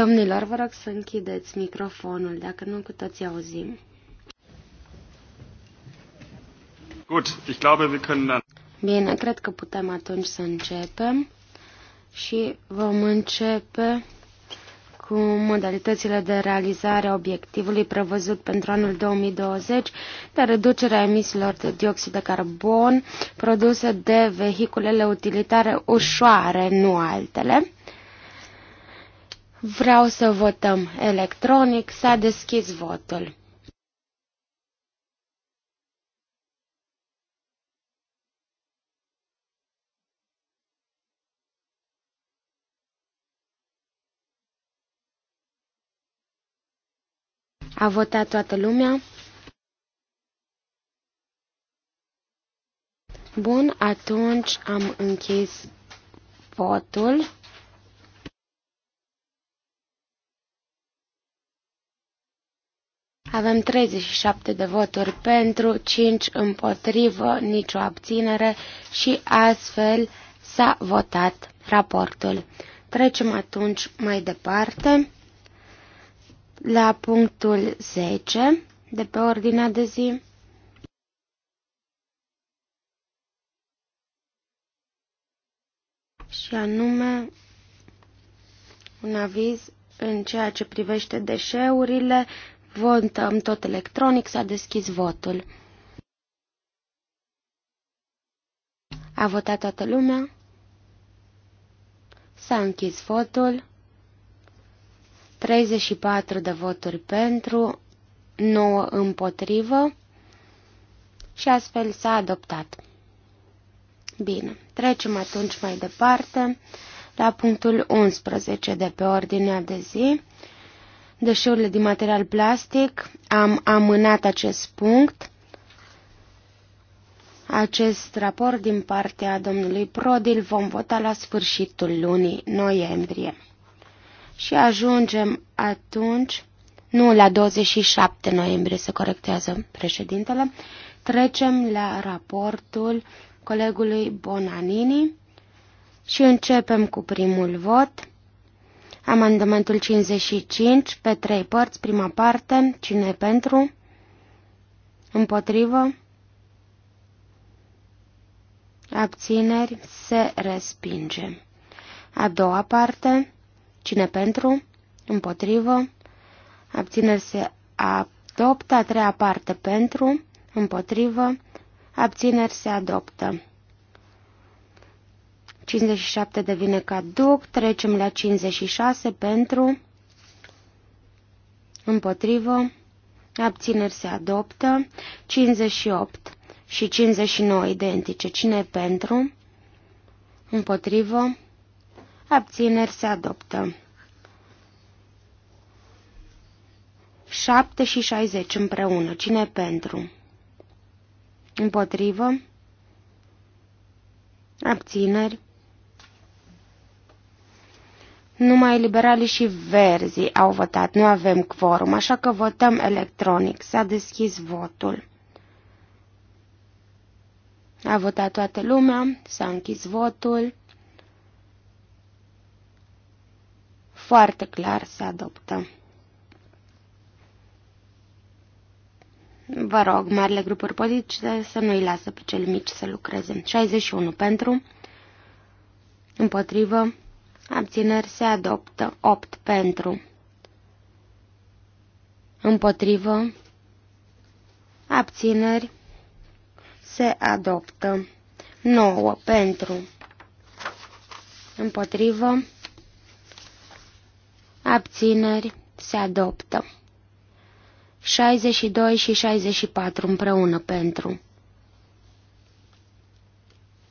Domnilor, vă rog să închideți microfonul, dacă nu cu toții auzim. Gut, ich glaube, wir können dann... Bine, cred că putem atunci să începem și vom începe cu modalitățile de realizare a obiectivului prevăzut pentru anul 2020 de reducerea emisiilor de dioxid de carbon produse de vehiculele utilitare ușoare, nu altele. Vreau să votăm electronic. S-a deschis votul. A votat toată lumea? Bun, atunci am închis votul. Avem 37 de voturi pentru, 5 împotrivă, nicio abținere și astfel s-a votat raportul. Trecem atunci mai departe la punctul 10 de pe ordinea de zi. Și anume un aviz în ceea ce privește deșeurile Votăm tot electronic, s-a deschis votul. A votat toată lumea? S-a închis votul. 34 de voturi pentru, 9 împotrivă și astfel s-a adoptat. Bine, trecem atunci mai departe la punctul 11 de pe ordinea de zi, deșeurile din material plastic. Am amânat acest punct. Acest raport din partea domnului Prodil vom vota la sfârșitul lunii noiembrie. Și ajungem atunci, nu la 27 noiembrie se corectează președintele, trecem la raportul colegului Bonanini și începem cu primul vot. Amendamentul 55, pe trei părți, prima parte, cine e pentru? Împotrivă? Abțineri, se respinge. A doua parte, cine pentru? Împotrivă? Abțineri, se adoptă. A treia parte, pentru? Împotrivă? Abțineri, se adoptă. 57 devine caduc, trecem la 56 pentru, împotrivă, abțineri se adoptă, 58 și 59 identice, cine pentru, împotrivă, abțineri se adoptă. 7 și 60 împreună, cine pentru, împotrivă, abțineri numai liberalii și verzii au votat, nu avem quorum, așa că votăm electronic. S-a deschis votul. A votat toată lumea, s-a închis votul. Foarte clar se adoptă. Vă rog, marile grupuri politice să nu-i lasă pe cel mici să lucreze. 61 pentru, împotrivă, Abțineri se adoptă. 8 pentru. Împotrivă. Abțineri se adoptă. 9 pentru. Împotrivă. Abțineri se adoptă. 62 și 64 împreună pentru.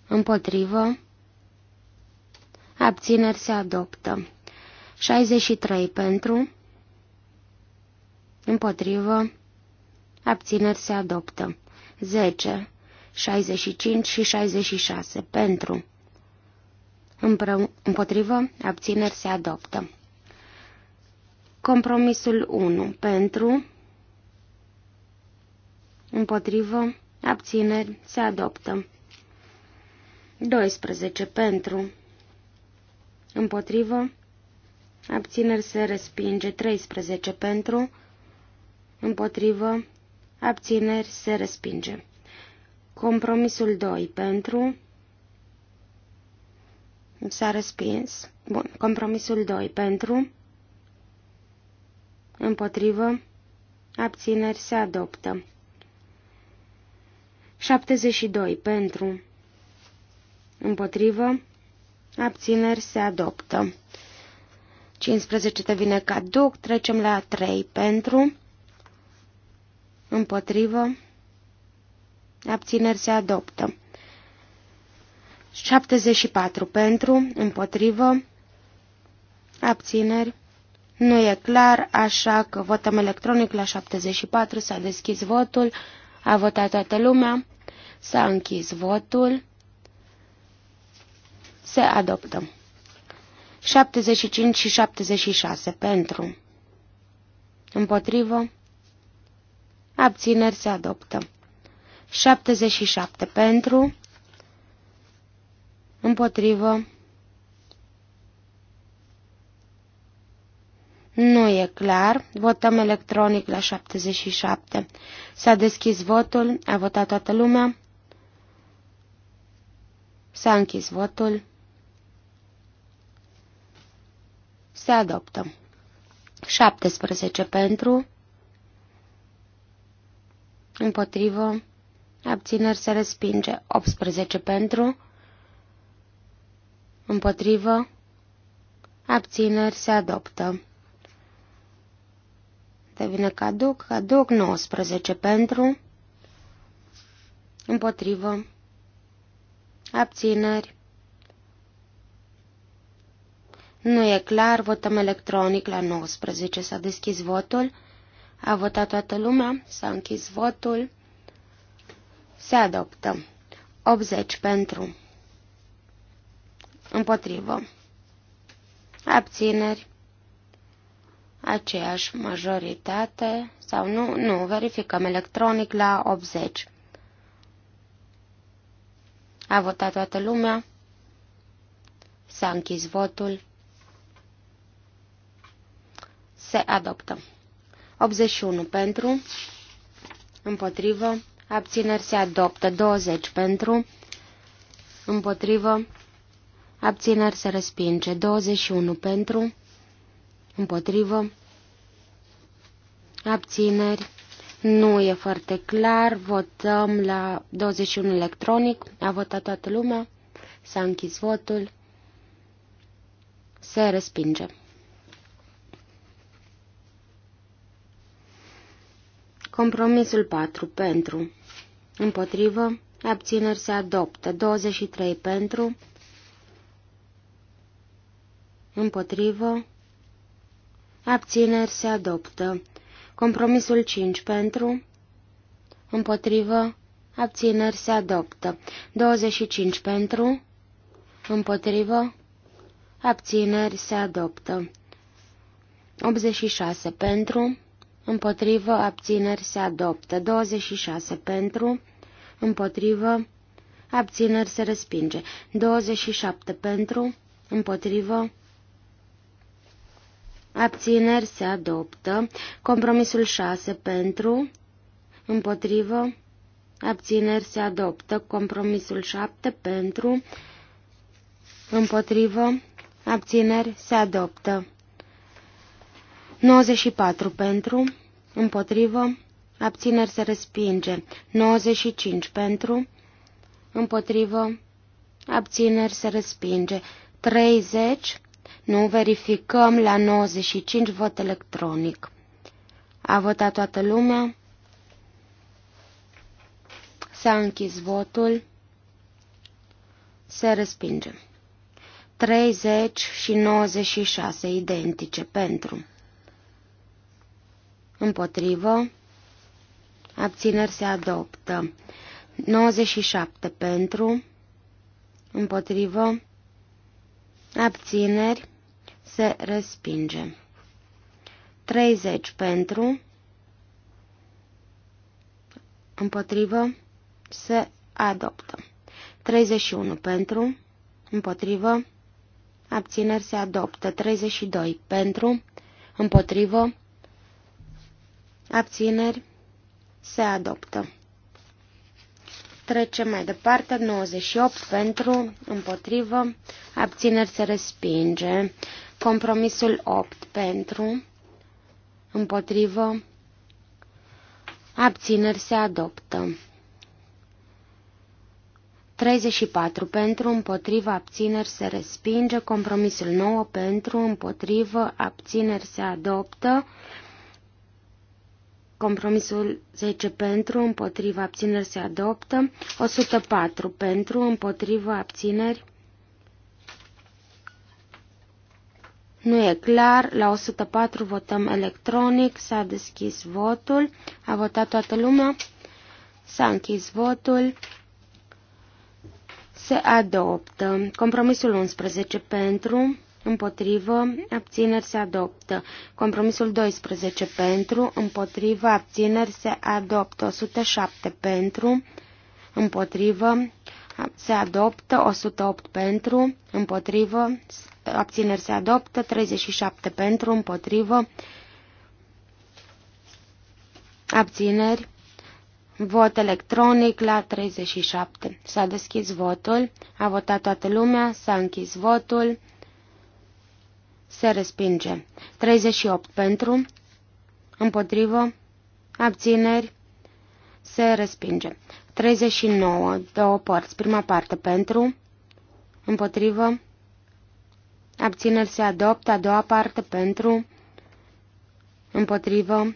Împotrivă abțineri se adoptă. 63 pentru, împotrivă, abțineri se adoptă. 10, 65 și 66 pentru, împotrivă, abțineri se adoptă. Compromisul 1 pentru, împotrivă, abțineri se adoptă. 12 pentru, împotrivă, abțineri se respinge 13 pentru, împotrivă, abțineri se respinge. Compromisul 2 pentru, s-a respins, bun, compromisul 2 pentru, împotrivă, abțineri se adoptă. 72 pentru, împotrivă, Abțineri se adoptă. 15 devine caduc, trecem la 3 pentru, împotrivă, abțineri se adoptă. 74 pentru, împotrivă, abțineri, nu e clar, așa că votăm electronic la 74, s-a deschis votul, a votat toată lumea, s-a închis votul. Se adoptă. 75 și 76 pentru. Împotrivă. Abțineri se adoptă. 77 pentru. Împotrivă. Nu e clar. Votăm electronic la 77. S-a deschis votul. A votat toată lumea. S-a închis votul. se adoptă. 17 pentru, împotrivă, abțineri se respinge. 18 pentru, împotrivă, abțineri se adoptă. Devine caduc, caduc 19 pentru, împotrivă, abțineri nu e clar, votăm electronic la 19. S-a deschis votul. A votat toată lumea, s-a închis votul. Se adoptă. 80 pentru. Împotrivă. Abțineri. Aceeași majoritate sau nu? Nu, verificăm electronic la 80. A votat toată lumea. S-a închis votul. Se adoptă. 81 pentru, împotrivă, abțineri se adoptă. 20 pentru, împotrivă, abțineri se respinge. 21 pentru, împotrivă, abțineri. Nu e foarte clar. Votăm la 21 electronic. A votat toată lumea. S-a închis votul. Se respinge. Compromisul 4 pentru. Împotrivă. Abțineri se adoptă. 23 pentru. Împotrivă. Abțineri se adoptă. Compromisul 5 pentru. Împotrivă. Abțineri se adoptă. 25 pentru. Împotrivă. Abțineri se adoptă. 86 pentru împotrivă, abțineri se adoptă. 26 pentru, împotrivă, abțineri se respinge. 27 pentru, împotrivă, abțineri se adoptă. Compromisul 6 pentru, împotrivă, abțineri se adoptă. Compromisul 7 pentru, împotrivă, abțineri se adoptă. 94 pentru, împotrivă, abțineri se respinge. 95 pentru, împotrivă, abțineri se respinge. 30, nu verificăm la 95 vot electronic. A votat toată lumea. S-a închis votul. Se respinge. 30 și 96 identice pentru împotrivă, abțineri se adoptă. 97 pentru, împotrivă, abțineri se respinge. 30 pentru, împotrivă, se adoptă. 31 pentru, împotrivă, abțineri se adoptă. 32 pentru, împotrivă, Abțineri. Se adoptă. Trecem mai departe. 98 pentru, împotrivă. Abțineri se respinge. Compromisul 8 pentru, împotrivă. Abțineri se adoptă. 34 pentru, împotriva, abțineri se respinge, compromisul 9 pentru, împotrivă, abțineri se adoptă, Compromisul 10 pentru, împotriva abțineri se adoptă. 104 pentru, împotriva abțineri. Nu e clar. La 104 votăm electronic. S-a deschis votul. A votat toată lumea. S-a închis votul. Se adoptă. Compromisul 11 pentru, Împotrivă, abțineri se adoptă. Compromisul 12 pentru, împotrivă, abțineri se adoptă. 107 pentru, împotrivă, se adoptă. 108 pentru, împotrivă, abțineri se adoptă. 37 pentru, împotrivă, abțineri. Vot electronic la 37. S-a deschis votul, a votat toată lumea, s-a închis votul. Se respinge. 38 pentru, împotrivă, abțineri, se respinge. 39, două părți, prima parte pentru, împotrivă, abțineri se adoptă, a doua parte pentru, împotrivă,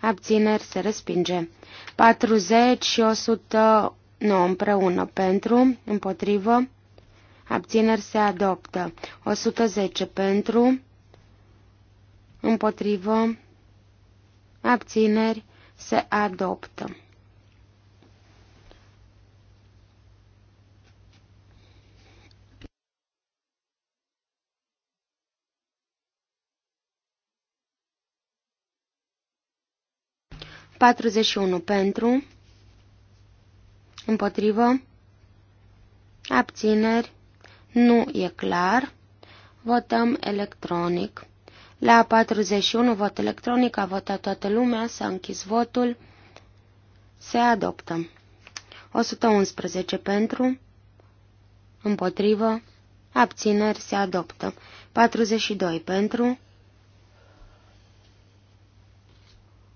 abțineri se respinge. 40 și 109 împreună pentru, împotrivă, Abțineri se adoptă. 110 pentru. Împotrivă. Abțineri se adoptă. Patruzeci și unu pentru, împotrivă, abțineri, nu e clar. Votăm electronic. La 41 vot electronic a votat toată lumea, s-a închis votul. Se adoptă. 111 pentru, împotrivă, abțineri se adoptă. 42 pentru,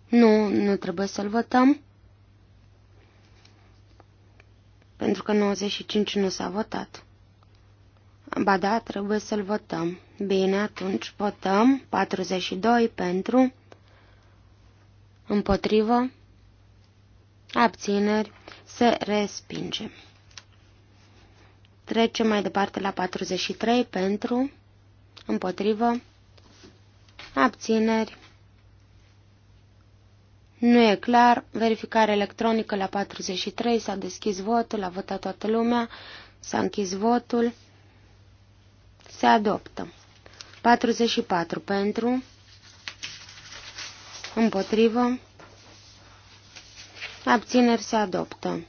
nu, nu trebuie să-l votăm, pentru că 95 nu s-a votat. Ba da, trebuie să-l votăm. Bine, atunci votăm 42 pentru, împotrivă, abțineri, se respinge. Trecem mai departe la 43 pentru, împotrivă, abțineri, nu e clar, verificare electronică la 43, s-a deschis votul, a votat toată lumea, s-a închis votul. Se adoptă. 44 pentru. Împotrivă. Abțineri se adoptă.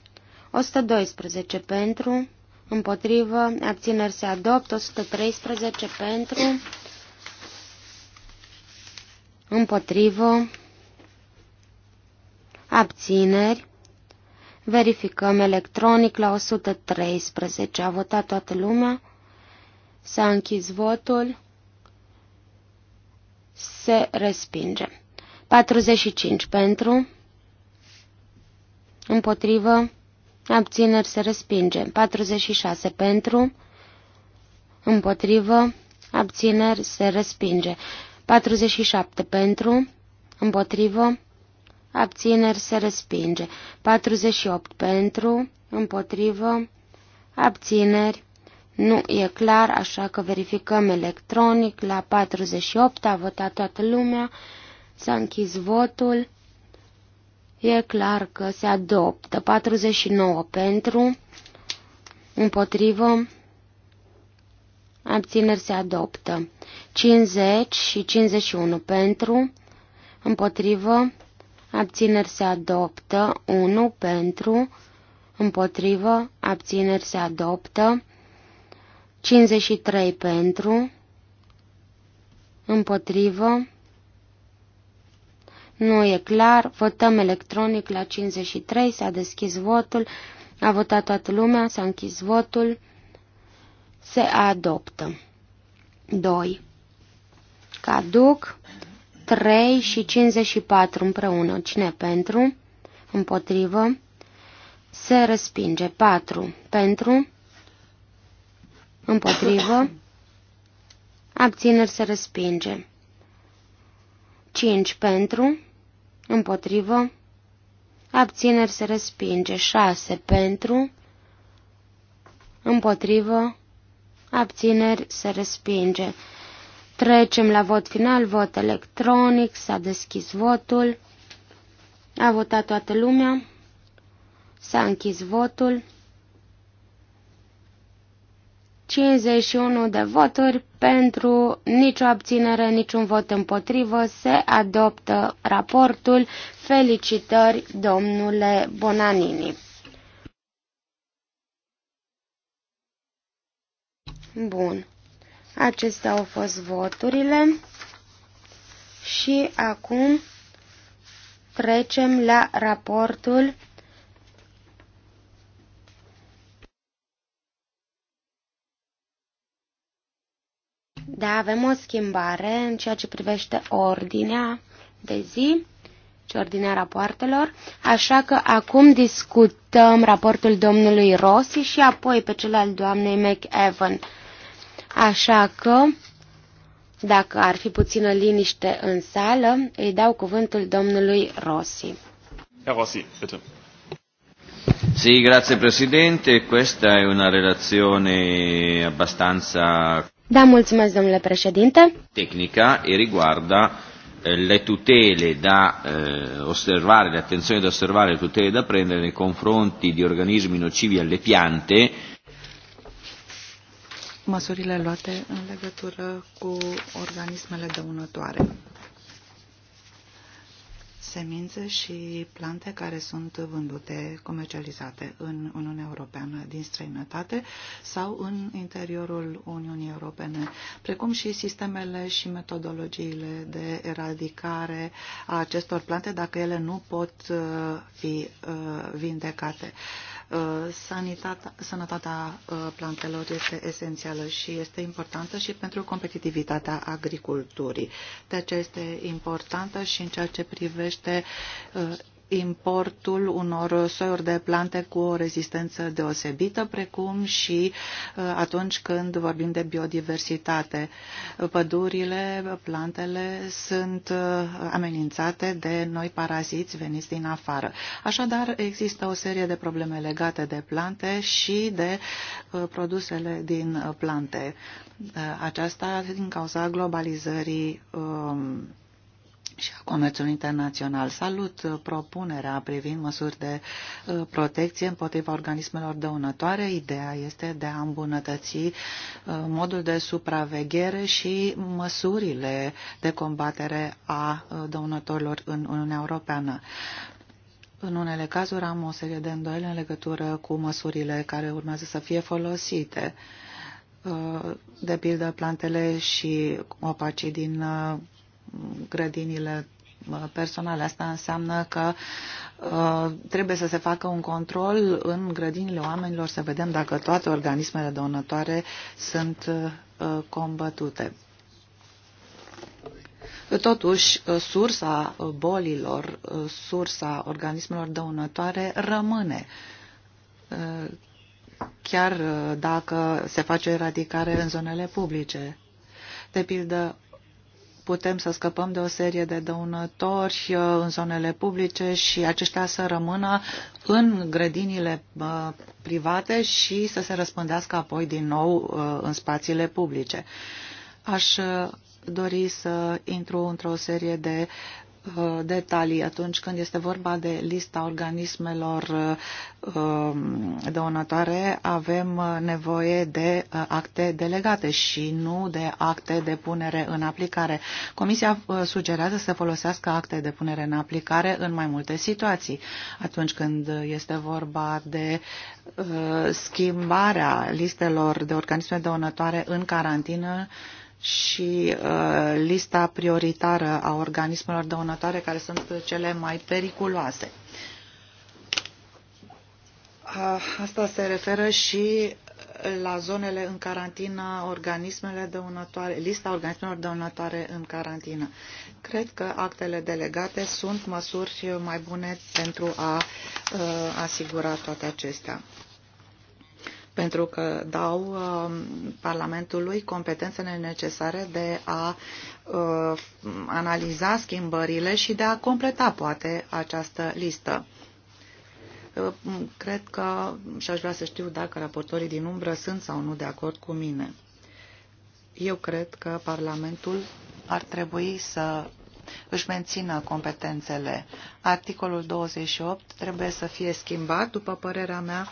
112 pentru. Împotrivă. Abțineri se adoptă. 113 pentru. Împotrivă. Abțineri. Verificăm electronic la 113. A votat toată lumea. S-a închis votul. Se respinge. 45 pentru. Împotrivă. Abțineri se respinge. 46 pentru. Împotrivă. Abțineri se respinge. 47 pentru. Împotrivă. Abțineri se respinge. 48 pentru. Împotrivă. Abțineri nu e clar, așa că verificăm electronic. La 48 a votat toată lumea, s-a închis votul. E clar că se adoptă 49 pentru, împotrivă, abțineri se adoptă 50 și 51 pentru, împotrivă, abțineri se adoptă 1 pentru, împotrivă, abțineri se adoptă 53 pentru, împotrivă, nu e clar, votăm electronic la 53, s-a deschis votul, a votat toată lumea, s-a închis votul, se adoptă. 2. Caduc 3 și 54 împreună, cine pentru, împotrivă, se respinge 4 pentru, Împotrivă. Abțineri se respinge. 5 pentru. Împotrivă. Abțineri se respinge. 6 pentru. Împotrivă. Abțineri se respinge. Trecem la vot final, vot electronic, s-a deschis votul, a votat toată lumea, s-a închis votul. 51 de voturi pentru, nicio abținere, niciun vot împotrivă. Se adoptă raportul. Felicitări, domnule Bonanini. Bun. Acestea au fost voturile. Și acum trecem la raportul Da, avem o schimbare în ceea ce privește ordinea de zi și ordinea rapoartelor, așa că acum discutăm raportul domnului Rossi și apoi pe cel al doamnei McEvan. Așa că, dacă ar fi puțină liniște în sală, îi dau cuvântul domnului Rossi. Herr Rossi, bitte. Sì, grazie Presidente. Questa è una relazione abbastanza... Da, mulțumesc, domnule președinte. Tehnica e riguarda eh, le tutele da eh, osservare, le attenzioni da osservare, le tutele da prendere nei confronti di organismi nocivi alle piante. Măsurile luate în legătură cu organismele dăunătoare semințe și plante care sunt vândute, comercializate în Uniunea Europeană din străinătate sau în interiorul Uniunii Europene, precum și sistemele și metodologiile de eradicare a acestor plante dacă ele nu pot uh, fi uh, vindecate. Uh, sanitatea, sănătatea uh, plantelor este esențială și este importantă și pentru competitivitatea agriculturii. De aceea este importantă și în ceea ce privește uh, importul unor soiuri de plante cu o rezistență deosebită, precum și uh, atunci când vorbim de biodiversitate. Pădurile, plantele sunt uh, amenințate de noi paraziți veniți din afară. Așadar, există o serie de probleme legate de plante și de uh, produsele din plante. Aceasta din cauza globalizării um, și a comerțul internațional. Salut uh, propunerea privind măsuri de uh, protecție împotriva organismelor dăunătoare. Ideea este de a îmbunătăți uh, modul de supraveghere și măsurile de combatere a dăunătorilor în Uniunea Europeană. În unele cazuri am o serie de îndoieli în legătură cu măsurile care urmează să fie folosite de pildă plantele și opacii din grădinile personale. Asta înseamnă că uh, trebuie să se facă un control în grădinile oamenilor să vedem dacă toate organismele dăunătoare sunt uh, combătute. Totuși, uh, sursa bolilor, sursa organismelor dăunătoare rămâne. chiar dacă se face eradicare în zonele publice. De pildă, putem să scăpăm de o serie de dăunători uh, în zonele publice și aceștia să rămână în grădinile uh, private și să se răspândească apoi din nou uh, în spațiile publice. Aș dori să intru într-o serie de Uh, detalii atunci când este vorba de lista organismelor uh, um, donatoare, avem uh, nevoie de acte delegate și nu de acte de punere în aplicare. Comisia sugerează să folosească acte de punere în aplicare în mai multe situații. Atunci când este vorba de schimbarea listelor de organisme donatoare în carantină, și uh, lista prioritară a organismelor dăunătoare care sunt cele mai periculoase. Uh, asta se referă și la zonele în carantină, organismele dăunătoare, lista organismelor dăunătoare în carantină. Cred că actele delegate sunt măsuri mai bune pentru a uh, asigura toate acestea pentru că dau um, Parlamentului competențele necesare de a uh, analiza schimbările și de a completa, poate, această listă. Uh, cred că și aș vrea să știu dacă raportorii din umbră sunt sau nu de acord cu mine. Eu cred că Parlamentul ar trebui să își mențină competențele. Articolul 28 trebuie să fie schimbat, după părerea mea,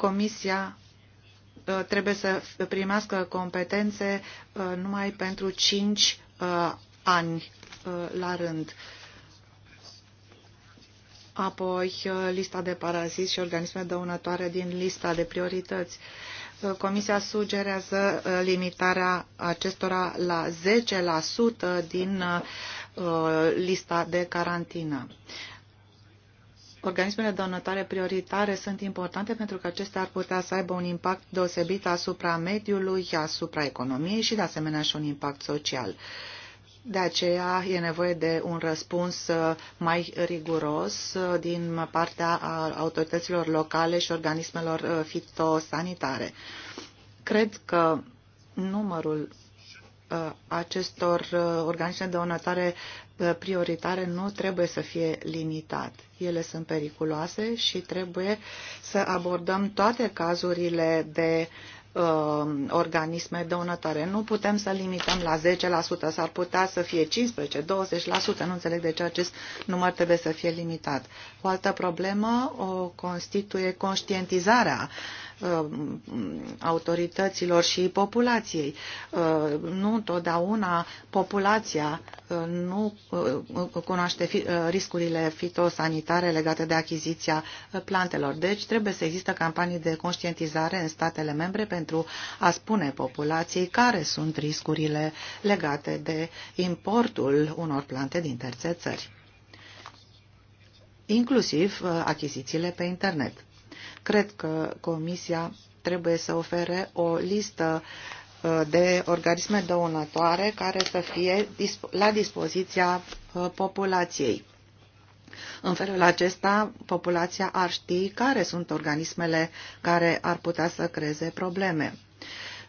Comisia uh, trebuie să primească competențe uh, numai pentru 5 uh, ani la rând. Apoi lista de paraziți și organisme dăunătoare din lista de priorități. Comisia sugerează limitarea acestora la 10% din lista de carantină. Organismele donatoare prioritare sunt importante pentru că acestea ar putea să aibă un impact deosebit asupra mediului, asupra economiei și, de asemenea, și un impact social. De aceea e nevoie de un răspuns uh, mai riguros uh, din partea autorităților locale și organismelor uh, fitosanitare. Cred că numărul acestor organisme donatoare prioritare nu trebuie să fie limitat. Ele sunt periculoase și trebuie să abordăm toate cazurile de uh, organisme dăunătoare. Nu putem să limităm la 10%, s-ar putea să fie 15-20%, nu înțeleg de ce acest număr trebuie să fie limitat. O altă problemă o constituie conștientizarea uh, Uh, autorităților și populației. Uh, nu întotdeauna populația uh, nu cunoaște riscurile fitosanitare legate de achiziția plantelor. Deci trebuie să există campanii de conștientizare în statele membre pentru a spune populației care sunt riscurile legate de importul unor plante din terțe țări inclusiv achizițiile pe internet. Cred că Comisia trebuie să ofere o listă uh, de organisme dăunătoare care să fie la dispoziția uh, populației. În felul acesta, populația ar ști care sunt organismele care ar putea să creeze probleme.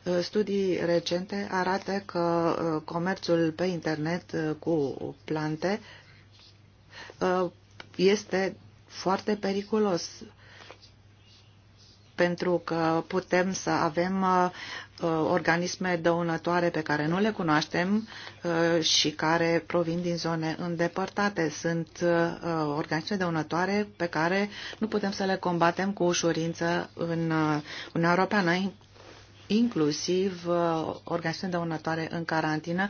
Uh, studii recente arată că comerțul pe internet cu plante este foarte periculos pentru că putem să avem uh, organisme dăunătoare pe care nu le cunoaștem uh, și care provin din zone îndepărtate. Sunt uh, organisme dăunătoare pe care nu putem să le combatem cu ușurință în Uniunea Europeană, inclusiv organisme dăunătoare în carantină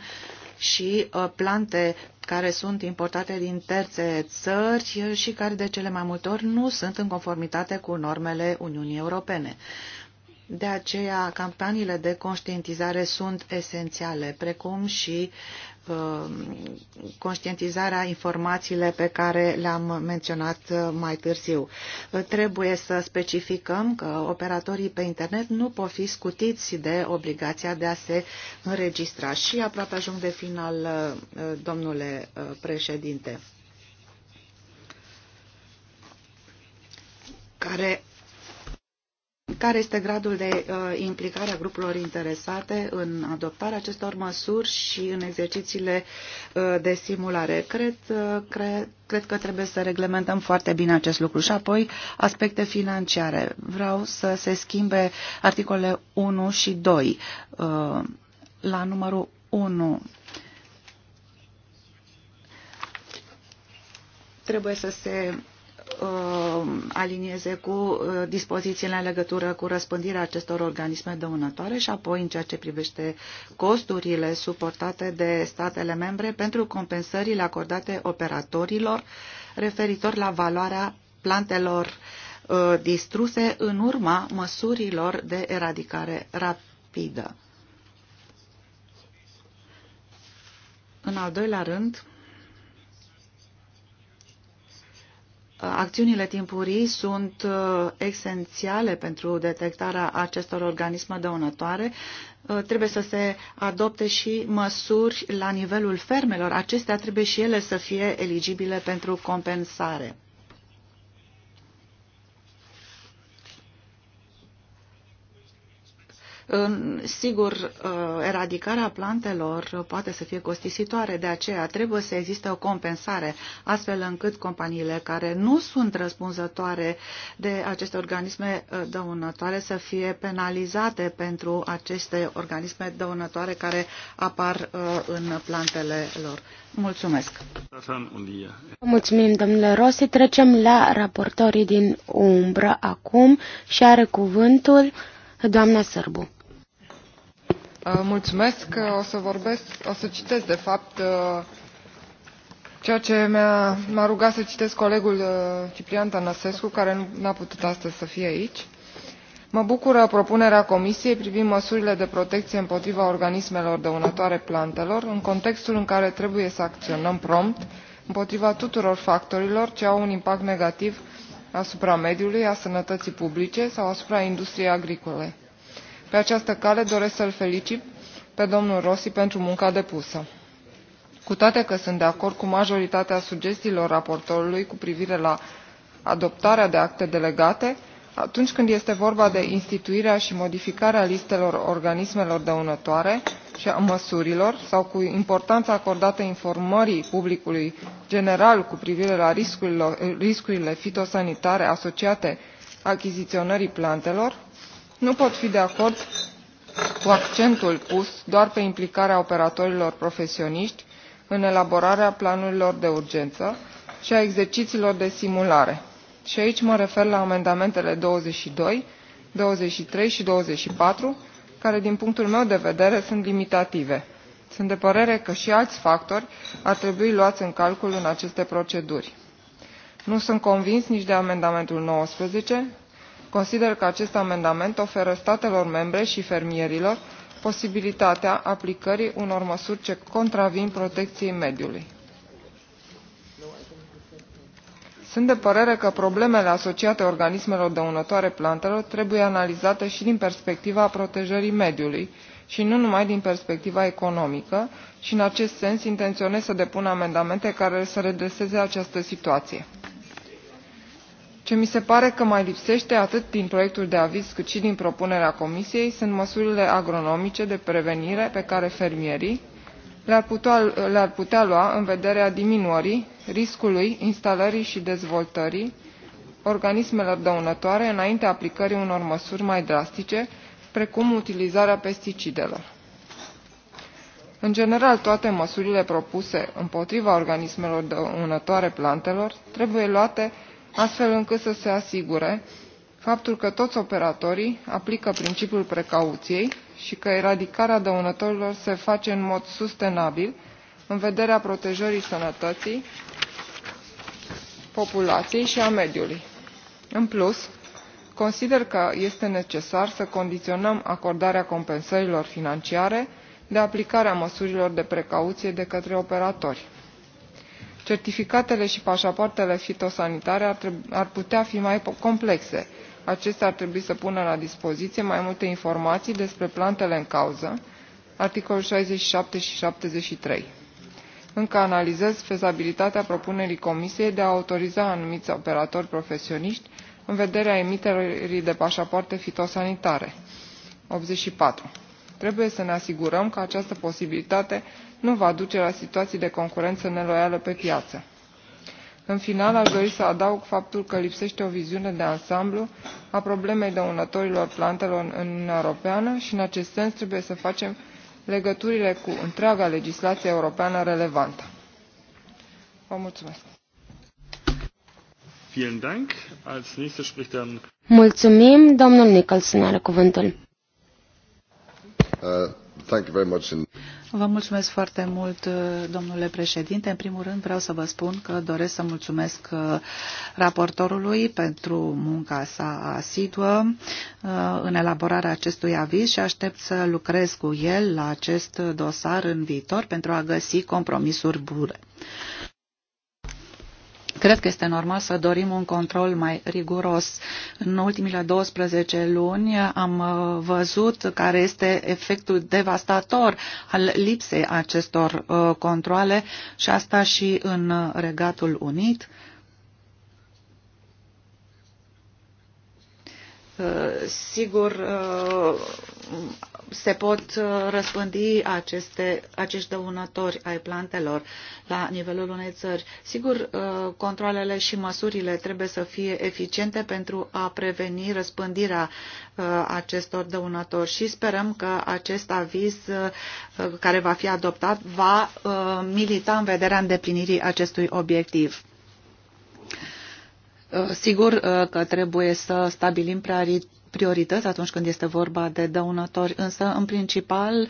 și uh, plante care sunt importate din terțe țări și care de cele mai multe ori nu sunt în conformitate cu normele Uniunii Europene. De aceea, campaniile de conștientizare sunt esențiale, precum și Um, conștientizarea, informațiile pe care le-am menționat uh, mai târziu. Uh, trebuie să specificăm că operatorii pe internet nu pot fi scutiți de obligația de a se înregistra. Și aproape ajung de final, uh, domnule președinte. care care este gradul de uh, implicare a grupurilor interesate în adoptarea acestor măsuri și în exercițiile uh, de simulare. Cred, uh, cred, cred că trebuie să reglementăm foarte bine acest lucru. Și apoi aspecte financiare. Vreau să se schimbe articolele 1 și 2. Uh, la numărul 1 trebuie să se Uh, alinieze cu uh, dispozițiile în legătură cu răspândirea acestor organisme dăunătoare și apoi în ceea ce privește costurile suportate de statele membre pentru compensările acordate operatorilor referitor la valoarea plantelor uh, distruse în urma măsurilor de eradicare rapidă. În al doilea rând, Acțiunile timpurii sunt uh, esențiale pentru detectarea acestor organisme dăunătoare. Uh, trebuie să se adopte și măsuri la nivelul fermelor. Acestea trebuie și ele să fie eligibile pentru compensare. Sigur, uh, eradicarea plantelor poate să fie costisitoare, de aceea trebuie să existe o compensare, astfel încât companiile care nu sunt răspunzătoare de aceste organisme uh, dăunătoare să fie penalizate pentru aceste organisme dăunătoare care apar uh, în plantele lor. Mulțumesc! Mulțumim, domnule Rossi. Trecem la raportorii din umbră acum și are cuvântul doamna Sărbu. Uh, mulțumesc. O să vorbesc, o să citesc, de fapt, uh, ceea ce m-a, m-a rugat să citesc colegul uh, Ciprian Tănăsescu, care nu a putut astăzi să fie aici. Mă bucură propunerea Comisiei privind măsurile de protecție împotriva organismelor dăunătoare plantelor, în contextul în care trebuie să acționăm prompt împotriva tuturor factorilor ce au un impact negativ asupra mediului, a sănătății publice sau asupra industriei agricole pe această cale doresc să îl felicit pe domnul rossi pentru munca depusă. cu toate că sunt de acord cu majoritatea sugestiilor raportorului cu privire la adoptarea de acte delegate atunci când este vorba de instituirea și modificarea listelor organismelor dăunătoare și a măsurilor sau cu importanța acordată informării publicului general cu privire la riscurile fitosanitare asociate achiziționării plantelor nu pot fi de acord cu accentul pus doar pe implicarea operatorilor profesioniști în elaborarea planurilor de urgență și a exercițiilor de simulare și aici mă refer la amendamentele 22, 23 și 24, care din punctul meu de vedere sunt limitative. Sunt de părere că și alți factori ar trebui luați în calcul în aceste proceduri. Nu sunt convins nici de amendamentul 19, consider că acest amendament oferă statelor membre și fermierilor posibilitatea aplicării unor măsuri ce contravin protecției mediului. Sunt de părere că problemele asociate organismelor dăunătoare plantelor trebuie analizate și din perspectiva protejării mediului și nu numai din perspectiva economică și în acest sens intenționez să depun amendamente care să redreseze această situație ce mi se pare că mai lipsește atât din proiectul de aviz cât și din propunerea comisiei sunt măsurile agronomice de prevenire pe care fermierii le ar putea, le putea lua în vederea diminuării riscului instalării și dezvoltării organismelor dăunătoare înainte aplicării unor măsuri mai drastice precum utilizarea pesticidelor. În general, toate măsurile propuse împotriva organismelor dăunătoare plantelor trebuie luate astfel încât să se asigure faptul că toți operatorii aplică principiul precauției și că eradicarea dăunătorilor se face în mod sustenabil în vederea protejării sănătății populației și a mediului. În plus, consider că este necesar să condiționăm acordarea compensărilor financiare de aplicarea măsurilor de precauție de către operatori certificatele și pașapoartele fitosanitare ar, putea fi mai complexe. Acestea ar trebui să pună la dispoziție mai multe informații despre plantele în cauză, articolul 67 și 73. Încă analizez fezabilitatea propunerii Comisiei de a autoriza anumiți operatori profesioniști în vederea emiterii de pașapoarte fitosanitare. 84. Trebuie să ne asigurăm că această posibilitate nu va duce la situații de concurență neloială pe piață. În final, aș dori să adaug faptul că lipsește o viziune de ansamblu a problemei dăunătorilor plantelor în Uniunea Europeană și, în acest sens, trebuie să facem legăturile cu întreaga legislație europeană relevantă. Vă mulțumesc! Mulțumim, domnul Nicholson are cuvântul. Uh, thank you very much. Vă mulțumesc foarte mult, domnule președinte. În primul rând vreau să vă spun că doresc să mulțumesc uh, raportorului pentru munca sa asiduă uh, în elaborarea acestui aviz și aștept să lucrez cu el la acest dosar în viitor pentru a găsi compromisuri bune. Cred că este normal să dorim un control mai riguros. În ultimile 12 luni am uh, văzut care este efectul devastator al lipsei acestor uh, controle și asta și în Regatul Unit. Uh, sigur, se pot uh, răspândi aceste, acești dăunători ai plantelor la nivelul unei țări. Sigur, uh, controlele și măsurile trebuie să fie eficiente pentru a preveni răspândirea uh, acestor dăunători și sperăm că acest aviz care va fi adoptat va milita în vederea îndeplinirii acestui obiectiv. Sigur că trebuie să stabilim priorități atunci când este vorba de dăunători, însă în principal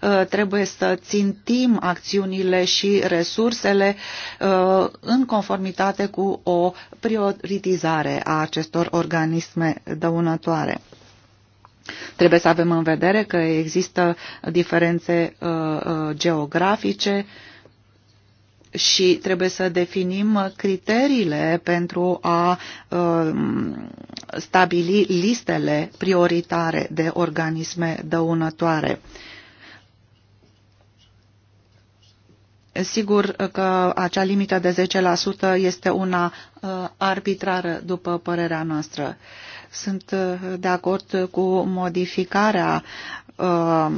uh, trebuie să țintim acțiunile și resursele uh, în conformitate cu o prioritizare a acestor organisme dăunătoare. Trebuie să avem în vedere că există diferențe uh, geografice, și trebuie să definim criteriile pentru a um, stabili listele prioritare de organisme dăunătoare. Sigur că acea limită de 10% este una uh, arbitrară, după părerea noastră. Sunt uh, de acord cu modificarea uh,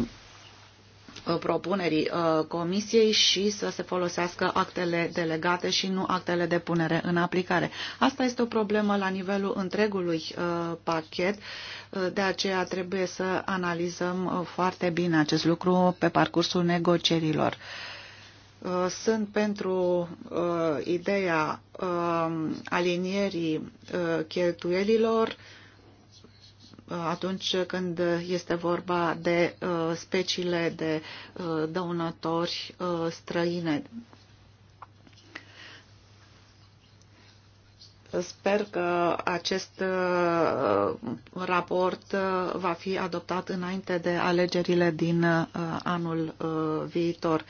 Uh, propunerii uh, comisiei și să se folosească actele delegate și nu actele de punere în aplicare. Asta este o problemă la nivelul întregului uh, pachet, de aceea trebuie să analizăm foarte bine acest lucru pe parcursul negocierilor sunt pentru uh, ideea uh, alinierii uh, cheltuielilor atunci când este vorba de uh, speciile de uh, dăunători uh, străine. Sper că acest raport va fi adoptat înainte de alegerile din anul viitor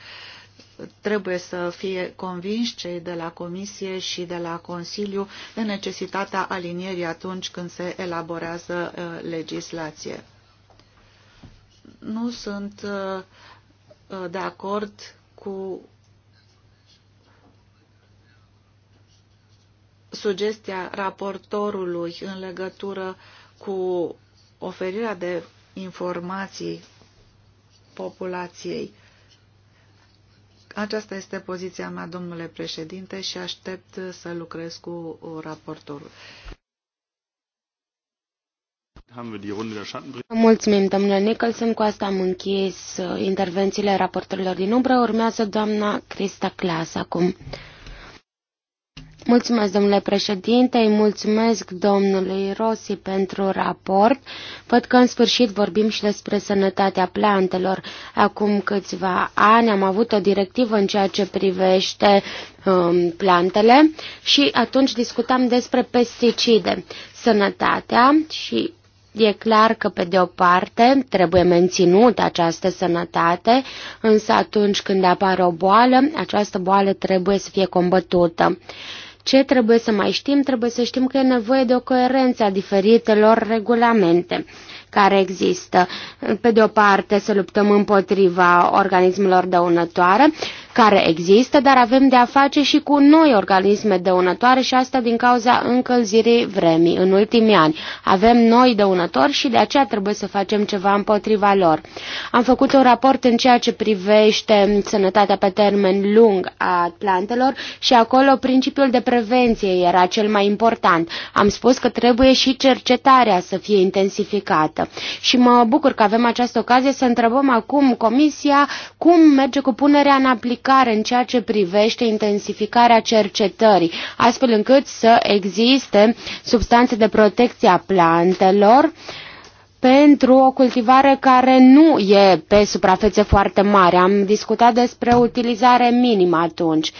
trebuie să fie convinși cei de la Comisie și de la Consiliu de necesitatea alinierii atunci când se elaborează uh, legislație. Nu sunt uh, uh, de acord cu sugestia raportorului în legătură cu oferirea de informații populației aceasta este poziția mea, domnule președinte, și aștept să lucrez cu raportorul. Mulțumim, domnule Nicholson. Cu asta am închis uh, intervențiile raportorilor din umbră. Urmează doamna Crista Clas acum. Mulțumesc, domnule președinte, îi mulțumesc domnului Rossi pentru raport. Văd că în sfârșit vorbim și despre sănătatea plantelor. Acum câțiva ani am avut o directivă în ceea ce privește um, plantele și atunci discutam despre pesticide, sănătatea și E clar că, pe de o parte, trebuie menținută această sănătate, însă atunci când apare o boală, această boală trebuie să fie combătută. Ce trebuie să mai știm? Trebuie să știm că e nevoie de o coerență a diferitelor regulamente care există. Pe de o parte să luptăm împotriva organismelor dăunătoare care există, dar avem de a face și cu noi organisme dăunătoare și asta din cauza încălzirii vremii în ultimii ani. Avem noi dăunători și de aceea trebuie să facem ceva împotriva lor. Am făcut un raport în ceea ce privește sănătatea pe termen lung a plantelor și acolo principiul de prevenție era cel mai important. Am spus că trebuie și cercetarea să fie intensificată. Și mă bucur că avem această ocazie să întrebăm acum Comisia cum merge cu punerea în aplicare implicare în ceea ce privește intensificarea cercetării, astfel încât să existe substanțe de protecție a plantelor pentru o cultivare care nu e pe suprafețe foarte mari. Am discutat despre utilizare minimă atunci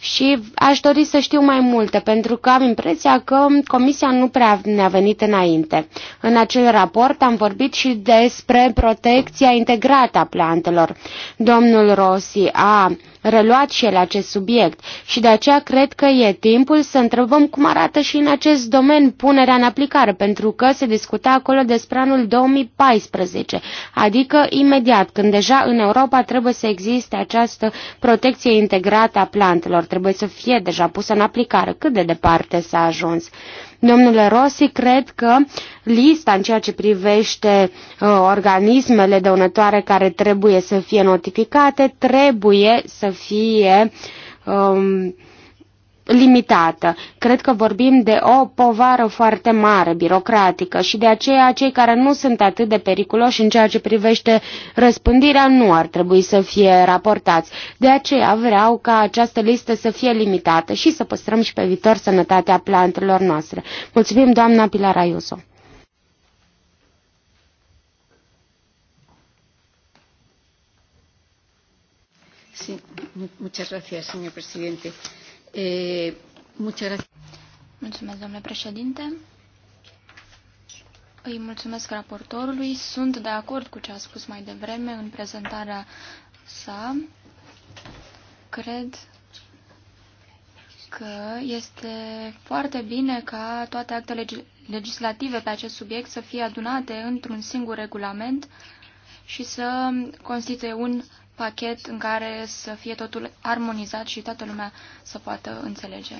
și aș dori să știu mai multe, pentru că am impresia că Comisia nu prea ne-a venit înainte. În acel raport am vorbit și despre protecția integrată a plantelor. Domnul Rossi a reluat și el acest subiect și de aceea cred că e timpul să întrebăm cum arată și în acest domeniu punerea în aplicare, pentru că se discuta acolo despre anul 2014, adică imediat, când deja în Europa trebuie să existe această protecție integrată a plantelor trebuie să fie deja pusă în aplicare. Cât de departe s-a ajuns? Domnule Rossi, cred că lista în ceea ce privește uh, organismele dăunătoare care trebuie să fie notificate trebuie să fie um, limitată. Cred că vorbim de o povară foarte mare, birocratică și de aceea cei care nu sunt atât de periculoși în ceea ce privește răspândirea nu ar trebui să fie raportați. De aceea vreau ca această listă să fie limitată și să păstrăm și pe viitor sănătatea plantelor noastre. Mulțumim, doamna Pilar Ayuso. Sí, muchas gracias, señor presidente. Eh, mulțumesc, domnule președinte. Îi mulțumesc raportorului. Sunt de acord cu ce a spus mai devreme în prezentarea sa. Cred că este foarte bine ca toate actele legislative pe acest subiect să fie adunate într-un singur regulament și să constituie un pachet în care să fie totul armonizat și toată lumea să poată înțelege.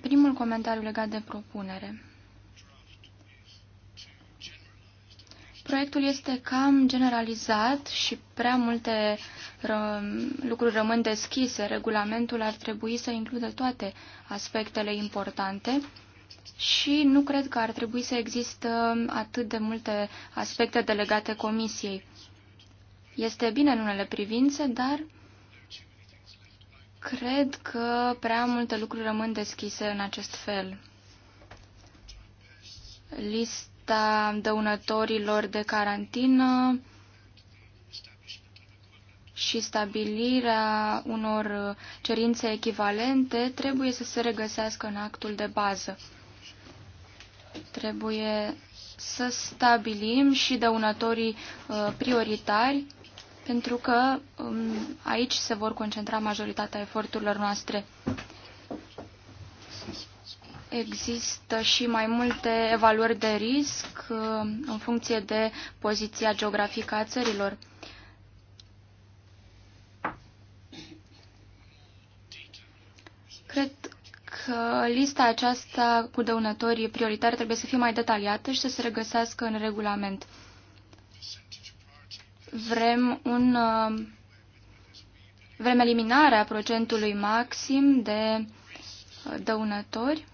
Primul comentariu legat de propunere. Proiectul este cam generalizat și prea multe ră, lucruri rămân deschise. Regulamentul ar trebui să includă toate aspectele importante și nu cred că ar trebui să există atât de multe aspecte delegate comisiei. Este bine în unele privințe, dar cred că prea multe lucruri rămân deschise în acest fel. Lista dăunătorilor de carantină și stabilirea unor cerințe echivalente trebuie să se regăsească în actul de bază. Trebuie să stabilim și dăunătorii uh, prioritari, pentru că um, aici se vor concentra majoritatea eforturilor noastre. Există și mai multe evaluări de risc uh, în funcție de poziția geografică a țărilor. Cred că lista aceasta cu dăunătorii prioritari trebuie să fie mai detaliată și să se regăsească în regulament. Vrem un uh, vrem eliminarea procentului maxim de uh, dăunători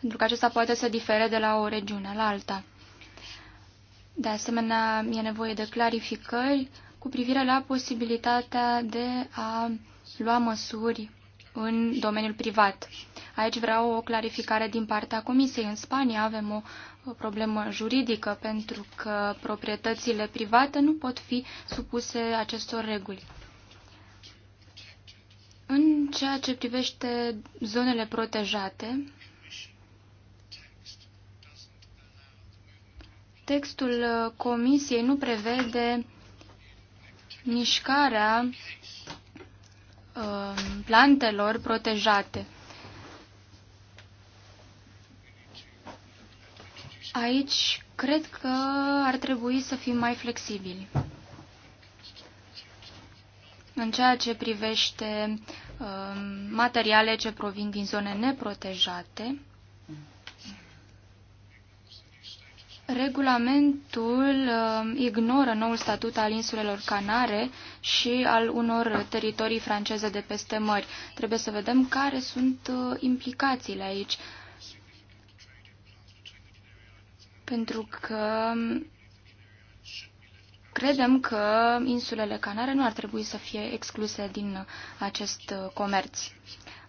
pentru că acesta poate să difere de la o regiune la alta. De asemenea, e nevoie de clarificări cu privire la posibilitatea de a lua măsuri în domeniul privat. Aici vreau o clarificare din partea Comisiei. În Spania avem o problemă juridică pentru că proprietățile private nu pot fi supuse acestor reguli. În ceea ce privește zonele protejate, textul Comisiei nu prevede mișcarea um, plantelor protejate. Aici cred că ar trebui să fim mai flexibili. În ceea ce privește um, materiale ce provin din zone neprotejate, Regulamentul uh, ignoră noul statut al insulelor Canare și al unor teritorii franceze de peste mări. Trebuie să vedem care sunt uh, implicațiile aici. Pentru că credem că insulele Canare nu ar trebui să fie excluse din acest uh, comerț.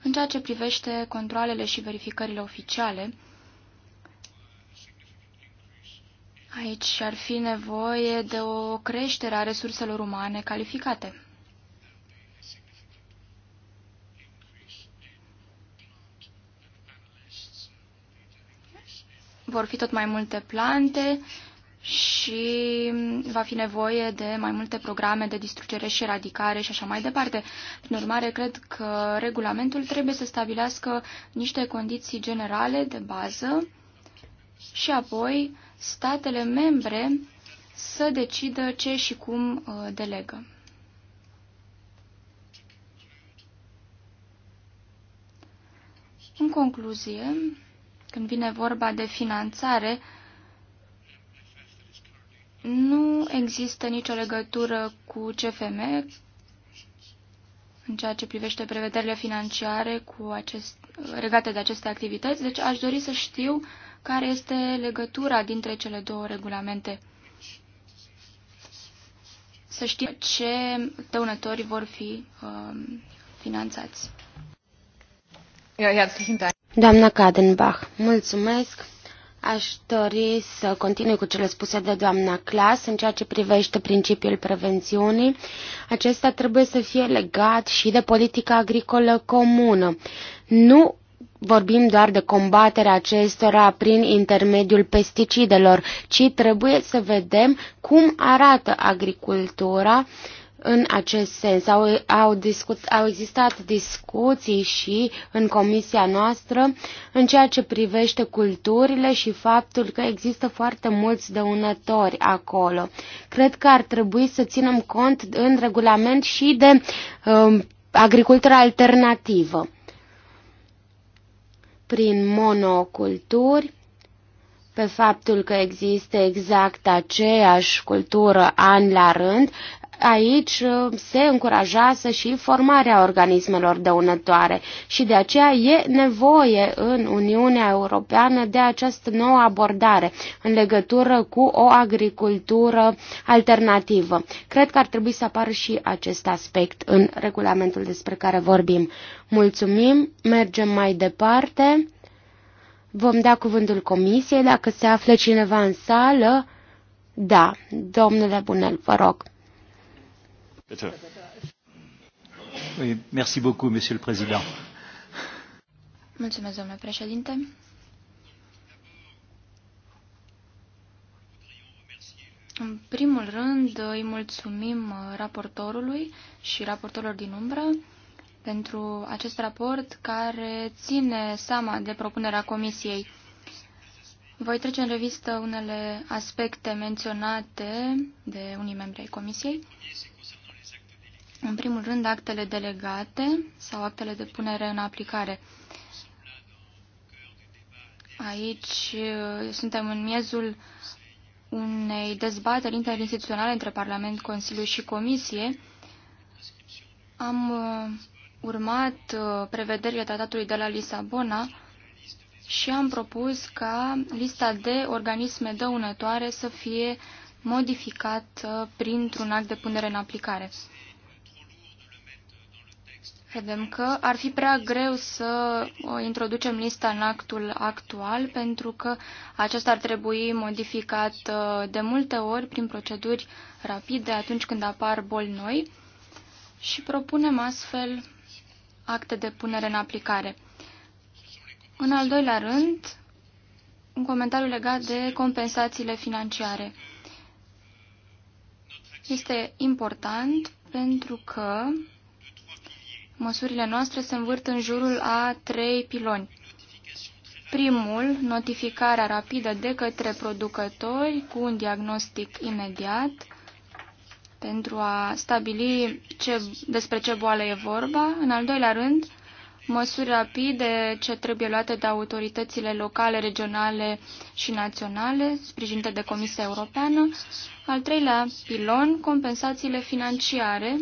În ceea ce privește controlele și verificările oficiale, Aici ar fi nevoie de o creștere a resurselor umane calificate. Vor fi tot mai multe plante și va fi nevoie de mai multe programe de distrugere și eradicare și așa mai departe. Prin urmare, cred că regulamentul trebuie să stabilească niște condiții generale de bază și apoi statele membre să decidă ce și cum uh, delegă. În concluzie, când vine vorba de finanțare, nu există nicio legătură cu CFM în ceea ce privește prevederile financiare cu acest, regate de aceste activități, deci aș dori să știu uh, care este legătura dintre cele două regulamente. Să știm ce dăunători vor fi um, finanțați. Doamna Kadenbach, mulțumesc. Aș dori să continui cu cele spuse de doamna Clas în ceea ce privește principiul prevențiunii. Acesta trebuie să fie legat și de politica agricolă comună. Nu vorbim doar de combaterea acestora prin intermediul pesticidelor, ci trebuie să vedem cum arată agricultura în acest sens. Au, au, discut, au existat discuții și în comisia noastră în ceea ce privește culturile și faptul că există foarte mulți dăunători acolo. Cred că ar trebui să ținem cont în regulament și de uh, agricultura alternativă prin monoculturi, pe faptul că există exact aceeași cultură an la rând, Aici uh, se încurajează și formarea organismelor dăunătoare și de aceea e nevoie în Uniunea Europeană de această nouă abordare în legătură cu o agricultură alternativă. Cred că ar trebui să apară și acest aspect în regulamentul despre care vorbim. Mulțumim, mergem mai departe. Vom da cuvântul comisiei dacă se află cineva în sală. Da, domnule Bunel, vă rog. Bitte. merci beaucoup, Monsieur le Président. Mulțumesc, domnule președinte. În primul rând, îi mulțumim raportorului și raportorilor din umbră pentru acest raport care ține seama de propunerea comisiei. Voi trece în revistă unele aspecte menționate de unii membri ai comisiei. În primul rând, actele delegate sau actele de punere în aplicare. Aici eh, suntem în miezul unei dezbateri interinstituționale între Parlament, Consiliu și Comisie. Am eh, urmat eh, prevederile tratatului de la Lisabona și am propus ca lista de organisme dăunătoare să fie modificată printr-un act de punere în aplicare. Credem că ar fi prea greu să uh, introducem lista în actul actual, pentru că acesta ar trebui modificat uh, de multe ori prin proceduri rapide atunci când apar boli noi și propunem astfel acte de punere în aplicare. În al doilea rând, un comentariu legat de compensațiile financiare. Este important pentru că Măsurile noastre se învârt în jurul a trei piloni. Primul, notificarea rapidă de către producători cu un diagnostic imediat pentru a stabili ce, despre ce boală e vorba. În al doilea rând, măsuri rapide ce trebuie luate de autoritățile locale, regionale și naționale, sprijinite de Comisia Europeană. Al treilea pilon, compensațiile financiare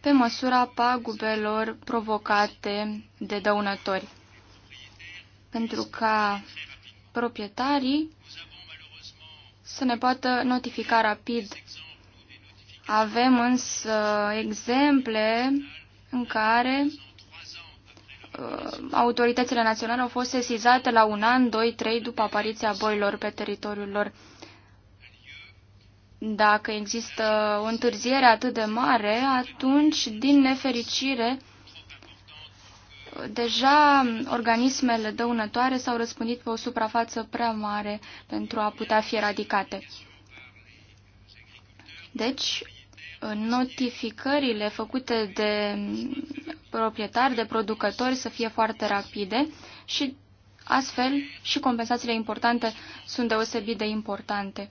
pe măsura pagubelor provocate de dăunători. Pentru ca proprietarii să ne poată notifica rapid. Avem însă exemple în care uh, autoritățile naționale au fost sesizate la un an, doi, trei după apariția boilor pe teritoriul lor. Dacă există o întârziere atât de mare, atunci, din nefericire, deja organismele dăunătoare s-au răspândit pe o suprafață prea mare pentru a putea fi eradicate. Deci, notificările făcute de proprietari, de producători să fie foarte rapide și astfel și compensațiile importante sunt deosebit de importante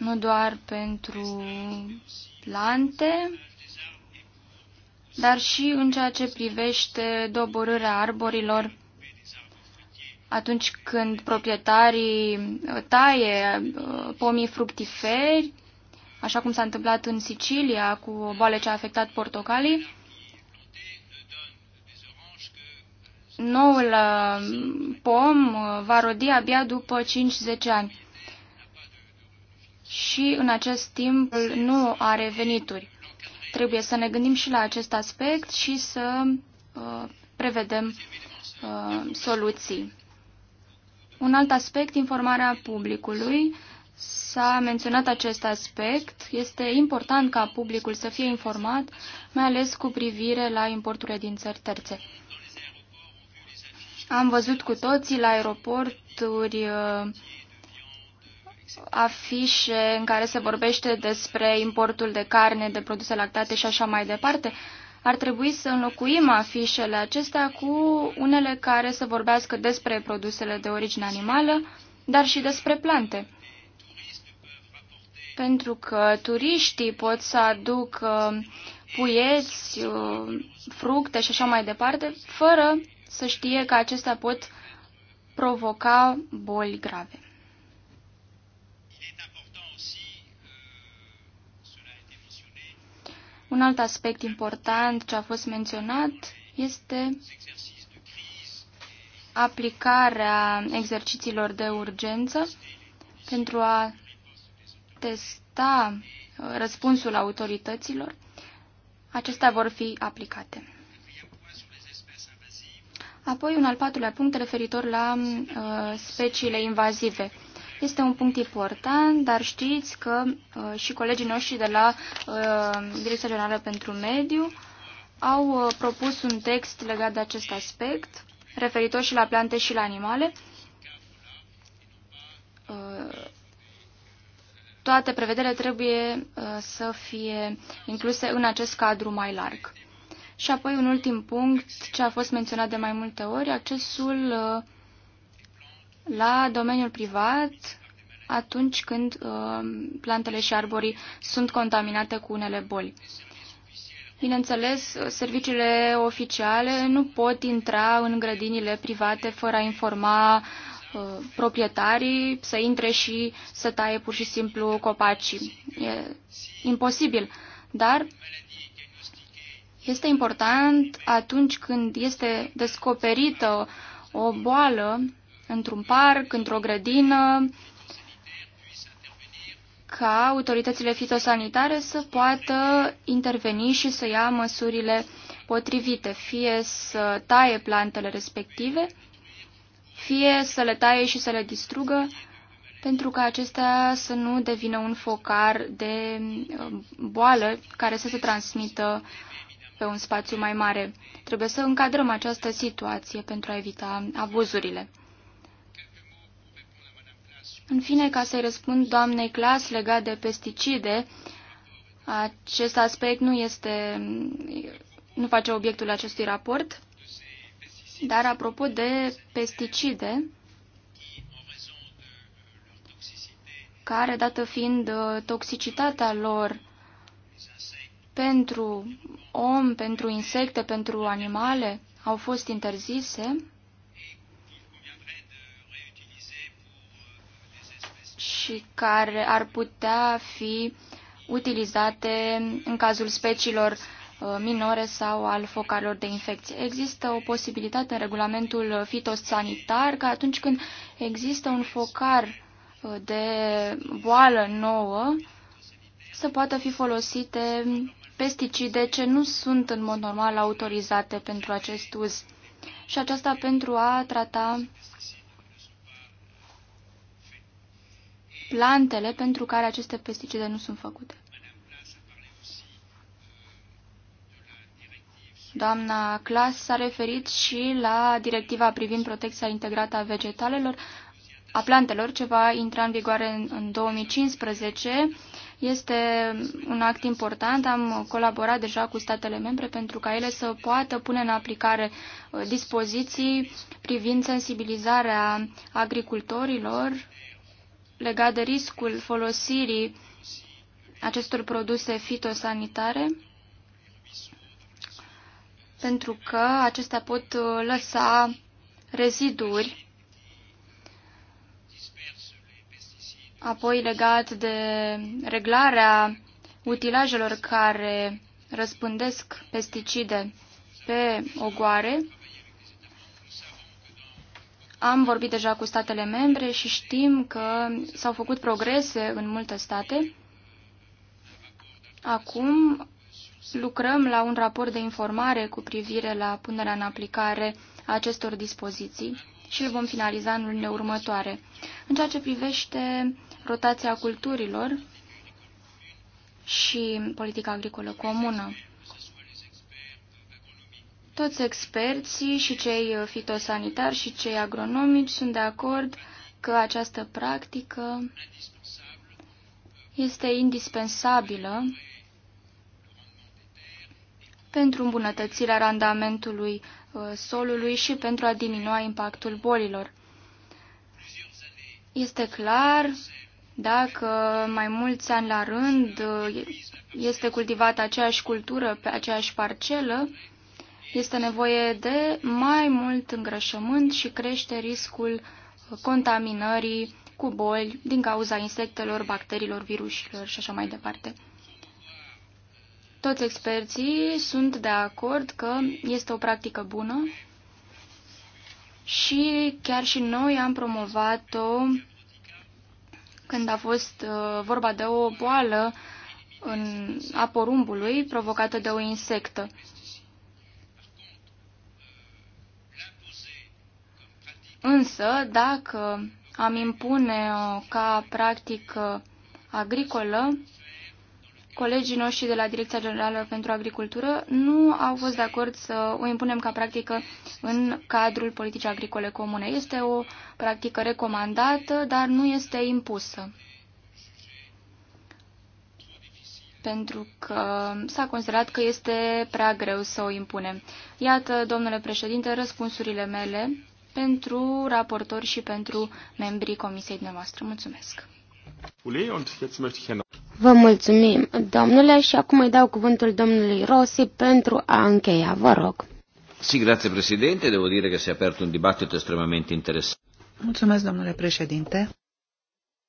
nu doar pentru plante, dar și în ceea ce privește doborârea arborilor atunci când proprietarii uh, taie uh, pomii fructiferi, așa cum s-a întâmplat în Sicilia cu o boală ce a afectat portocalii, noul uh, pom va rodi abia după 5-10 ani și în acest timp nu are venituri. Trebuie să ne gândim și la acest aspect și să uh, prevedem uh, soluții. Un alt aspect, informarea publicului. S-a menționat acest aspect. Este important ca publicul să fie informat, mai ales cu privire la importurile din țări terțe. Am văzut cu toții la aeroporturi uh, afișe în care se vorbește despre importul de carne, de produse lactate și așa mai departe, ar trebui să înlocuim afișele acestea cu unele care să vorbească despre produsele de origine animală, dar și despre plante. Pentru că turiștii pot să aducă puieți, fructe și așa mai departe, fără să știe că acestea pot provoca boli grave. Un alt aspect important ce a fost menționat este aplicarea exercițiilor de urgență pentru a testa uh, răspunsul autorităților. Acestea vor fi aplicate. Apoi un al patrulea punct referitor la uh, speciile invazive. Este un punct important, dar știți că uh, și colegii noștri de la uh, Direcția Generală pentru Mediu au uh, propus un text legat de acest aspect, referitor și la plante și la animale. Uh, toate prevederile trebuie uh, să fie incluse în acest cadru mai larg. Și apoi un ultim punct, ce a fost menționat de mai multe ori, accesul uh, la domeniul privat atunci când uh, plantele și arborii sunt contaminate cu unele boli. Bineînțeles, serviciile oficiale nu pot intra în grădinile private fără a informa uh, proprietarii să intre și să taie pur și simplu copacii. E imposibil, dar este important atunci când este descoperită o boală într-un parc, într-o grădină, ca autoritățile fitosanitare să poată interveni și să ia măsurile potrivite, fie să taie plantele respective, fie să le taie și să le distrugă, pentru ca acestea să nu devină un focar de uh, boală care să se transmită pe un spațiu mai mare. Trebuie să încadrăm această situație pentru a evita abuzurile. În fine, ca să-i răspund doamnei Clas legat de pesticide, acest aspect nu este, nu face obiectul acestui raport, dar apropo de pesticide, care, dată fiind uh, toxicitatea lor pentru om, pentru insecte, pentru animale, au fost interzise, și care ar putea fi utilizate în cazul speciilor uh, minore sau al focarilor de infecție. Există o posibilitate în regulamentul fitosanitar că atunci când există un focar uh, de boală nouă, să poată fi folosite pesticide ce nu sunt în mod normal autorizate pentru acest uz. Și aceasta pentru a trata plantele pentru care aceste pesticide nu sunt făcute. Doamna Clas s-a referit și la directiva privind protecția integrată a vegetalelor, a plantelor, ce va intra în vigoare în, în 2015. Este un act important. Am colaborat deja cu statele membre pentru ca ele să poată pune în aplicare uh, dispoziții privind sensibilizarea agricultorilor legat de riscul folosirii acestor produse fitosanitare, pentru că acestea pot uh, lăsa reziduri. Apoi legat de reglarea utilajelor care răspândesc pesticide pe ogoare, am vorbit deja cu statele membre și știm că s-au făcut progrese în multe state. Acum lucrăm la un raport de informare cu privire la punerea în aplicare a acestor dispoziții și îl vom finaliza în lunile următoare. În ceea ce privește rotația culturilor și politica agricolă comună. Toți experții și cei fitosanitari și cei agronomici sunt de acord că această practică este indispensabilă pentru îmbunătățirea randamentului uh, solului și pentru a diminua impactul bolilor. Este clar, dacă mai mulți ani la rând uh, este cultivată aceeași cultură pe aceeași parcelă, este nevoie de mai mult îngrășământ și crește riscul contaminării cu boli din cauza insectelor, bacteriilor, virusilor și așa mai departe. Toți experții sunt de acord că este o practică bună și chiar și noi am promovat-o când a fost uh, vorba de o boală în a porumbului provocată de o insectă. Însă, dacă am impune-o uh, ca practică uh, agricolă, colegii noștri de la Direcția Generală pentru Agricultură nu au fost de acord să o impunem ca practică în cadrul politicii agricole comune. Este o practică recomandată, dar nu este impusă. Pentru că s-a considerat că este prea greu să o impunem. Iată, domnule președinte, răspunsurile mele pentru raportori și pentru membrii comisiei noastre. Mulțumesc! Vă mulțumim, domnule, și acum îi dau cuvântul domnului Rossi pentru a încheia. Vă rog. Sì, grazie președinte. devo dire că s-a aperto un dibattito estremamente interessante. Mulțumesc, domnule președinte.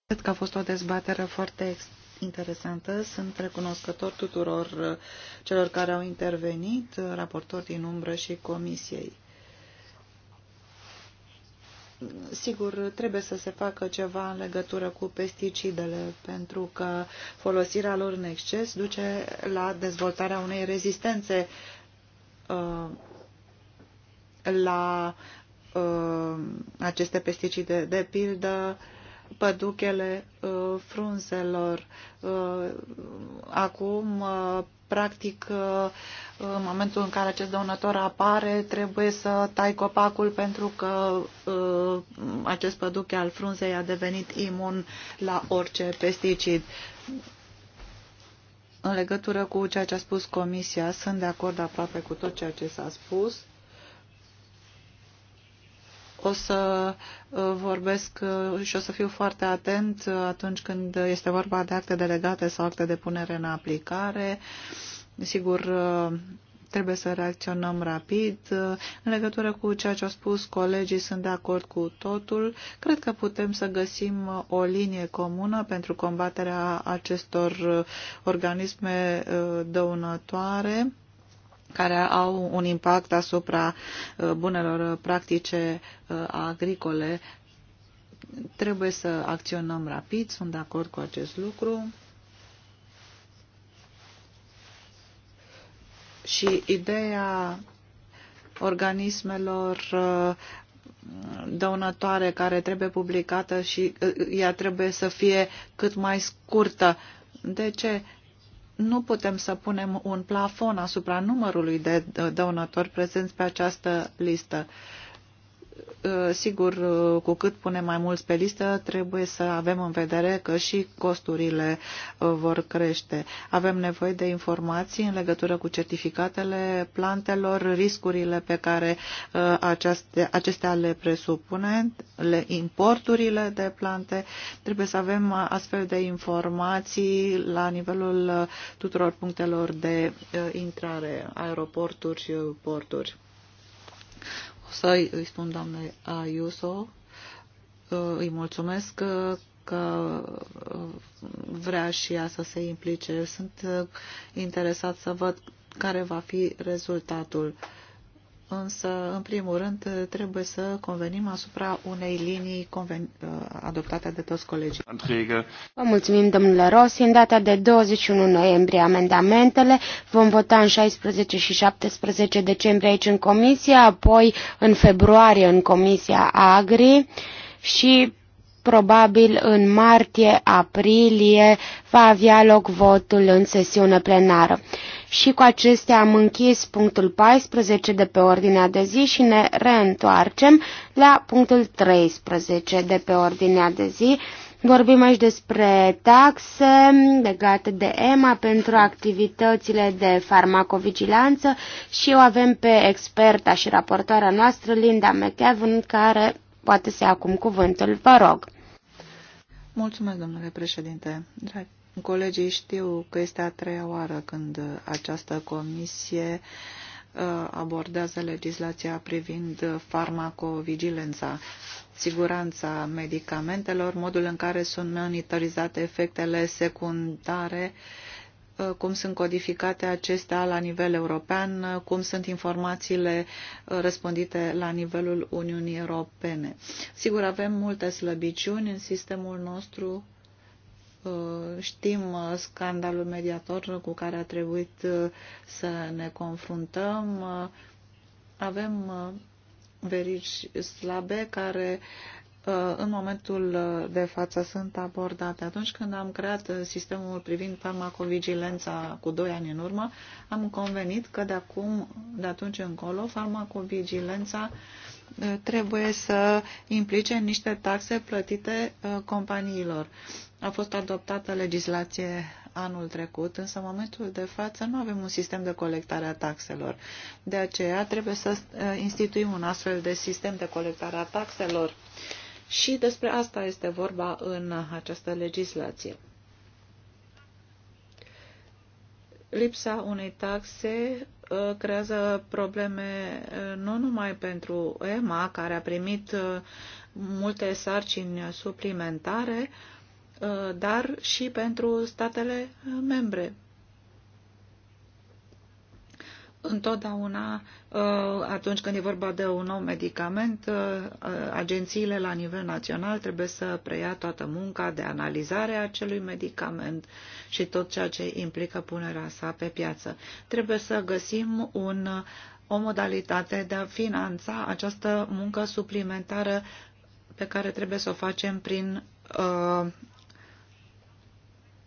Cred că a fost o dezbatere foarte interesantă. Sunt recunoscător tuturor uh, celor care au intervenit, uh, raportori din umbră și comisiei. Sigur, trebuie să se facă ceva în legătură cu pesticidele, pentru că folosirea lor în exces duce la dezvoltarea unei rezistențe uh, la uh, aceste pesticide. De pildă, uh, păduchele uh, frunzelor. Uh, acum, uh, practic, în momentul în care acest dăunător apare, trebuie să tai copacul pentru că acest păduche al frunzei a devenit imun la orice pesticid. În legătură cu ceea ce a spus Comisia, sunt de acord aproape cu tot ceea ce s-a spus o să uh, vorbesc uh, și o să fiu foarte atent uh, atunci când este vorba de acte delegate sau acte de punere în aplicare. Sigur, trebuie să reacționăm rapid. În legătură cu ceea ce au spus colegii, sunt de acord cu totul. Cred că putem să găsim o linie comună pentru combaterea acestor organisme dăunătoare care au un impact asupra uh, bunelor practice uh, agricole. Trebuie să acționăm rapid, sunt de acord cu acest lucru. Și ideea organismelor uh, dăunătoare care trebuie publicată și ea trebuie să fie cât mai scurtă. De ce? nu putem să punem un plafon asupra numărului de donatori prezenți pe această listă. Ă, sigur, ă, cu cât punem mai mulți pe listă, trebuie să avem în vedere că și costurile ă, vor crește. Avem nevoie de informații în legătură cu certificatele plantelor, riscurile pe care aceste, acestea le presupune, le importurile de plante. Trebuie să avem astfel de informații la nivelul tuturor punctelor de intrare, aeroporturi și porturi să îi spun doamnei Ayuso, uh, îi mulțumesc uh, că, uh, vrea și ea să se implice. Sunt interesat să văd care va fi rezultatul însă, în primul rând, trebuie să convenim asupra unei linii uh, adoptate de toți colegii. Vă mulțumim, domnule Rossi. În data de 21 noiembrie amendamentele vom vota în 16 și 17 decembrie aici în comisie, apoi în februarie în comisia Agri și probabil în martie-aprilie va avea loc votul în sesiune plenară. Și cu acestea am închis punctul 14 de pe ordinea de zi și ne reîntoarcem la punctul 13 de pe ordinea de zi. Vorbim aici despre taxe legate de EMA pentru activitățile de farmacovigilanță și o avem pe experta și raportoarea noastră, Linda McEvan, care poate să ia acum cuvântul. Vă rog. Mulțumesc, domnule președinte. Dragi Colegii știu că este a treia oară când această comisie uh, abordează legislația privind farmacovigilența, siguranța medicamentelor, modul în care sunt monitorizate efectele secundare, uh, cum sunt codificate acestea la nivel european, uh, cum sunt informațiile răspândite la nivelul Uniunii Europene. Sigur, avem multe slăbiciuni în sistemul nostru Uh, știm uh, scandalul mediator cu care a trebuit uh, să ne confruntăm. Avem verici slabe care în momentul de față sunt abordate. Atunci când am creat sistemul privind farmacovigilența cu 2 ani în urmă, am convenit că de acum, de atunci încolo, farmacovigilența uh, trebuie să implice niște taxe plătite uh, companiilor. A fost adoptată legislație anul trecut, însă în momentul de față nu avem un sistem de colectare a taxelor. De aceea trebuie să uh, instituim un astfel de sistem de colectare a taxelor. Și despre asta este vorba în această legislație. Lipsa unei taxe uh, creează probleme uh, nu numai pentru EMA, care a primit uh, multe sarcini suplimentare, dar și pentru statele membre întotdeauna uh, atunci când e vorba de un nou medicament, uh, uh, agențiile la nivel național trebuie să preia toată munca de analizare a acelui medicament și tot ceea ce implică punerea sa pe piață. Trebuie să găsim un, o modalitate de a finanța această muncă suplimentară pe care trebuie să o facem prin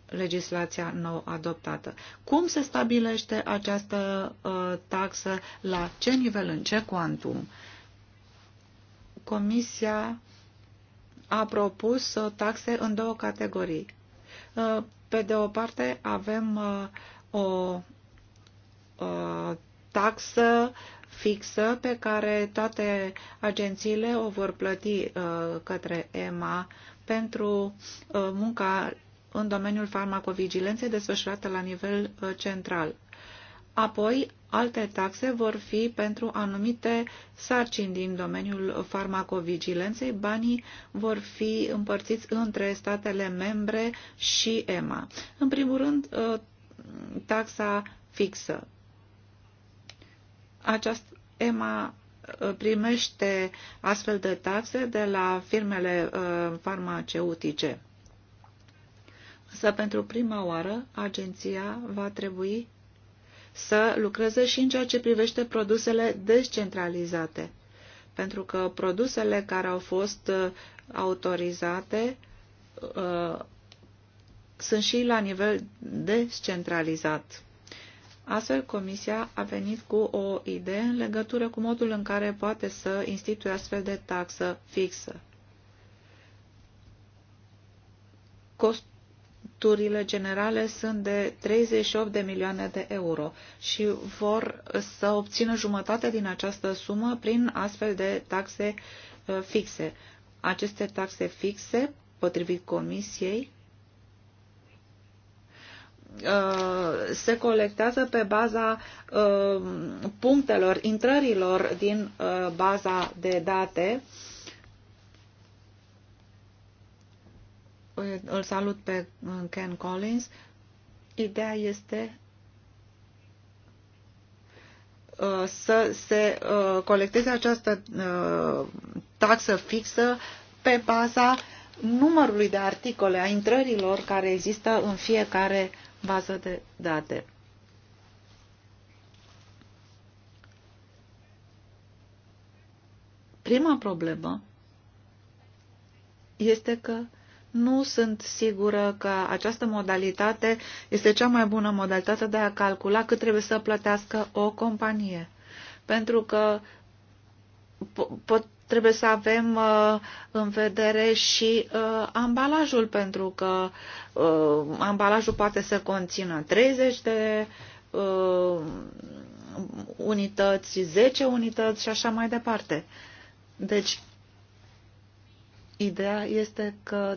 legislația nou adoptată. Cum se stabilește această uh, taxă? La ce nivel? În ce cuantum? Comisia a propus uh, taxe în două categorii. Uh, pe de o parte avem uh, o uh, taxă fixă pe care toate agențiile o vor plăti uh, către EMA pentru uh, munca în domeniul farmacovigilenței desfășurată la nivel uh, central. Apoi, alte taxe vor fi pentru anumite sarcini din domeniul farmacovigilenței. Banii vor fi împărțiți între statele membre și EMA. În primul rând, uh, taxa fixă. Această EMA uh, primește astfel de taxe de la firmele farmaceutice. Însă, pentru prima oară, agenția va trebui să lucreze și în ceea ce privește produsele descentralizate, pentru că produsele care au fost uh, autorizate uh, sunt și la nivel descentralizat. Astfel, Comisia a venit cu o idee în legătură cu modul în care poate să instituie astfel de taxă fixă. Cost Costurile generale sunt de 38 de milioane de euro și vor să obțină jumătate din această sumă prin astfel de taxe uh, fixe. Aceste taxe fixe, potrivit Comisiei, uh, se colectează pe baza uh, punctelor, intrărilor din baza de date îl salut pe uh, Ken Collins. Ideea este uh, să se uh, colecteze această taxă fixă pe baza numărului de articole, a intrărilor care există în fiecare bază de date. Prima problemă este că nu sunt sigură că această modalitate este cea mai bună modalitate de a calcula cât trebuie să plătească o companie. Pentru că pot, trebuie să avem uh, în vedere și uh, ambalajul, pentru că uh, ambalajul poate să conțină 30 de uh, unități, 10 unități și așa mai departe. Deci, ideea este că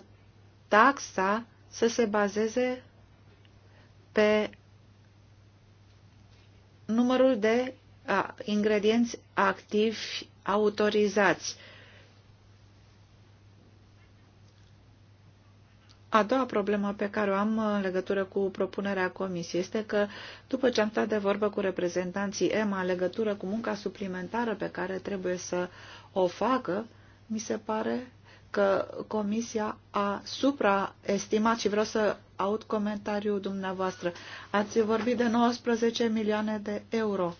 taxa să se bazeze pe numărul de ingredienți activi autorizați. A doua problemă pe care o am în legătură cu propunerea comisiei este că, după ce am stat de vorbă cu reprezentanții EMA în legătură cu munca suplimentară pe care trebuie să o facă, mi se pare că Comisia a supraestimat și vreau să aud comentariul dumneavoastră. Ați vorbit de 19 milioane de euro.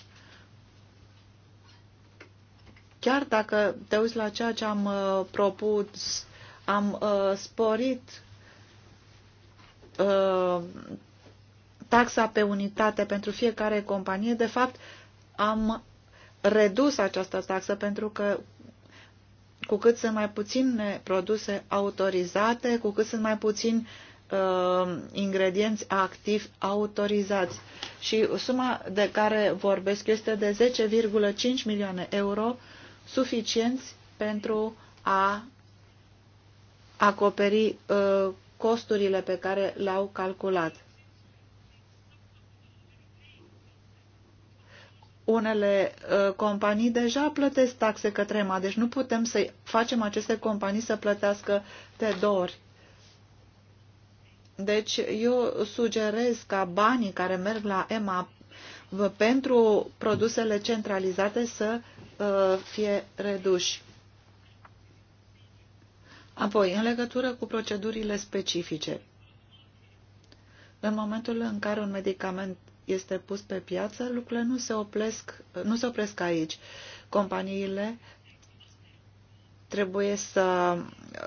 Chiar dacă te uiți la ceea ce am uh, propus, am uh, sporit uh, taxa pe unitate pentru fiecare companie, de fapt am redus această taxă pentru că cu cât sunt mai puține produse autorizate, cu cât sunt mai puțin uh, ingredienți activi autorizați. Și suma de care vorbesc este de 10,5 milioane euro suficienți pentru a acoperi uh, costurile pe care le-au calculat. unele uh, companii deja plătesc taxe către EMA, deci nu putem să facem aceste companii să plătească de două ori. Deci eu sugerez ca banii care merg la EMA pentru produsele centralizate să uh, fie reduși. Apoi, în legătură cu procedurile specifice. În momentul în care un medicament este pus pe piață, lucrurile nu se, oplesc, nu se opresc aici. Companiile trebuie să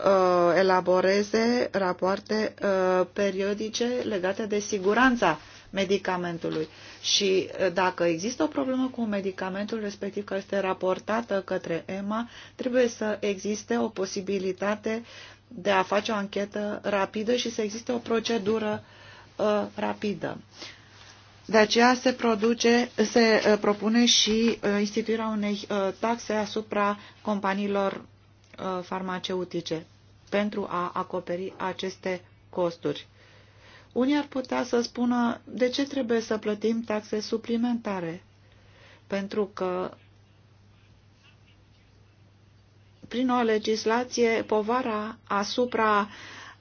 uh, elaboreze rapoarte uh, periodice legate de siguranța medicamentului. Și uh, dacă există o problemă cu medicamentul respectiv care este raportată către EMA, trebuie să existe o posibilitate de a face o anchetă rapidă și să existe o procedură uh, rapidă. Uh, de aceea se, produce, se uh, propune și uh, instituirea unei uh, taxe asupra companiilor farmaceutice pentru a acoperi aceste costuri. Unii ar putea să spună de ce trebuie să plătim taxe suplimentare, pentru că prin o legislație povara asupra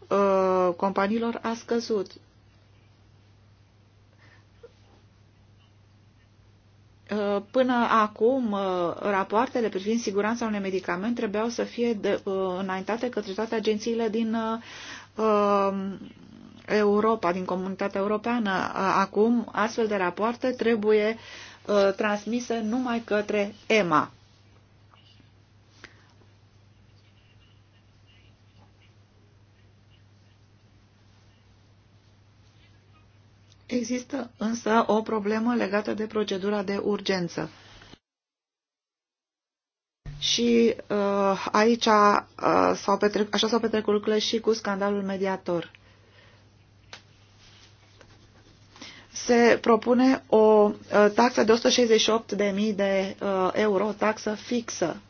uh, companiilor a scăzut. Uh, până acum, uh, rapoartele privind siguranța unui medicament trebuiau să fie de, uh, înaintate către toate agențiile din um, Europa, din comunitatea europeană. Acum, astfel de rapoarte trebuie transmise numai către EMA. Există însă o problemă legată de procedura de urgență. Și uh, aici uh, s petrec, așa s-au petrecut lucrurile și cu scandalul mediator. Se propune o uh, taxă de 168.000 de uh, euro, o taxă fixă.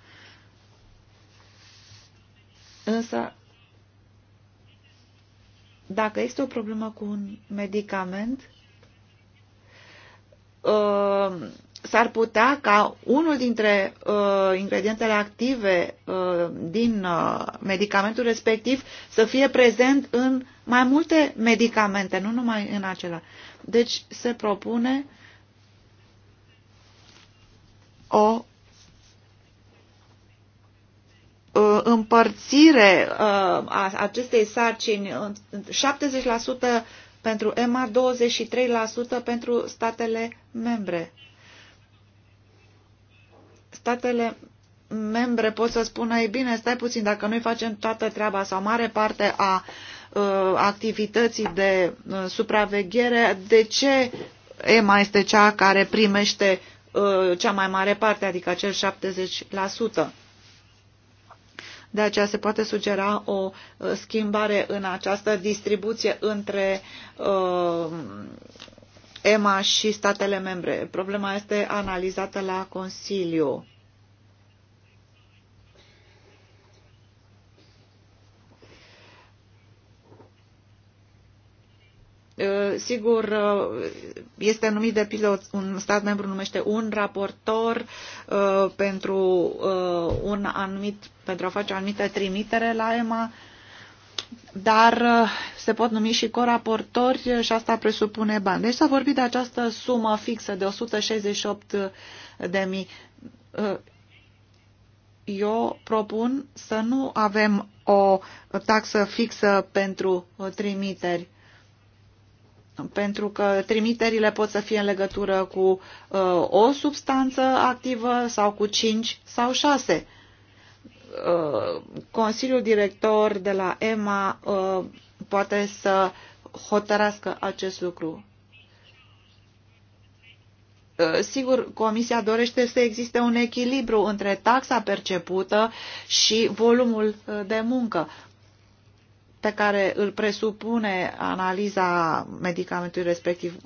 Însă dacă este o problemă cu un medicament, ă, s-ar putea ca unul dintre ă, ingredientele active ă, din medicamentul respectiv să fie prezent în mai multe medicamente, nu numai în acela. Deci se propune o Uh, împărțire uh, a acestei sarcini 70% uh, pentru EMA, 23% pentru statele membre. Statele membre pot să spună, ei bine, stai puțin, dacă noi facem toată treaba sau mare parte a activității de supraveghere, de ce EMA este cea care primește cea mai mare parte, adică acel 70%? de aceea se poate sugera o uh, schimbare în această distribuție între uh, EMA și statele membre. Problema este analizată la Consiliu. Eh, sigur, eh, este numit de pilot, un stat membru numește un raportor eh, pentru, un anumit, pentru a face o anumită trimitere la EMA, dar se pot numi și coraportori și asta presupune bani. Deci s-a vorbit de această sumă fixă de 168 de mii. Eu propun să nu avem o taxă fixă pentru trimiteri pentru că trimiterile pot să fie în legătură cu uh, o substanță activă sau cu cinci sau șase. Uh, Consiliul director de la EMA uh, poate să hotărască acest lucru. Uh, sigur, Comisia dorește să existe un echilibru între taxa percepută și volumul uh, de muncă pe care îl presupune analiza medicamentului respectiv.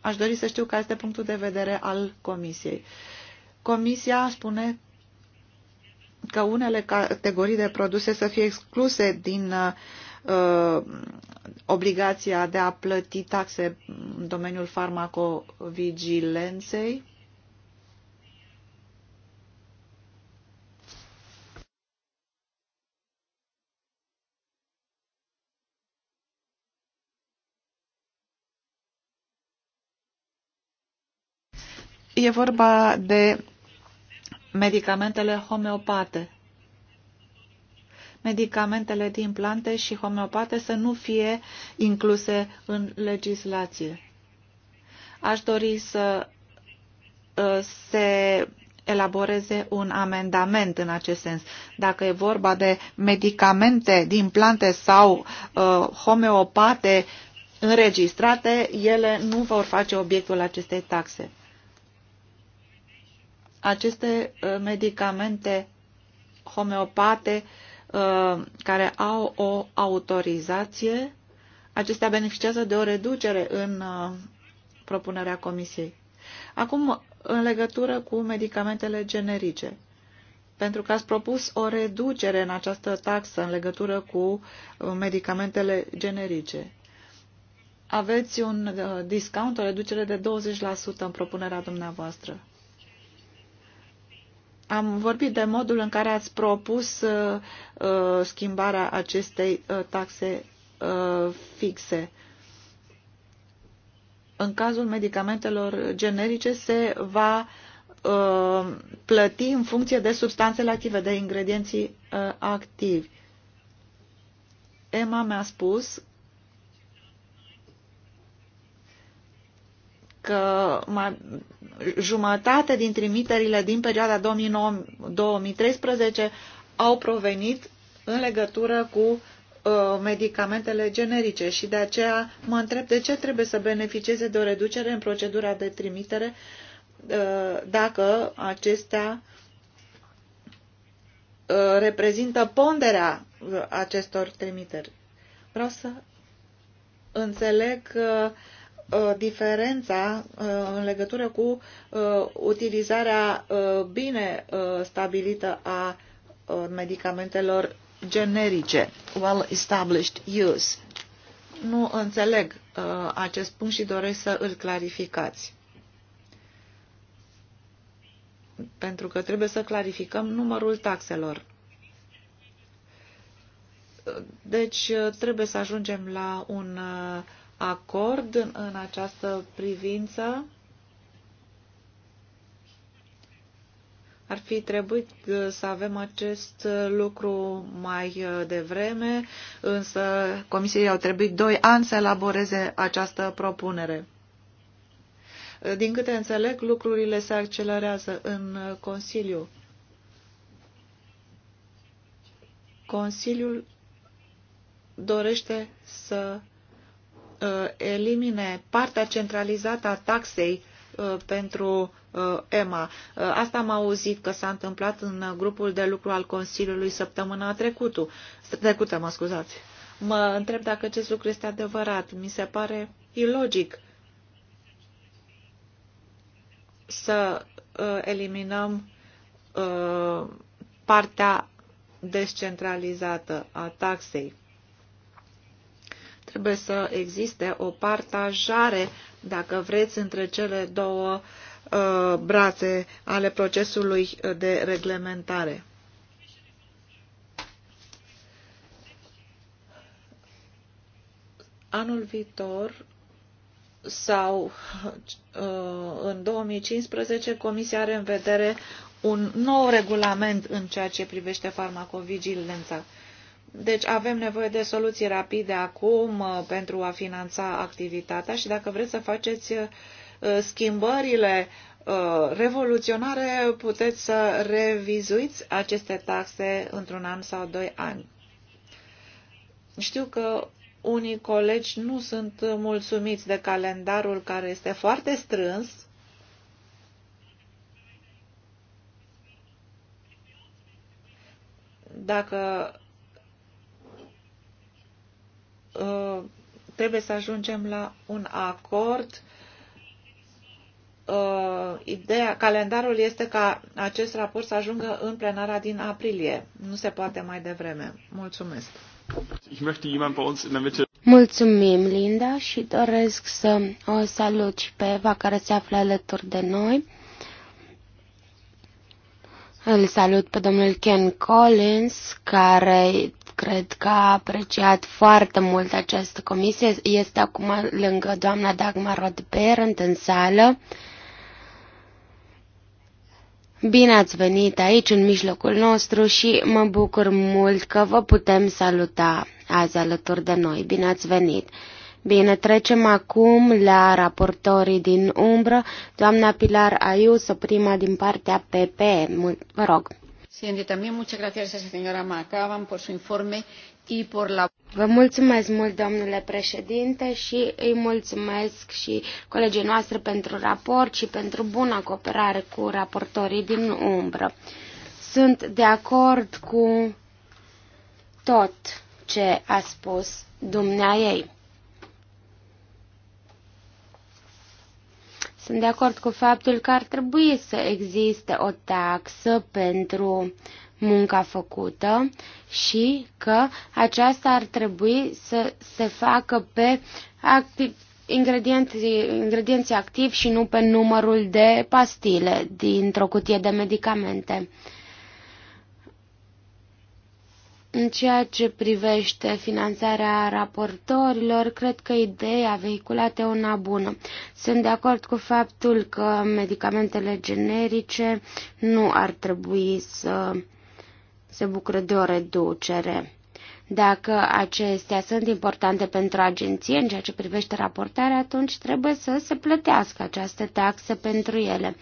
Aș dori să știu care este punctul de vedere al Comisiei. Comisia spune că unele categorii de produse să fie excluse din uh, obligația de a plăti taxe în domeniul farmacovigilenței E vorba de medicamentele homeopate. Medicamentele din plante și homeopate să nu fie incluse în legislație. Aș dori să uh, se elaboreze un amendament în acest sens. Dacă e vorba de medicamente din plante sau uh, homeopate înregistrate, ele nu vor face obiectul acestei taxe aceste uh, medicamente homeopate uh, care au o autorizație, acestea beneficiază de o reducere în uh, propunerea Comisiei. Acum, în legătură cu medicamentele generice, pentru că ați propus o reducere în această taxă în legătură cu medicamentele generice. Aveți un discount, o reducere de 20% în propunerea dumneavoastră. Am vorbit de modul în care ați propus uh, uh, schimbarea acestei uh, taxe uh, fixe. În cazul medicamentelor generice se va uh, plăti în funcție de substanțele active, de ingredienții uh, activi. Emma mi-a spus că mai, jumătate din trimiterile din perioada 2009-2013 au provenit în legătură cu uh, medicamentele generice și de aceea mă întreb de ce trebuie să beneficieze de o reducere în procedura de trimitere uh, dacă acestea uh, reprezintă ponderea acestor trimiteri. Vreau să înțeleg că Uh, diferența uh, în legătură cu uh, utilizarea bine stabilită a medicamentelor generice, well-established use. Nu înțeleg acest punct și doresc să îl clarificați. Pentru că trebuie să clarificăm numărul taxelor. Deci trebuie să ajungem la un uh, acord în această privință. Ar fi trebuit uh, să avem acest uh, lucru mai uh, devreme, însă Comisiei au trebuit doi ani să elaboreze această propunere. Din câte înțeleg, lucrurile se accelerează în Consiliu. Consiliul dorește să Uh, elimine partea centralizată a taxei uh, pentru uh, EMA. Asta am auzit că s-a întâmplat în grupul de lucru al Consiliului săptămâna trecută. trecută mă, scuzați. mă întreb dacă acest lucru este adevărat. Mi se pare ilogic să eliminăm partea descentralizată a taxei. Trebuie să existe o partajare, dacă vreți, între cele două uh, brațe ale procesului de reglementare. Anul viitor sau uh, în 2015 Comisia are în vedere un nou regulament în ceea ce privește farmacovigilența. Deci avem nevoie de soluții rapide acum uh, pentru a finanța activitatea și dacă vreți să faceți uh, schimbările uh, revoluționare, puteți să revizuiți aceste taxe într-un an sau doi ani. Știu că unii colegi nu sunt mulțumiți de calendarul care este foarte strâns. Dacă Uh, trebuie să ajungem la un acord. Uh, ideea, calendarul este ca acest raport să ajungă în plenara din aprilie. Nu se poate mai devreme. Mulțumesc. Mulțumim, Linda, și doresc să o salut și pe Eva care se află alături de noi. Îl salut pe domnul Ken Collins, care cred că a apreciat foarte mult această comisie. Este acum lângă doamna Dagmar Rodberent în sală. Bine ați venit aici, în mijlocul nostru și mă bucur mult că vă putem saluta azi alături de noi. Bine ați venit! Bine, trecem acum la raportorii din umbră. Doamna Pilar Aiu, prima din partea PP. Vă rog! Vă mulțumesc mult, domnule președinte, și îi mulțumesc și colegii noastre pentru raport și pentru buna cooperare cu raportorii din umbră. Sunt de acord cu tot ce a spus dumneaei. Sunt de acord cu faptul că ar trebui să existe o taxă pentru munca făcută și că aceasta ar trebui să se facă pe activ, ingredienții, ingredienții activi și nu pe numărul de pastile dintr-o cutie de medicamente. În ceea ce privește finanțarea raportorilor, cred că ideea vehiculată e una bună. Sunt de acord cu faptul că medicamentele generice nu ar trebui să se bucure de o reducere. Dacă acestea sunt importante pentru agenție în ceea ce privește raportarea, atunci trebuie să se plătească această taxă pentru ele.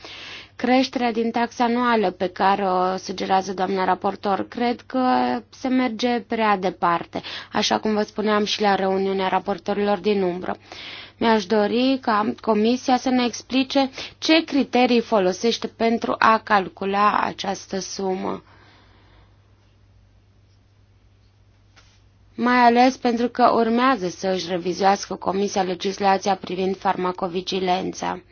Creșterea din taxa anuală pe care o sugerează doamna raportor, cred că se merge prea departe, așa cum vă spuneam și la reuniunea raportorilor din umbră. Mi-aș dori ca Comisia să ne explice ce criterii folosește pentru a calcula această sumă. mai ales pentru că urmează să își revizuiască Comisia legislația privind farmacovigilența.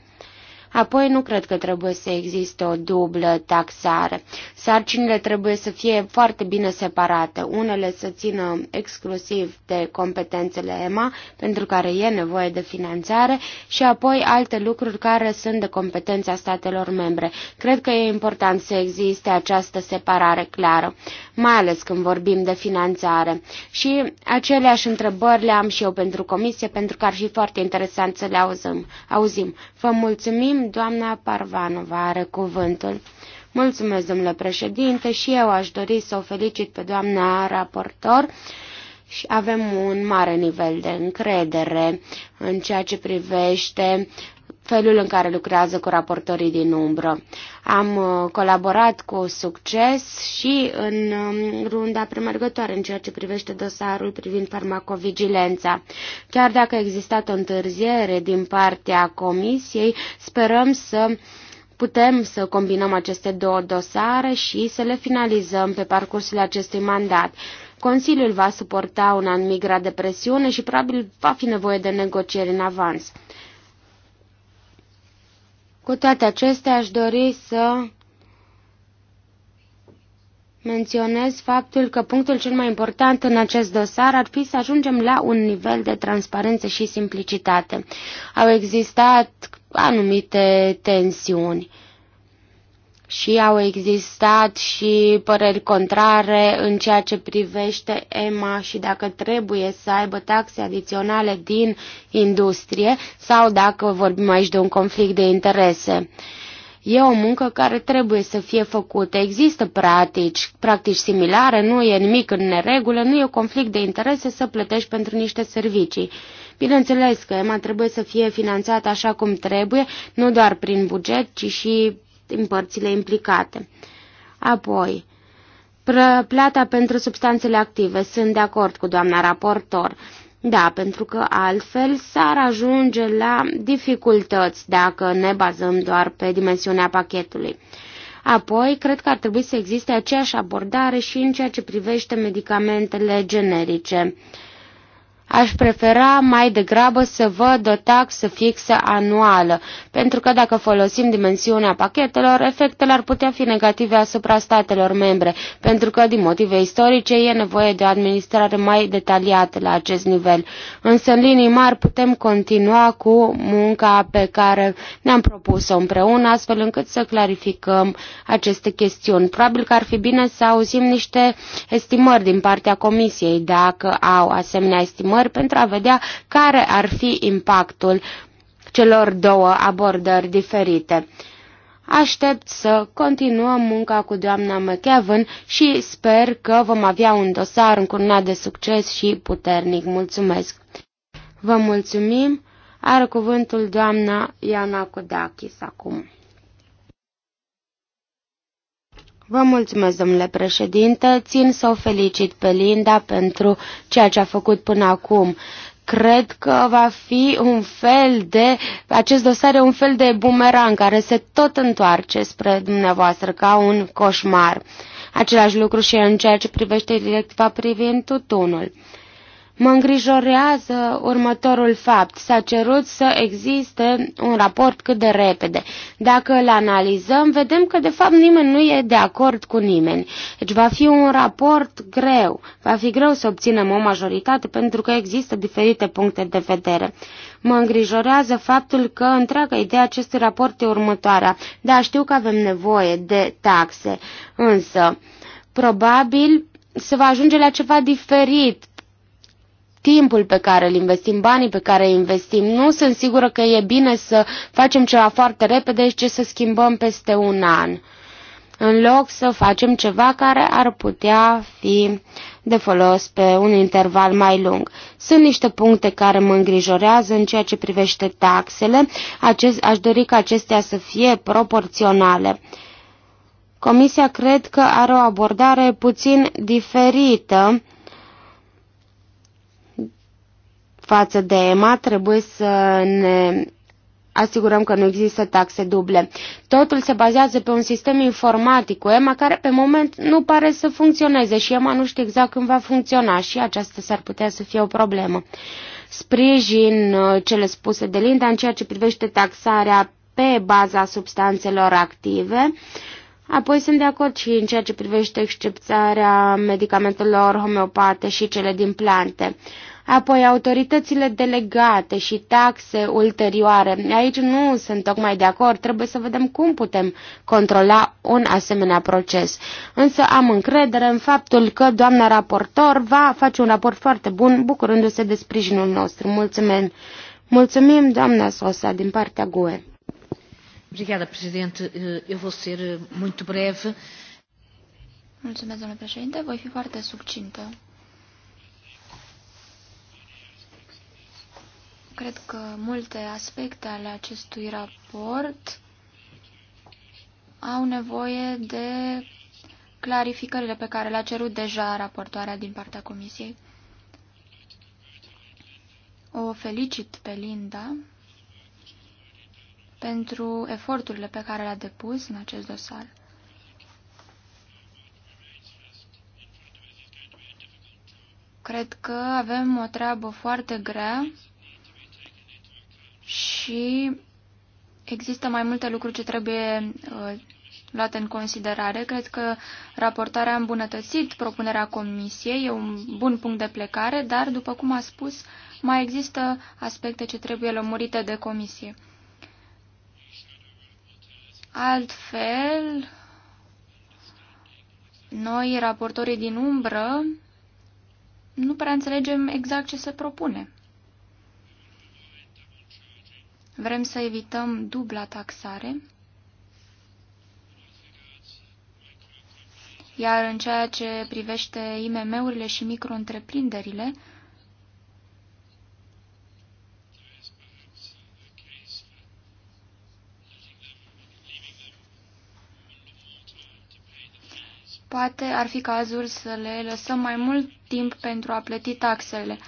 Apoi nu cred că trebuie să existe o dublă taxare. Sarcinile trebuie să fie foarte bine separate, unele să țină exclusiv de competențele EMA, pentru care e nevoie de finanțare, și apoi alte lucruri care sunt de competența statelor membre. Cred că e important să existe această separare clară, mai ales când vorbim de finanțare. Și aceleași întrebări le am și eu pentru comisie, pentru că ar fi foarte interesant să le auzim. auzim. Vă mulțumim! doamna Parvanova are cuvântul. Mulțumesc, domnule președinte, și eu aș dori să o felicit pe doamna raportor și avem un mare nivel de încredere în ceea ce privește felul în care lucrează cu raportorii din umbră. Am uh, colaborat cu succes și în um, runda premergătoare în ceea ce privește dosarul privind farmacovigilența. Chiar dacă a existat o întârziere din partea comisiei, sperăm să putem să combinăm aceste două dosare și să le finalizăm pe parcursul acestui mandat. Consiliul va suporta un anumit grad de presiune și probabil va fi nevoie de negocieri în avans. Cu toate acestea, aș dori să menționez faptul că punctul cel mai important în acest dosar ar fi să ajungem la un nivel de transparență și simplicitate. Au existat anumite tensiuni și au existat și păreri contrare în ceea ce privește EMA și dacă trebuie să aibă taxe adiționale din industrie sau dacă vorbim aici de un conflict de interese. E o muncă care trebuie să fie făcută. Există practici, practici similare, nu e nimic în neregulă, nu e un conflict de interese să plătești pentru niște servicii. Bineînțeles că EMA trebuie să fie finanțată așa cum trebuie, nu doar prin buget, ci și din părțile implicate. Apoi, plata pentru substanțele active. Sunt de acord cu doamna raportor. Da, pentru că altfel s-ar ajunge la dificultăți dacă ne bazăm doar pe dimensiunea pachetului. Apoi, cred că ar trebui să existe aceeași abordare și în ceea ce privește medicamentele generice. Uh, Aș prefera mai degrabă să văd o taxă fixă anuală, pentru că dacă folosim dimensiunea pachetelor, efectele ar putea fi negative asupra statelor membre, pentru că din motive istorice e nevoie de o administrare mai detaliată la acest nivel. Însă, în linii mari, putem continua cu munca pe care ne-am propus-o împreună, astfel încât să clarificăm aceste chestiuni. Probabil că ar fi bine să auzim niște estimări din partea Comisiei, dacă au asemenea estimări abordări pentru a vedea care ar fi impactul celor două abordări diferite. Aștept să continuăm munca cu doamna McEvan și sper că vom avea un dosar încurnat de succes și puternic. Mulțumesc! Vă mulțumim! Are cuvântul doamna Iana Kodakis acum. Vă mulțumesc, domnule președinte. Țin să o felicit pe Linda pentru ceea ce a făcut până acum. Cred că va fi un fel de, acest dosar e un fel de bumerang care se tot întoarce spre dumneavoastră ca un coșmar. Același lucru și în ceea ce privește directiva privind tutunul. Mă îngrijorează următorul fapt. S-a cerut să existe un raport cât de repede. Dacă îl analizăm, vedem că de fapt nimeni nu e de acord cu nimeni. Deci va fi un raport greu. Va fi greu să obținem o majoritate pentru că există diferite puncte de vedere. Mă îngrijorează faptul că întreaga idee acestui raport e următoarea. Da, știu că avem nevoie de taxe, însă probabil se va ajunge la ceva diferit timpul pe care îl investim, banii pe care îi investim. Nu sunt sigură că e bine să facem ceva foarte repede și ce să schimbăm peste un an, în loc să facem ceva care ar putea fi de folos pe un interval mai lung. Sunt niște puncte care mă îngrijorează în ceea ce privește taxele. Acest, aș dori ca acestea să fie proporționale. Comisia cred că are o abordare puțin diferită față de EMA, trebuie să ne asigurăm că nu există taxe duble. Totul se bazează pe un sistem informatic cu EMA care pe moment nu pare să funcționeze și EMA nu știe exact când va funcționa și aceasta s-ar putea să fie o problemă. Sprijin uh, cele spuse de Linda în ceea ce privește taxarea pe baza substanțelor active. Apoi sunt de acord și în ceea ce privește excepțarea medicamentelor homeopate și cele din plante. Apoi autoritățile delegate și taxe ulterioare. Aici nu sunt tocmai de acord, trebuie să vedem cum putem controla un asemenea proces. Însă am încredere în faptul că doamna raportor va face un raport foarte bun, bucurându-se de sprijinul nostru. Mulțumim! Mulțumim, doamna Sosa, din partea GUE. Obrigada, președinte. Eu vă ser mult breve. Mulțumesc, domnule președinte. Voi fi foarte succintă. cred că multe aspecte ale acestui raport au nevoie de clarificările pe care le-a cerut deja raportoarea din partea comisiei. O felicit pe Linda pentru eforturile pe care le-a depus în acest dosar. Cred că avem o treabă foarte grea și există mai multe lucruri ce trebuie uh, luate în considerare. Cred că raportarea a îmbunătățit propunerea comisiei, e un bun punct de plecare, dar, după cum a spus, mai există aspecte ce trebuie lămurite de comisie. Altfel, noi, raportorii din umbră, nu prea înțelegem exact ce se propune. Vrem să evităm dubla taxare. Iar în ceea ce privește IMM-urile și micro-întreprinderile, poate ar fi cazul să le lăsăm mai mult timp pentru a plăti taxele.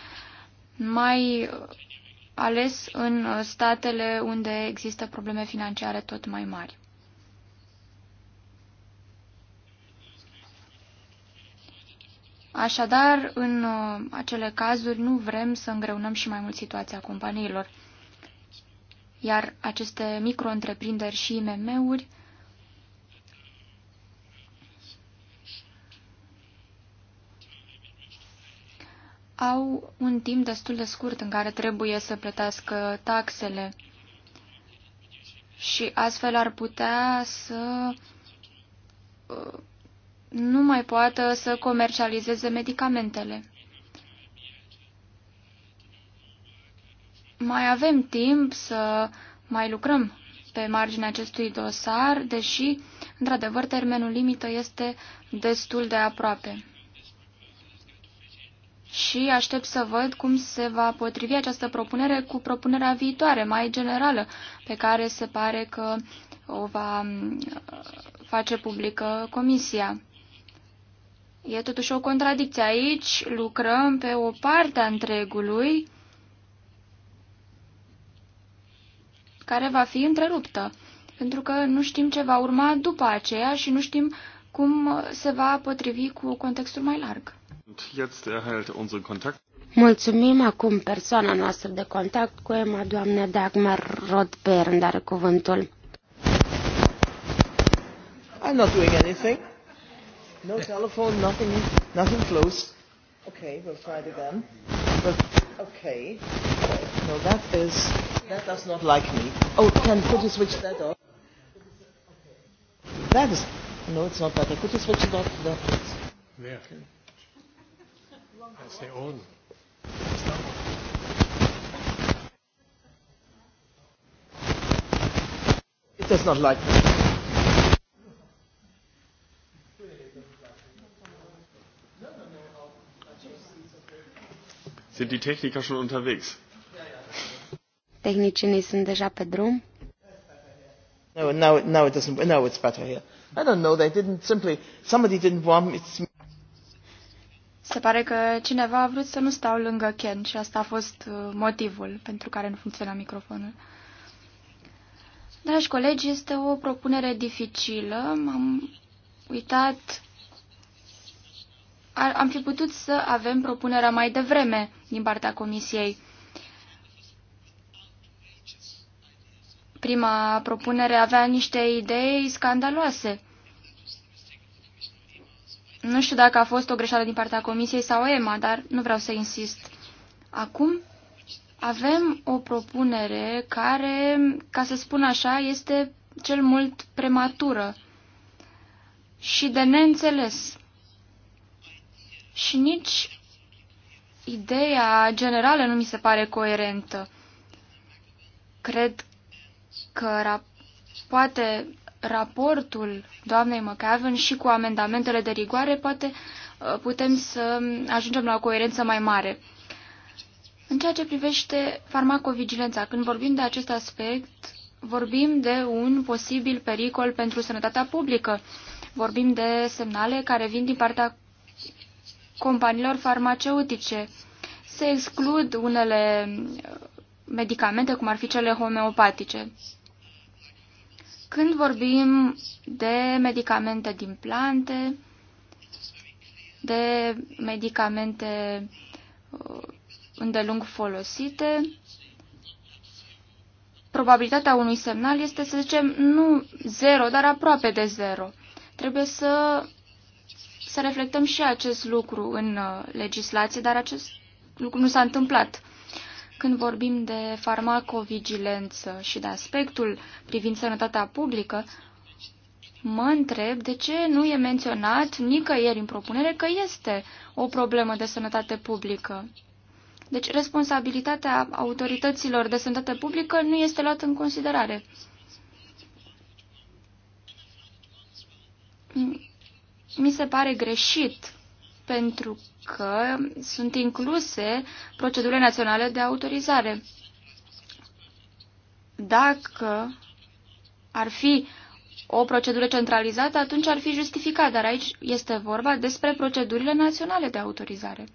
Mai ales în statele unde există probleme financiare tot mai mari. Așadar, în uh, acele cazuri nu vrem să îngreunăm și mai mult situația companiilor. Iar aceste micro-întreprinderi și IMM-uri au un timp destul de scurt în care trebuie să plătească taxele și astfel ar putea să uh, nu mai poată să comercializeze medicamentele. Mai avem timp să mai lucrăm pe marginea acestui dosar, deși, într-adevăr, termenul limită este destul de aproape și aștept să văd cum se va potrivi această propunere cu propunerea viitoare, mai generală, pe care se pare că o va uh, face publică Comisia. E totuși o contradicție aici, lucrăm pe o parte a întregului care va fi întreruptă, pentru că nu știm ce va urma după aceea și nu știm cum se va potrivi cu contextul mai larg. Mulțumim acum persoana noastră de contact cu Emma, doamna Dagmar în are cuvântul. I'm not doing anything. No telephone, nothing, nothing close. Okay, we'll try it again. But, okay. No, that is, that does not like me. Oh, can, could you switch that off? That is, no, it's not better. Could you switch it off? That is. Yeah. Okay. Este on. It does not like that. Sind die Techniker schon unterwegs? Tehnicienii sunt deja pe drum. No, now, now it doesn't. Now it's better here. I don't know. They didn't simply. Somebody didn't want. me. Se pare că cineva a vrut să nu stau lângă Ken și asta a fost uh, motivul pentru care nu funcționa microfonul. Dragi colegi, este o propunere dificilă. M-am uitat... Ar, am fi putut să avem propunerea mai devreme din partea comisiei. Prima propunere avea niște idei scandaloase. Nu știu dacă a fost o greșeală din partea Comisiei sau EMA, dar nu vreau să insist. Acum avem o propunere care, ca să spun așa, este cel mult prematură și de neînțeles. Și nici ideea generală nu mi se pare coerentă. Cred că poate raportul doamnei McAven și cu amendamentele de rigoare, poate uh, putem să ajungem la o coerență mai mare. În ceea ce privește farmacovigilența, când vorbim de acest aspect, vorbim de un posibil pericol pentru sănătatea publică. Vorbim de semnale care vin din partea companiilor farmaceutice. Se exclud unele uh, medicamente, cum ar fi cele homeopatice. Când vorbim de medicamente din plante, de medicamente uh, îndelung folosite, probabilitatea unui semnal este, să zicem, nu zero, dar aproape de zero. Trebuie să, să reflectăm și acest lucru în uh, legislație, dar acest lucru nu s-a întâmplat când vorbim de farmacovigilență și de aspectul privind sănătatea publică, mă întreb de ce nu e menționat nicăieri în propunere că este o problemă de sănătate publică. Deci responsabilitatea autorităților de sănătate publică nu este luată în considerare. Mi se pare greșit pentru că sunt incluse procedurile naționale de autorizare. Dacă ar fi o procedură centralizată, atunci ar fi justificat, dar aici este vorba despre procedurile naționale de autorizare.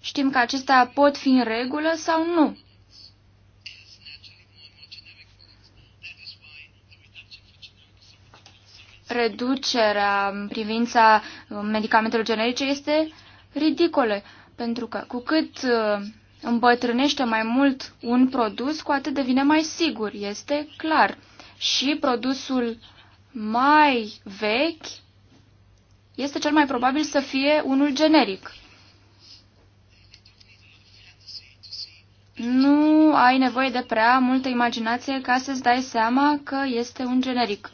Știm că acestea pot fi în regulă sau nu. reducerea în privința uh, medicamentelor generice este ridicolă, pentru că cu cât uh, îmbătrânește mai mult un produs, cu atât devine mai sigur, este clar. Și produsul mai vechi este cel mai probabil să fie unul generic. Nu ai nevoie de prea multă imaginație ca să-ți dai seama că este un generic.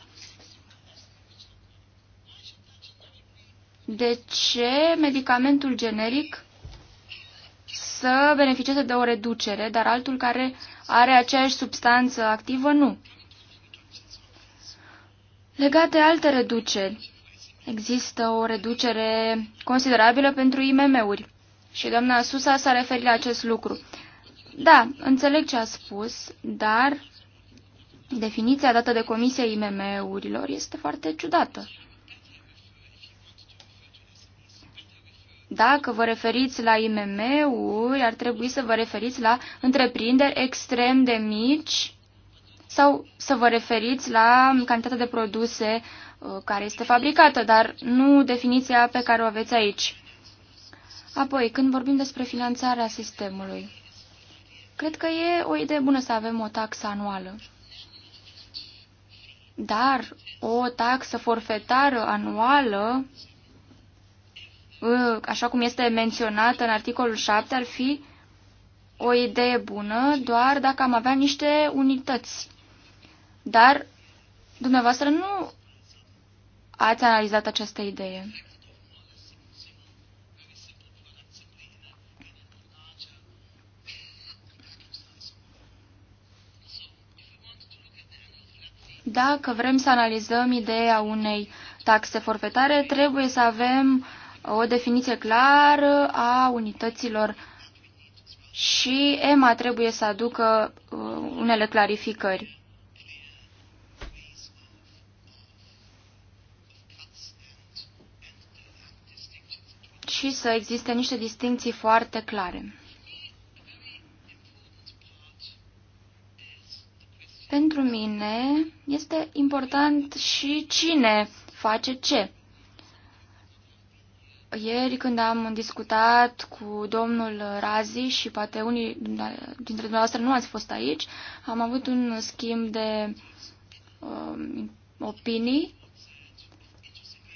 de ce medicamentul generic să beneficieze de o reducere, dar altul care are aceeași substanță activă nu. Legat de alte reduceri, există o reducere considerabilă pentru IMM-uri și doamna Susa s-a referit la acest lucru. Da, înțeleg ce a spus, dar definiția dată de Comisia IMM-urilor este foarte ciudată. Dacă vă referiți la IMM-uri, ar trebui să vă referiți la întreprinderi extrem de mici sau să vă referiți la cantitatea de produse uh, care este fabricată, dar nu definiția pe care o aveți aici. Apoi, când vorbim despre finanțarea sistemului, cred că e o idee bună să avem o taxă anuală. Dar o taxă forfetară anuală așa cum este menționat în articolul 7, ar fi o idee bună doar dacă am avea niște unități. Dar dumneavoastră nu ați analizat această idee. Dacă vrem să analizăm ideea unei taxe forfetare, trebuie să avem o definiție clară a unităților și EMA trebuie să aducă uh, unele clarificări. Și să existe niște distinții foarte clare. Pentru mine este important și cine face ce ieri când am discutat cu domnul Razi și poate unii dintre dumneavoastră nu ați fost aici, am avut un schimb de uh, opinii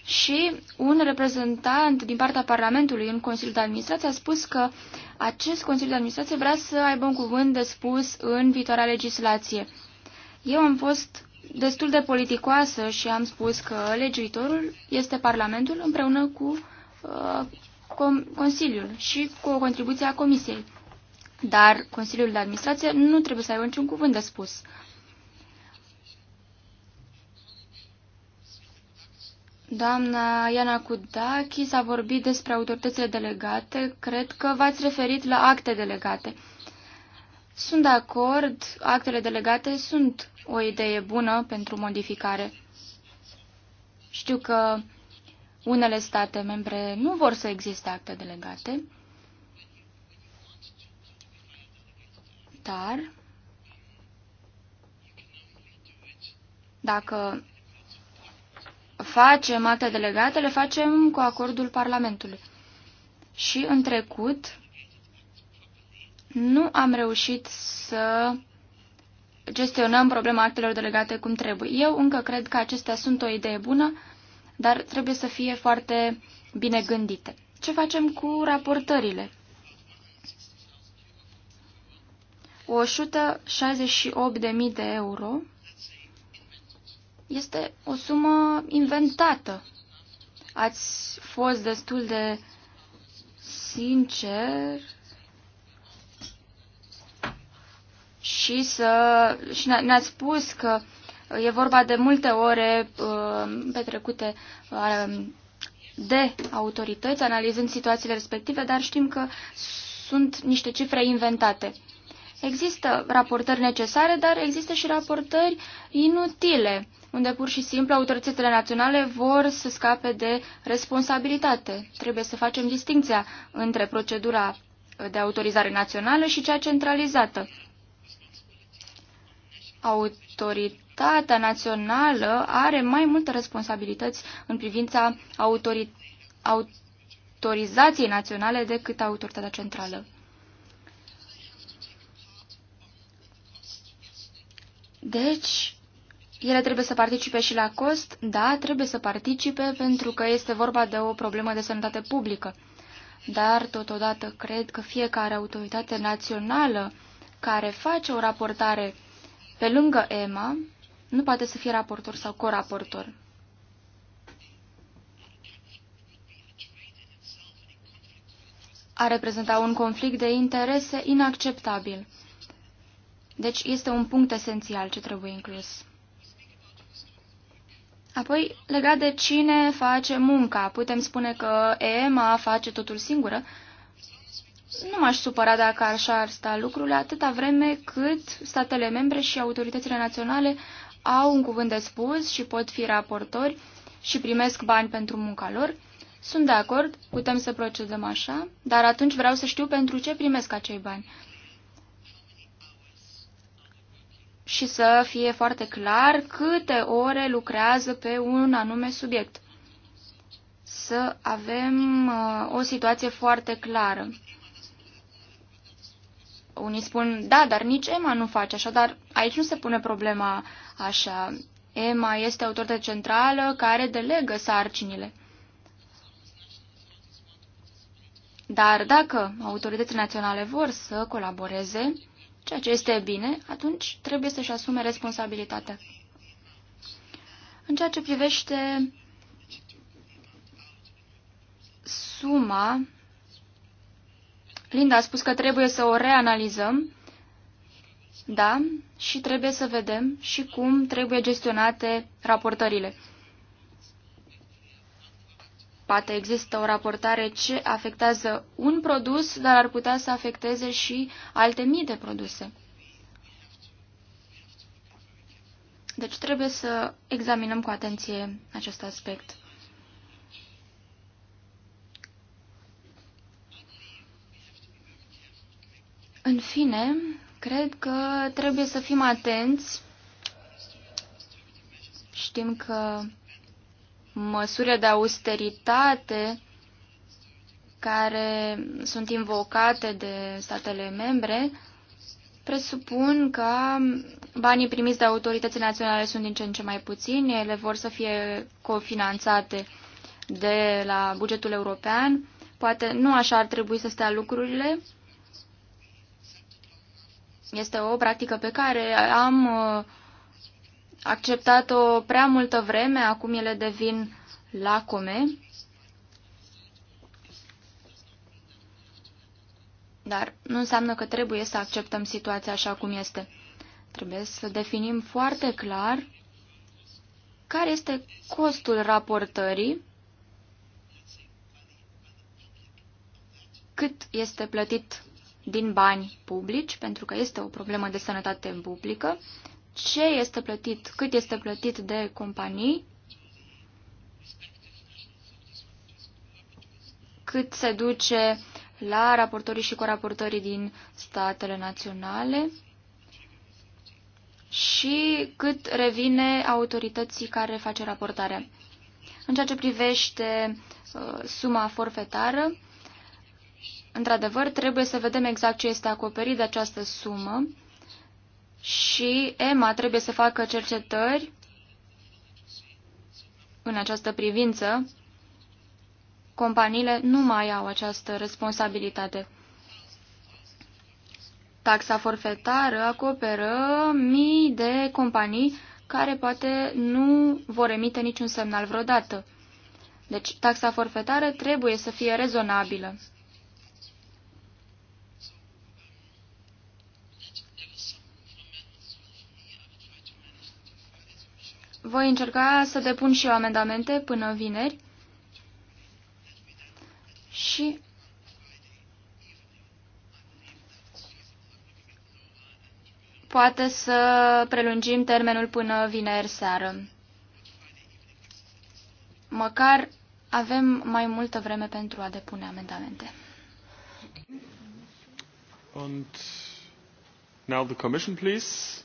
și un reprezentant din partea Parlamentului în Consiliul de Administrație a spus că acest Consiliu de Administrație vrea să aibă un cuvânt de spus în viitoarea legislație. Eu am fost destul de politicoasă și am spus că legiuitorul este Parlamentul împreună cu Uh, Consiliul și cu o contribuție a Comisiei. Dar Consiliul de Administrație nu trebuie să aibă niciun cuvânt de spus. Doamna Iana Kudachi s-a vorbit despre autoritățile delegate. Cred că v-ați referit la acte delegate. Sunt de acord, actele delegate sunt o idee bună pentru modificare. Știu că unele state membre nu vor să existe acte delegate, dar dacă facem acte delegate, le facem cu acordul Parlamentului. Și în trecut nu am reușit să gestionăm problema actelor delegate cum trebuie. Eu încă cred că acestea sunt o idee bună, dar trebuie să fie foarte bine gândite. Ce facem cu raportările? 168.000 de euro este o sumă inventată. Ați fost destul de sincer și, să, și ne-ați spus că E vorba de multe ore uh, petrecute uh, de autorități, analizând situațiile respective, dar știm că sunt niște cifre inventate. Există raportări necesare, dar există și raportări inutile, unde pur și simplu autoritățile naționale vor să scape de responsabilitate. Trebuie să facem distinția între procedura de autorizare națională și cea centralizată. Autorit autoritatea națională are mai multe responsabilități în privința autori autorizației naționale decât autoritatea centrală. Deci, ele trebuie să participe și la cost? Da, trebuie să participe pentru că este vorba de o problemă de sănătate publică. Dar, totodată, cred că fiecare autoritate națională care face o raportare pe lângă EMA nu poate să fie raportor sau coraportor. A reprezenta un conflict de interese inacceptabil. Deci este un punct esențial ce trebuie inclus. Apoi, legat de cine face munca, putem spune că EMA face totul singură. Nu m-aș supăra dacă așa ar sta lucrurile atâta vreme cât statele membre și autoritățile naționale au un cuvânt de spus și pot fi raportori și primesc bani pentru munca lor. Sunt de acord, putem să procedăm așa, dar atunci vreau să știu pentru ce primesc acei bani. Și să fie foarte clar câte ore lucrează pe un anume subiect. Să avem uh, o situație foarte clară. Unii spun, da, dar nici Emma nu face așa, dar aici nu se pune problema așa. Emma este autoritate centrală care delegă sarcinile. Dar dacă autoritățile naționale vor să colaboreze, ceea ce este bine, atunci trebuie să-și asume responsabilitatea. În ceea ce privește suma Linda a spus că trebuie să o reanalizăm, da, și trebuie să vedem și cum trebuie gestionate raportările. Poate există o raportare ce afectează un produs, dar ar putea să afecteze și alte mii de produse. Deci trebuie să examinăm cu atenție acest aspect. În fine, cred că trebuie să fim atenți. Știm că măsurile de austeritate care sunt invocate de statele membre presupun că banii primiți de autoritățile naționale sunt din ce în ce mai puțini, ele vor să fie cofinanțate de la bugetul european. Poate nu așa ar trebui să stea lucrurile, este o practică pe care am uh, acceptat-o prea multă vreme, acum ele devin lacome. Dar nu înseamnă că trebuie să acceptăm situația așa cum este. Trebuie să definim foarte clar care este costul raportării, cât este plătit din bani publici, pentru că este o problemă de sănătate publică, ce este plătit, cât este plătit de companii, cât se duce la raportorii și coraportorii din statele naționale și cât revine autorității care face raportarea. În ceea ce privește uh, suma forfetară, Într-adevăr, trebuie să vedem exact ce este acoperit de această sumă și EMA trebuie să facă cercetări în această privință. Companiile nu mai au această responsabilitate. Taxa forfetară acoperă mii de companii care poate nu vor emite niciun semnal vreodată. Deci, taxa forfetară trebuie să fie rezonabilă. Voi încerca să depun și eu amendamente până vineri și poate să prelungim termenul până vineri seară. Măcar avem mai multă vreme pentru a depune amendamente. Und now the commission, please.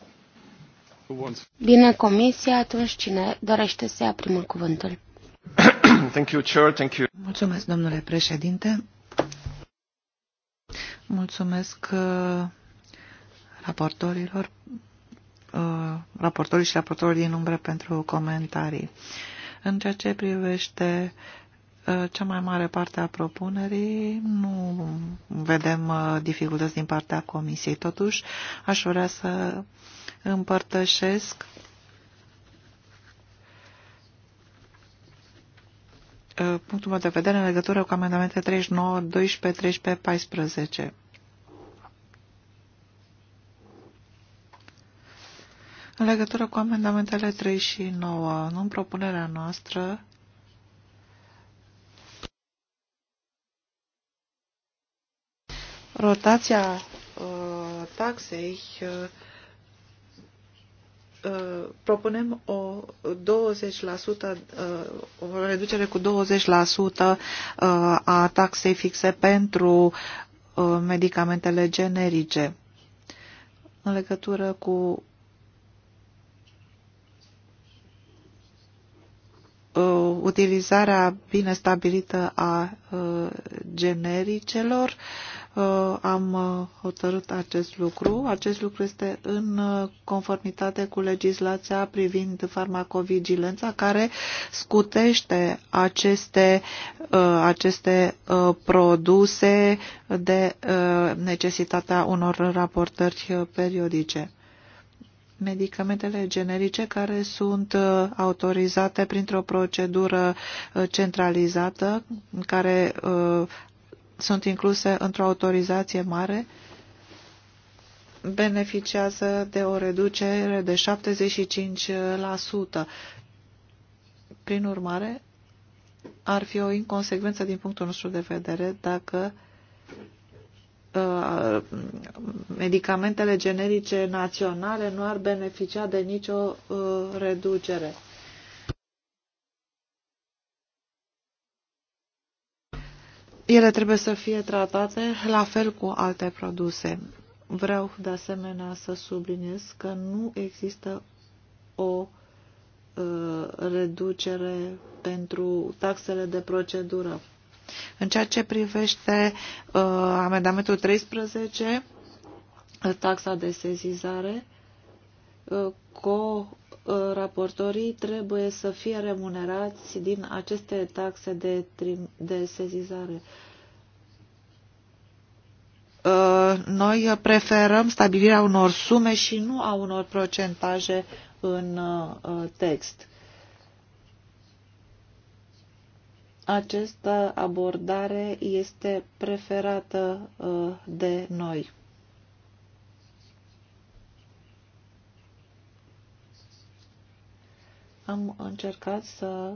Bine, comisia, atunci cine dorește să ia primul cuvântul? Thank you, Chair. Thank you. Mulțumesc, domnule președinte. Mulțumesc uh, raportorilor, uh, raportorii și raportorii din umbră pentru comentarii. În ceea ce privește uh, cea mai mare parte a propunerii, nu vedem uh, dificultăți din partea Comisiei. Totuși, aș vrea să împărtășesc uh, punctul meu de vedere în legătură cu amendamente 39, 12, 13, 14. În legătură cu amendamentele 3 și 9, nu în propunerea noastră, rotația uh, taxei uh, Uh, propunem o 20%, uh, o reducere cu 20% uh, a taxei fixe pentru medicamentele generice în legătură cu utilizarea bine stabilită a genericelor. Uh, am uh, hotărât acest lucru. Acest lucru este în uh, conformitate cu legislația privind farmacovigilența care scutește aceste, aceste produse de necesitatea unor raportări periodice medicamentele generice care sunt autorizate printr-o procedură centralizată care sunt incluse într-o autorizație mare beneficiază de o reducere de 75%. Prin urmare, ar fi o inconsecvență din punctul nostru de vedere dacă uh, medicamentele generice naționale nu ar beneficia de nicio uh, reducere. ele trebuie să fie tratate la fel cu alte produse. Vreau de asemenea să subliniez că nu există o uh, reducere pentru taxele de procedură. În ceea ce privește uh, amendamentul 13, taxa de sezizare, uh, co raportorii trebuie să fie remunerați din aceste taxe de, de sezizare. Uh, noi preferăm stabilirea unor sume și nu a unor procentaje în uh, text. Această abordare este preferată uh, de noi. am încercat să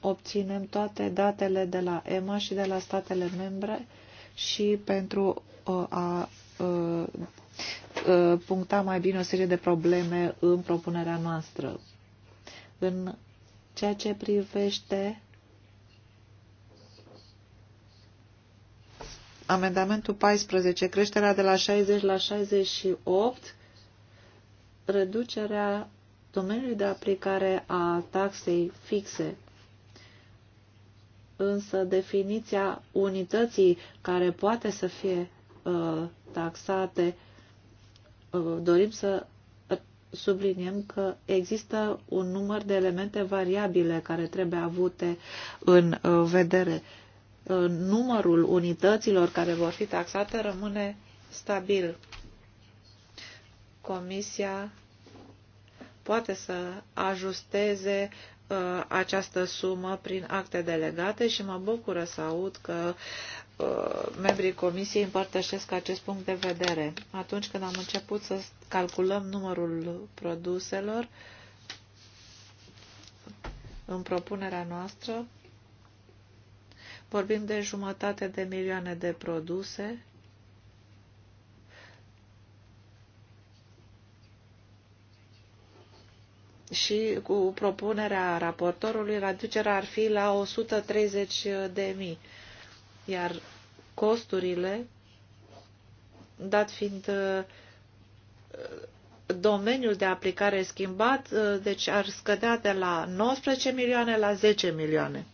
obținem toate datele de la EMA și de la statele membre și pentru uh, a uh, uh, puncta mai bine o serie de probleme în propunerea noastră. În ceea ce privește amendamentul 14, creșterea de la 60 la 68, reducerea domeniului de aplicare a taxei fixe. Însă definiția unității care poate să fie uh, taxate, uh, dorim să subliniem că există un număr de elemente variabile care trebuie avute în uh, vedere. Uh, numărul unităților care vor fi taxate rămâne stabil. Comisia poate să ajusteze uh, această sumă prin acte delegate și mă bucură să aud că uh, membrii comisiei împărtășesc acest punct de vedere. Atunci când am început să calculăm numărul produselor, în propunerea noastră, vorbim de jumătate de milioane de produse și cu propunerea raportorului, reducerea ar fi la 130 de mii, iar costurile, dat fiind uh, domeniul de aplicare schimbat, uh, deci ar scădea de la 19 milioane la 10 milioane.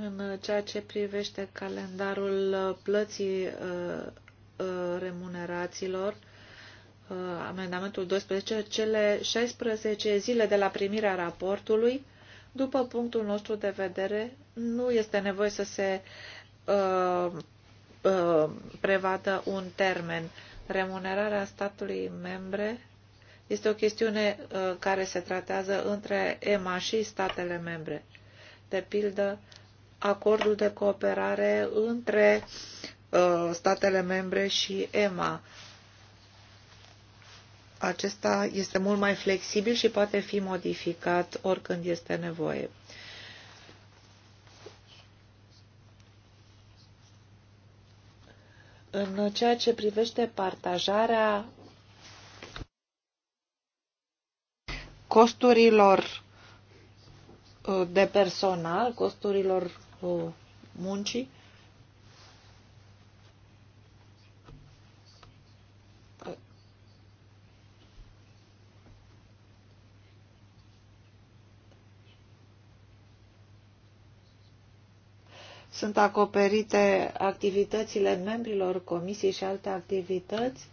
În ceea ce privește calendarul plății uh, uh, remunerațiilor, uh, amendamentul 12, cele 16 zile de la primirea raportului, după punctul nostru de vedere, nu este nevoie să se uh, uh, prevadă un termen. Remunerarea statului membre este o chestiune uh, care se tratează între EMA și statele membre. De pildă, uh, acordul de cooperare între uh, statele membre și EMA. Acesta este mult mai flexibil și poate fi modificat oricând este nevoie. În ceea ce privește partajarea costurilor uh, de personal, costurilor muncii. Sunt acoperite activitățile membrilor comisiei și alte activități,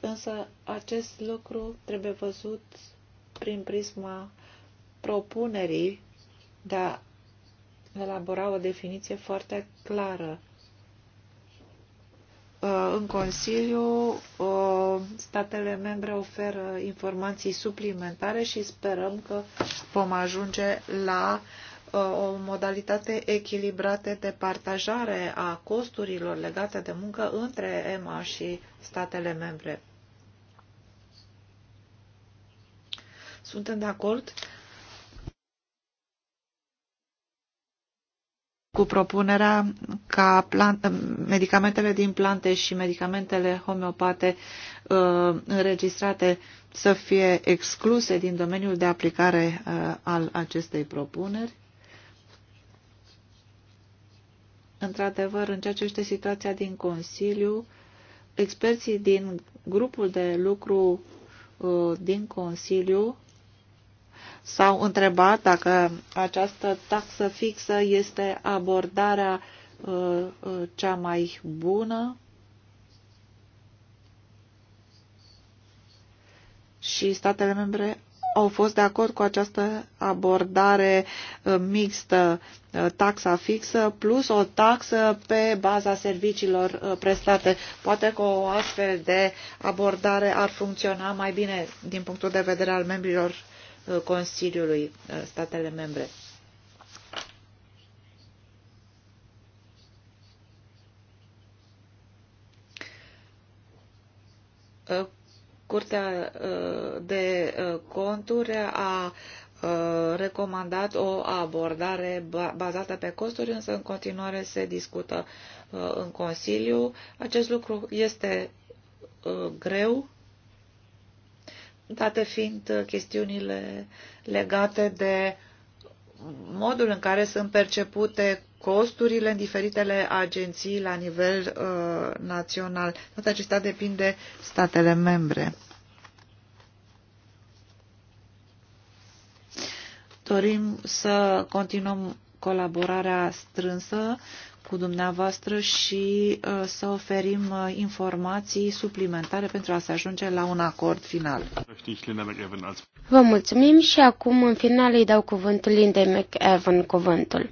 însă acest lucru trebuie văzut prin prisma propunerii de a elabora o definiție foarte clară. Uh, în Consiliu, uh, statele membre oferă informații suplimentare și sperăm că vom ajunge la uh, o modalitate echilibrată de partajare a costurilor legate de muncă între EMA și statele membre. Suntem de acord cu propunerea ca plant, medicamentele din plante și medicamentele homeopate uh, înregistrate să fie excluse din domeniul de aplicare uh, al acestei propuneri. Într-adevăr, în ceea ce este situația din Consiliu, experții din grupul de lucru uh, din Consiliu s-au întrebat dacă această taxă fixă este abordarea uh, uh, cea mai bună și statele membre au fost de acord cu această abordare uh, mixtă, taxa fixă plus o taxă pe baza serviciilor prestate. Poate că o astfel de abordare ar funcționa mai bine din punctul de vedere al membrilor Consiliului uh, statele membre. Uh, Curtea uh, de conturi a recomandat o abordare bazată pe costuri, însă în continuare se discută în Consiliu. Acest lucru este greu date fiind uh, chestiunile legate de modul în care sunt percepute costurile în diferitele agenții la nivel uh, național. Toate acestea depind de statele membre. Dorim să continuăm colaborarea strânsă cu dumneavoastră și uh, să oferim uh, informații suplimentare pentru a se ajunge la un acord final. Vă mulțumim și acum în final îi dau cuvântul Lindei McEvan cuvântul.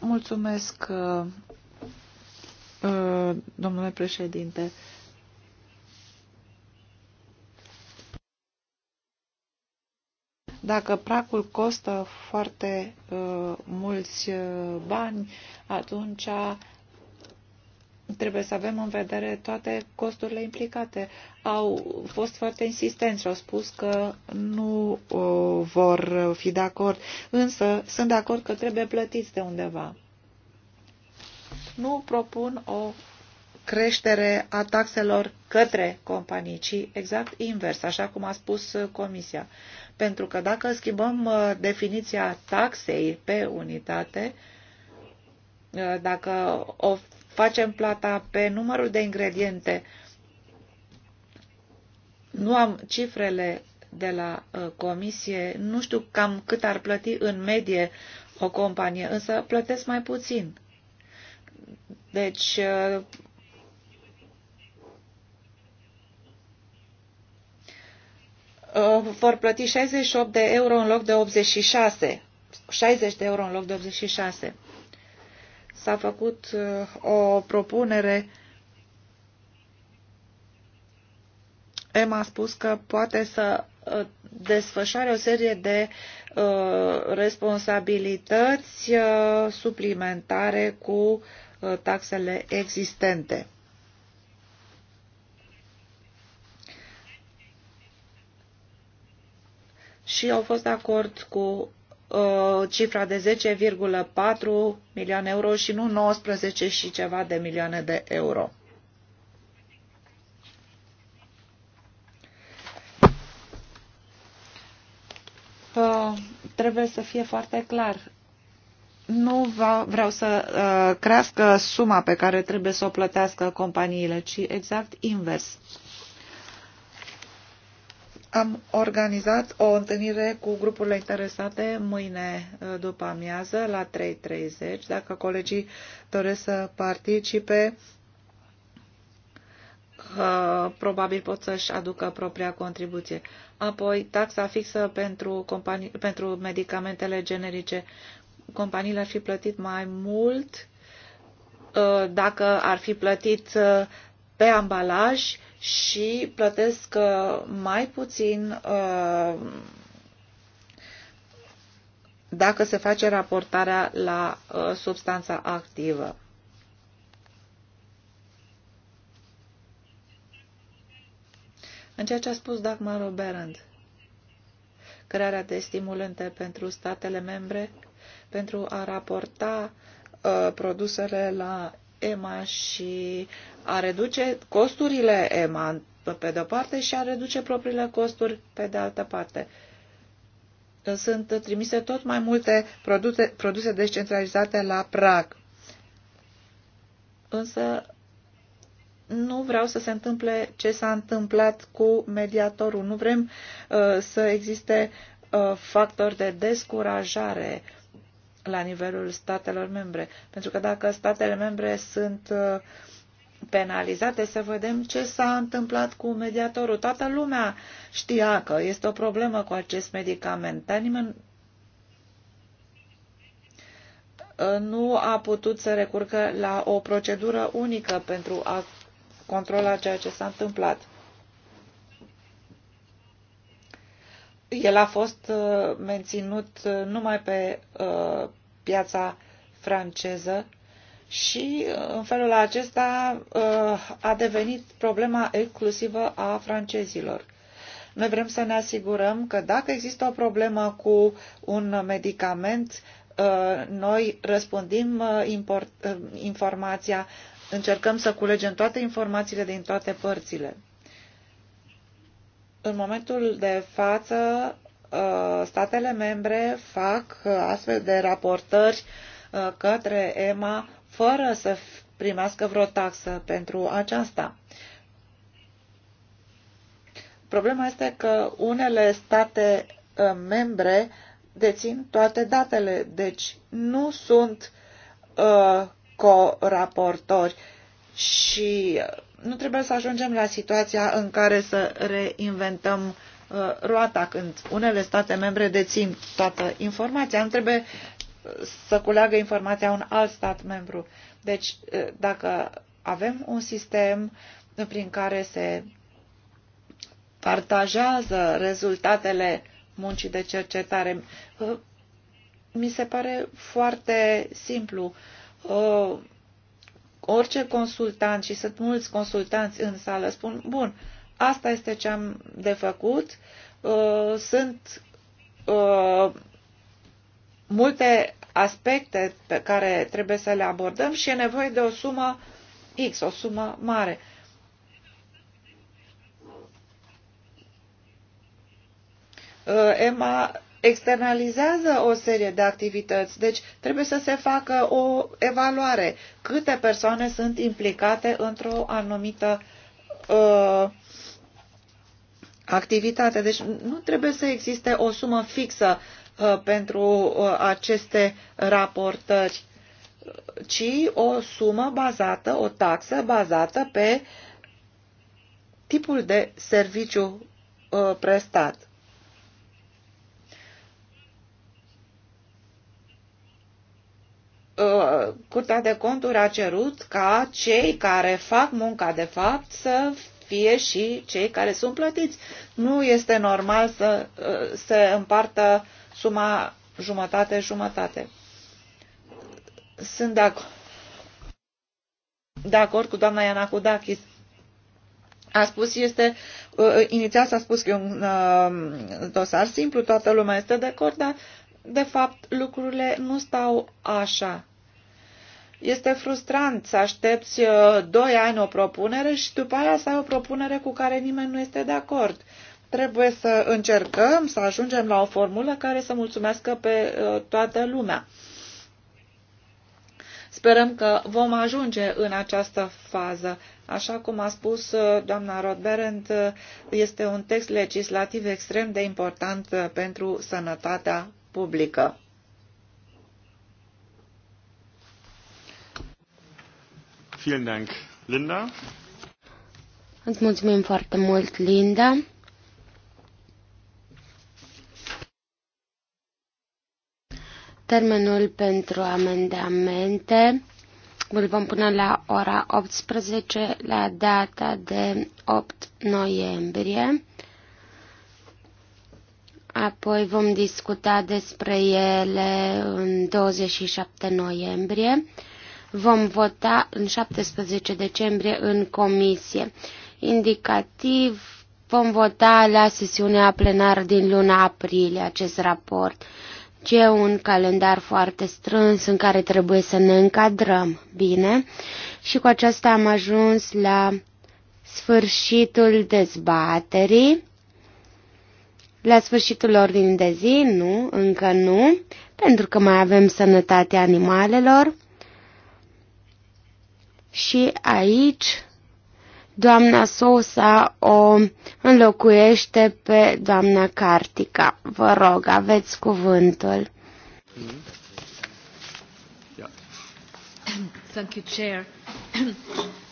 Mulțumesc, uh, domnule președinte. Dacă pracul costă foarte uh, mulți uh, bani, atunci trebuie să avem în vedere toate costurile implicate. Au fost foarte insistenți, au spus că nu uh, vor fi de acord, însă sunt de acord că trebuie plătiți de undeva. Nu propun o creștere a taxelor către companii, ci exact invers, așa cum a spus uh, Comisia. Pentru că dacă schimbăm uh, definiția taxei pe unitate, uh, dacă o facem plata pe numărul de ingrediente, nu am cifrele de la comisie, nu știu cam cât ar plăti în medie o companie, însă plătesc mai puțin. Deci Uh, vor plăti 68 de euro în loc de 86. 60 de euro în loc de 86. S-a făcut uh, o propunere. Emma a spus că poate să uh, desfășoare o serie de responsabilități suplimentare cu taxele existente. și au fost de acord cu uh, cifra de 10,4 milioane euro și nu 19 și ceva de milioane de euro. Uh, trebuie să fie foarte clar. Nu vreau să uh, crească suma pe care trebuie să o plătească companiile, ci exact invers. Uh, am organizat o întâlnire cu grupurile interesate mâine uh, după amiază la 3.30. Dacă colegii doresc să participe, probabil pot să-și aducă propria contribuție. Apoi, taxa fixă pentru, companii, pentru medicamentele generice. Companiile ar fi plătit mai mult uh, dacă ar fi plătit uh, pe ambalaj și plătesc uh, mai puțin uh, dacă se face raportarea la uh, substanța activă. În ceea ce a spus Dagmar Oberand, crearea de stimulente pentru statele membre pentru a raporta uh, produsele la EMA și a reduce costurile EMA pe de-o parte și a reduce propriile costuri pe de altă parte. Sunt trimise tot mai multe produse, produse descentralizate la prag. Însă nu vreau să se întâmple ce s-a întâmplat cu mediatorul. Nu vrem uh, să existe uh, factori de descurajare uh, la nivelul statelor membre. Pentru că dacă statele membre sunt uh, penalizate, să vedem ce s-a întâmplat cu mediatorul. Toată lumea știa că este o problemă cu acest medicament, dar nimeni uh, nu a putut să recurgă la o procedură unică pentru a controla ceea ce s-a întâmplat. el a fost uh, menținut uh, numai pe uh, piața franceză și în felul acesta a devenit problema exclusivă a francezilor. Noi vrem să ne asigurăm că dacă există o problemă cu un medicament, noi răspândim informația, încercăm să culegem toate informațiile din toate părțile. În momentul de față, ă, statele membre fac astfel de raportări ă, către EMA fără să primească vreo taxă pentru aceasta. Problema este că unele state ă, membre dețin toate datele, deci nu sunt uh, co-raportori și nu trebuie să ajungem la situația în care să reinventăm uh, roata când unele state membre dețin toată informația. Nu trebuie uh, să culeagă informația un alt stat membru. Deci, uh, dacă avem un sistem prin care se partajează rezultatele muncii de cercetare, mi se pare foarte simplu orice consultant, și sunt mulți consultanți în sală, spun, bun, asta este ce am de făcut, uh, sunt uh, multe aspecte pe care trebuie să le abordăm și e nevoie de o sumă X, o sumă mare. Uh, Emma externalizează o serie de activități, deci trebuie să se facă o evaluare. Câte persoane sunt implicate într-o anumită uh, activitate. Deci nu trebuie să existe o sumă fixă uh, pentru uh, aceste raportări, ci o sumă bazată, o taxă bazată pe tipul de serviciu uh, prestat. Uh, Curtea de Conturi a cerut ca cei care fac munca de fapt să fie și cei care sunt plătiți. Nu este normal să uh, se împartă suma jumătate-jumătate. Sunt de, ac- de acord cu doamna Iana Kudakis. A spus, este, uh, inițial s-a spus că e un uh, dosar simplu, toată lumea este de acord, dar de fapt lucrurile nu stau așa. Este frustrant să aștepți uh, doi ani o propunere și după aia să ai o propunere cu care nimeni nu este de acord. Trebuie să încercăm să ajungem la o formulă care să mulțumească pe uh, toată lumea. Sperăm că vom ajunge în această fază. Așa cum a spus uh, doamna Rodberent, este un text legislativ extrem de important pentru sănătatea publică. Vielen Dank, Linda. Îți mulțumim foarte mult, Linda. Termenul pentru amendamente îl vom pune la ora 18, la data de 8 noiembrie. Apoi vom discuta despre ele în 27 noiembrie Vom vota în 17 decembrie în comisie. Indicativ, vom vota la sesiunea plenară din luna aprilie acest raport. E un calendar foarte strâns în care trebuie să ne încadrăm bine și cu aceasta am ajuns la sfârșitul dezbaterii. La sfârșitul ordinii de zi, nu, încă nu, pentru că mai avem sănătatea animalelor. Și aici doamna Sousa o înlocuiește pe doamna Cartica. Vă rog, aveți cuvântul. Thank you, Chair.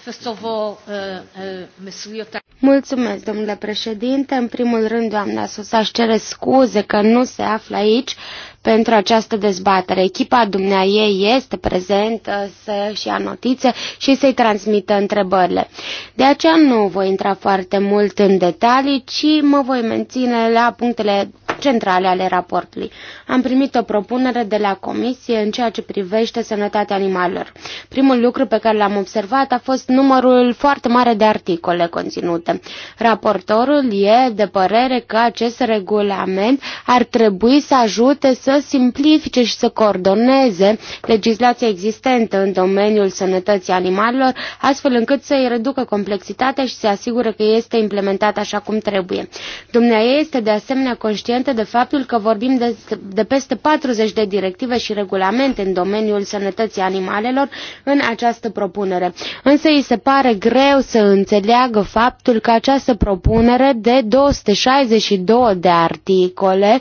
First of all, uh, uh, Ms. Liota... Mulțumesc, domnule președinte. În primul rând, doamna Susa, aș cere scuze că nu se află aici pentru această dezbatere. Echipa dumneaei este prezentă să-și ia notițe și să-i transmită întrebările. De aceea nu voi intra foarte mult în detalii, ci mă voi menține la punctele centrale ale raportului. Am primit o propunere de la Comisie în ceea ce privește sănătatea animalelor. Primul lucru pe care l-am observat a fost numărul foarte mare de articole conținute. Raportorul e de părere că acest regulament ar trebui să ajute să simplifice și să coordoneze legislația existentă în domeniul sănătății animalelor, astfel încât să îi reducă complexitatea și să asigure că este implementată așa cum trebuie. Dumnezeu este de asemenea conștient conștientă de faptul că vorbim de, de peste 40 de directive și regulamente în domeniul sănătății animalelor în această propunere. Însă îi se pare greu să înțeleagă faptul că această propunere de 262 de articole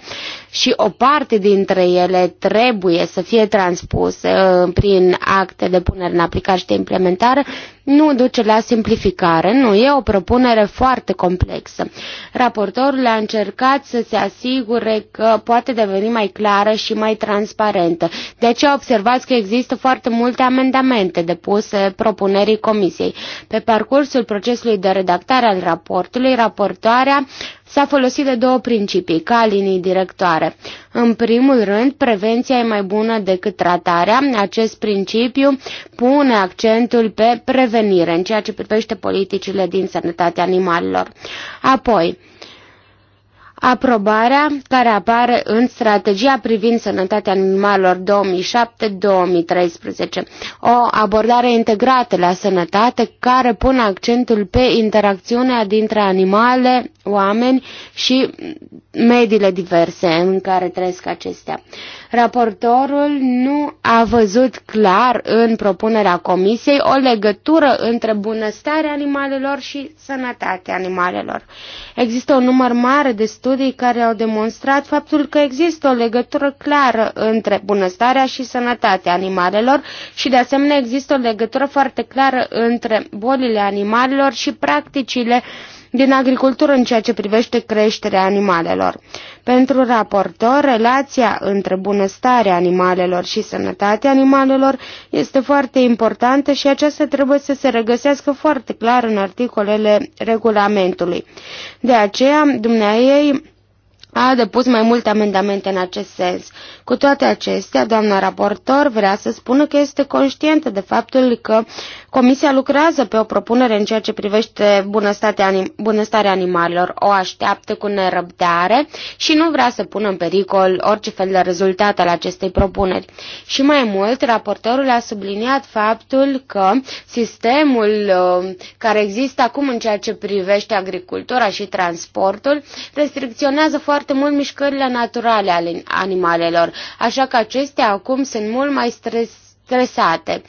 și o parte dintre ele trebuie să fie uh, prin acte de punere în aplicare și de implementare, nu duce la simplificare, nu, e o propunere foarte complexă. Raportorul a încercat să se asigure că poate deveni mai clară și mai transparentă. De aceea observați că există foarte multe amendamente depuse propunerii comisiei. Pe parcursul procesului de redactare al raportului, raportoarea S-a folosit de două principii ca linii directoare. În primul rând, prevenția e mai bună decât tratarea. Acest principiu pune accentul pe prevenire în ceea ce privește politicile din sănătatea animalelor. Apoi, aprobarea care apare în strategia privind sănătatea animalelor 2007-2013. O abordare integrată la sănătate care pune accentul pe interacțiunea dintre animale, oameni și mediile diverse în care trăiesc acestea. Raportorul nu a văzut clar în propunerea comisiei o legătură între bunăstarea animalelor și sănătatea animalelor. Există un număr mare de studii care au demonstrat faptul că există o legătură clară între bunăstarea și sănătatea animalelor și de asemenea există o legătură foarte clară între bolile animalelor și practicile uh, din agricultură în ceea ce privește creșterea animalelor. Pentru raportor, relația între bunăstarea animalelor și sănătatea animalelor este foarte importantă și aceasta trebuie să se regăsească foarte clar în articolele regulamentului. De aceea, dumneai a depus mai multe amendamente în acest sens. Cu toate acestea, doamna raportor vrea să spună că este conștientă de faptul că Comisia lucrează pe o propunere în ceea ce privește bunăstarea animalelor, o așteaptă cu nerăbdare și nu vrea să pună în pericol orice fel de rezultat al acestei propuneri. Și mai mult, raportorul a subliniat faptul că sistemul uh, care există acum în ceea ce privește agricultura și transportul restricționează foarte mult mișcările naturale ale animalelor, așa că acestea acum sunt mult mai stres stresate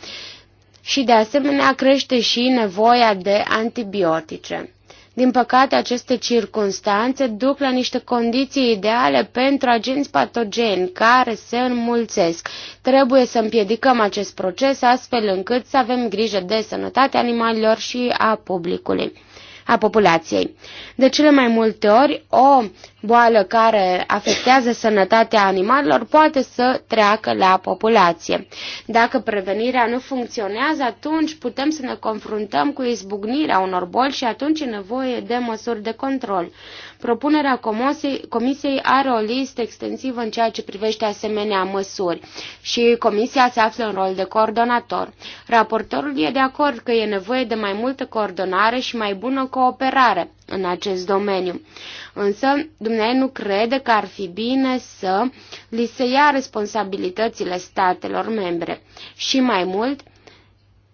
și de asemenea crește și nevoia de antibiotice. Din păcate, aceste circunstanțe duc la niște condiții ideale pentru agenți patogeni care se înmulțesc. Trebuie să împiedicăm acest proces astfel încât să avem grijă de sănătatea animalelor și a publicului a populației. De cele mai multe ori, o boală care afectează sănătatea animalelor poate să treacă la populație. Dacă prevenirea nu funcționează, atunci putem să ne confruntăm cu izbucnirea unor boli și atunci e nevoie de măsuri de control. Propunerea Comisiei are o listă extensivă în ceea ce privește asemenea măsuri și Comisia se află în rol de coordonator. Raportorul e de acord că e nevoie de mai multă coordonare și mai bună cooperare în acest domeniu. Însă, Dumnezeu nu crede că ar fi bine să li se ia responsabilitățile statelor membre și mai mult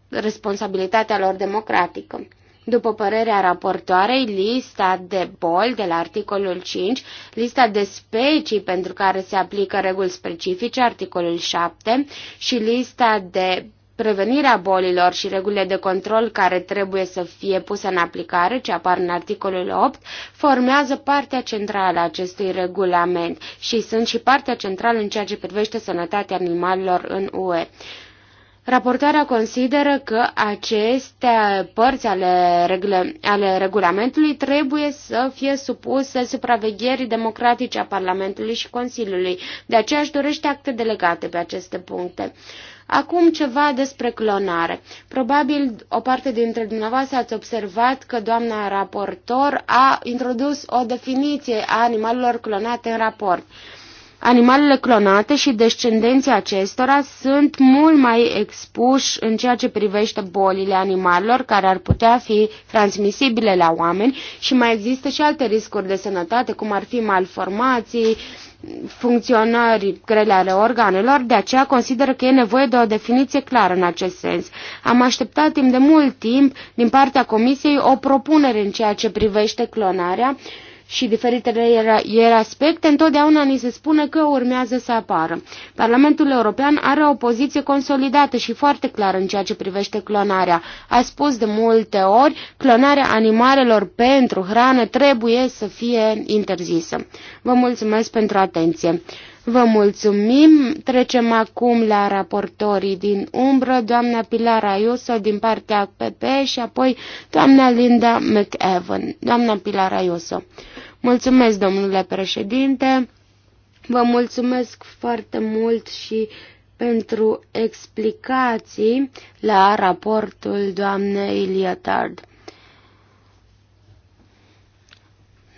responsabilitatea lor democratică. După părerea raportoarei, lista de boli de la articolul 5, lista de specii pentru care se aplică reguli specifice, articolul 7, și lista de prevenirea bolilor și regulile de control care trebuie să fie puse în aplicare, ce apar în articolul 8, formează partea centrală a acestui regulament și sunt și partea centrală în ceea ce privește sănătatea animalelor în UE. Raportarea consideră că aceste părți ale, regle, ale regulamentului trebuie să fie supuse supravegherii democratice a Parlamentului și Consiliului. De aceea își dorește acte delegate pe aceste puncte. Acum ceva despre clonare. Probabil o parte dintre dumneavoastră ați observat că doamna raportor a introdus o definiție a animalelor clonate în raport. Animalele clonate și descendenții acestora sunt mult mai expuși în ceea ce privește bolile animalelor care ar putea fi transmisibile la oameni și mai există și alte riscuri de sănătate, cum ar fi malformații, funcționări grele ale organelor, de aceea consider că e nevoie de o definiție clară în acest sens. Am așteptat timp de mult timp din partea Comisiei o propunere în ceea ce privește clonarea și diferitele ieri aspecte, întotdeauna ni se spune că urmează să apară. Parlamentul European are o poziție consolidată și foarte clară în ceea ce privește clonarea. A spus de multe ori, clonarea animalelor pentru hrană trebuie să fie interzisă. Vă mulțumesc pentru atenție. Vă mulțumim. Trecem acum la raportorii din umbră, doamna Pilar Ayuso din partea PP și apoi doamna Linda McEvan. Doamna Pilar Ayuso. Mulțumesc, domnule președinte. Vă mulțumesc foarte mult și pentru explicații la raportul doamnei Iliatard.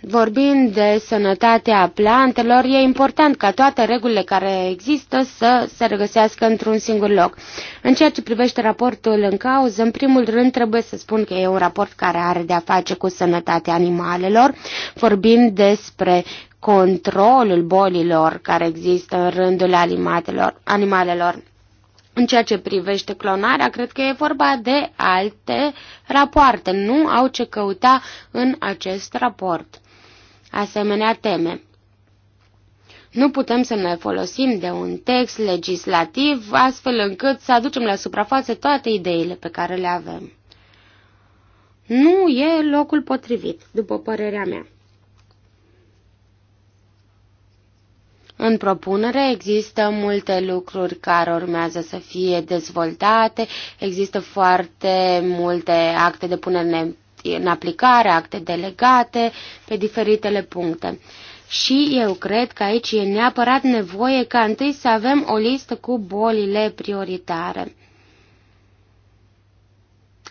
Vorbind de sănătatea plantelor, e important ca toate regulile care există să se regăsească într-un singur loc. În ceea ce privește raportul în cauză, în primul rând trebuie să spun că e un raport care are de-a face cu sănătatea animalelor. Vorbim despre controlul bolilor care există în rândul animalelor. animalelor. În ceea ce privește clonarea, cred că e vorba de alte rapoarte. Nu au ce căuta în acest raport asemenea teme. Nu putem să ne folosim de un text legislativ astfel încât să aducem la suprafață toate ideile pe care le avem. Nu e locul potrivit, după părerea mea. În propunere există multe lucruri care urmează să fie dezvoltate, există foarte multe acte de punere în în aplicare, acte delegate, pe diferitele puncte. Și eu cred că aici e neapărat nevoie ca întâi să avem o listă cu bolile prioritare.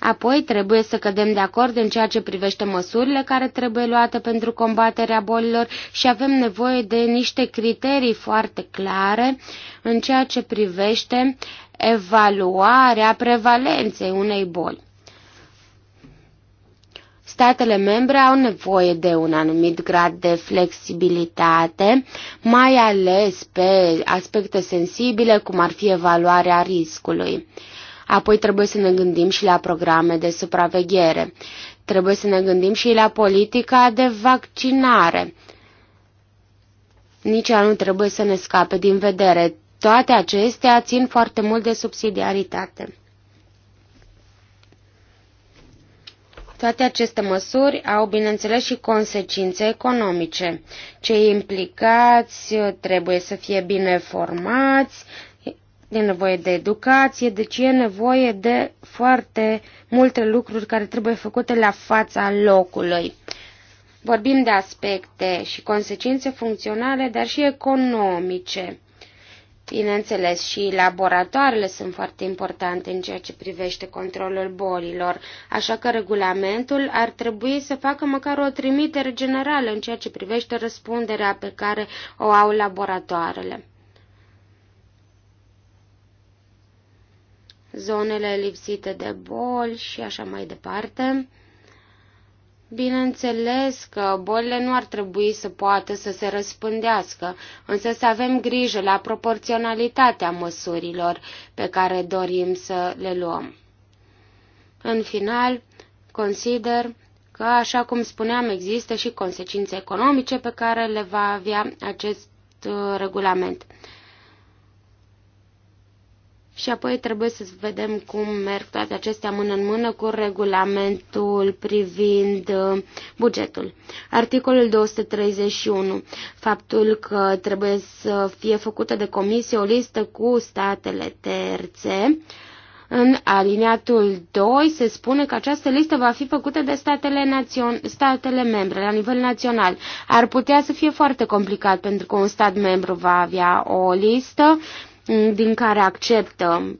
Apoi trebuie să cădem de acord în ceea ce privește măsurile care trebuie luate pentru combaterea bolilor și avem nevoie de niște criterii foarte clare în ceea ce privește evaluarea prevalenței unei boli statele membre au nevoie de un anumit grad de flexibilitate, mai ales pe aspecte sensibile, cum ar fi evaluarea riscului. Apoi trebuie să ne gândim și la programe de supraveghere. Trebuie să ne gândim și la politica de vaccinare. Nici ea nu trebuie să ne scape din vedere. Toate acestea țin foarte mult de subsidiaritate. Toate aceste măsuri au, bineînțeles, și consecințe economice. Cei implicați trebuie să fie bine formați, e nevoie de educație, deci e nevoie de foarte multe lucruri care trebuie făcute la fața locului. Vorbim de aspecte și consecințe funcționale, dar și economice. Bineînțeles, și laboratoarele sunt foarte importante în ceea ce privește controlul bolilor, așa că regulamentul ar trebui să facă măcar o trimitere generală în ceea ce privește răspunderea pe care o au laboratoarele. Zonele lipsite de boli și așa mai departe. Bineînțeles că bolile nu ar trebui să poată să se răspândească, însă să avem grijă la proporționalitatea măsurilor pe care dorim să le luăm. În final, consider că, așa cum spuneam, există și consecințe economice pe care le va avea acest uh, regulament. Și apoi trebuie să vedem cum merg toate acestea mână în mână cu regulamentul privind uh, bugetul. Articolul 231. Faptul că trebuie să fie făcută de comisie o listă cu statele terțe. În aliniatul 2 se spune că această listă va fi făcută de statele, statele membre la nivel național. Ar putea să fie foarte complicat pentru că un stat membru va avea o listă din care acceptă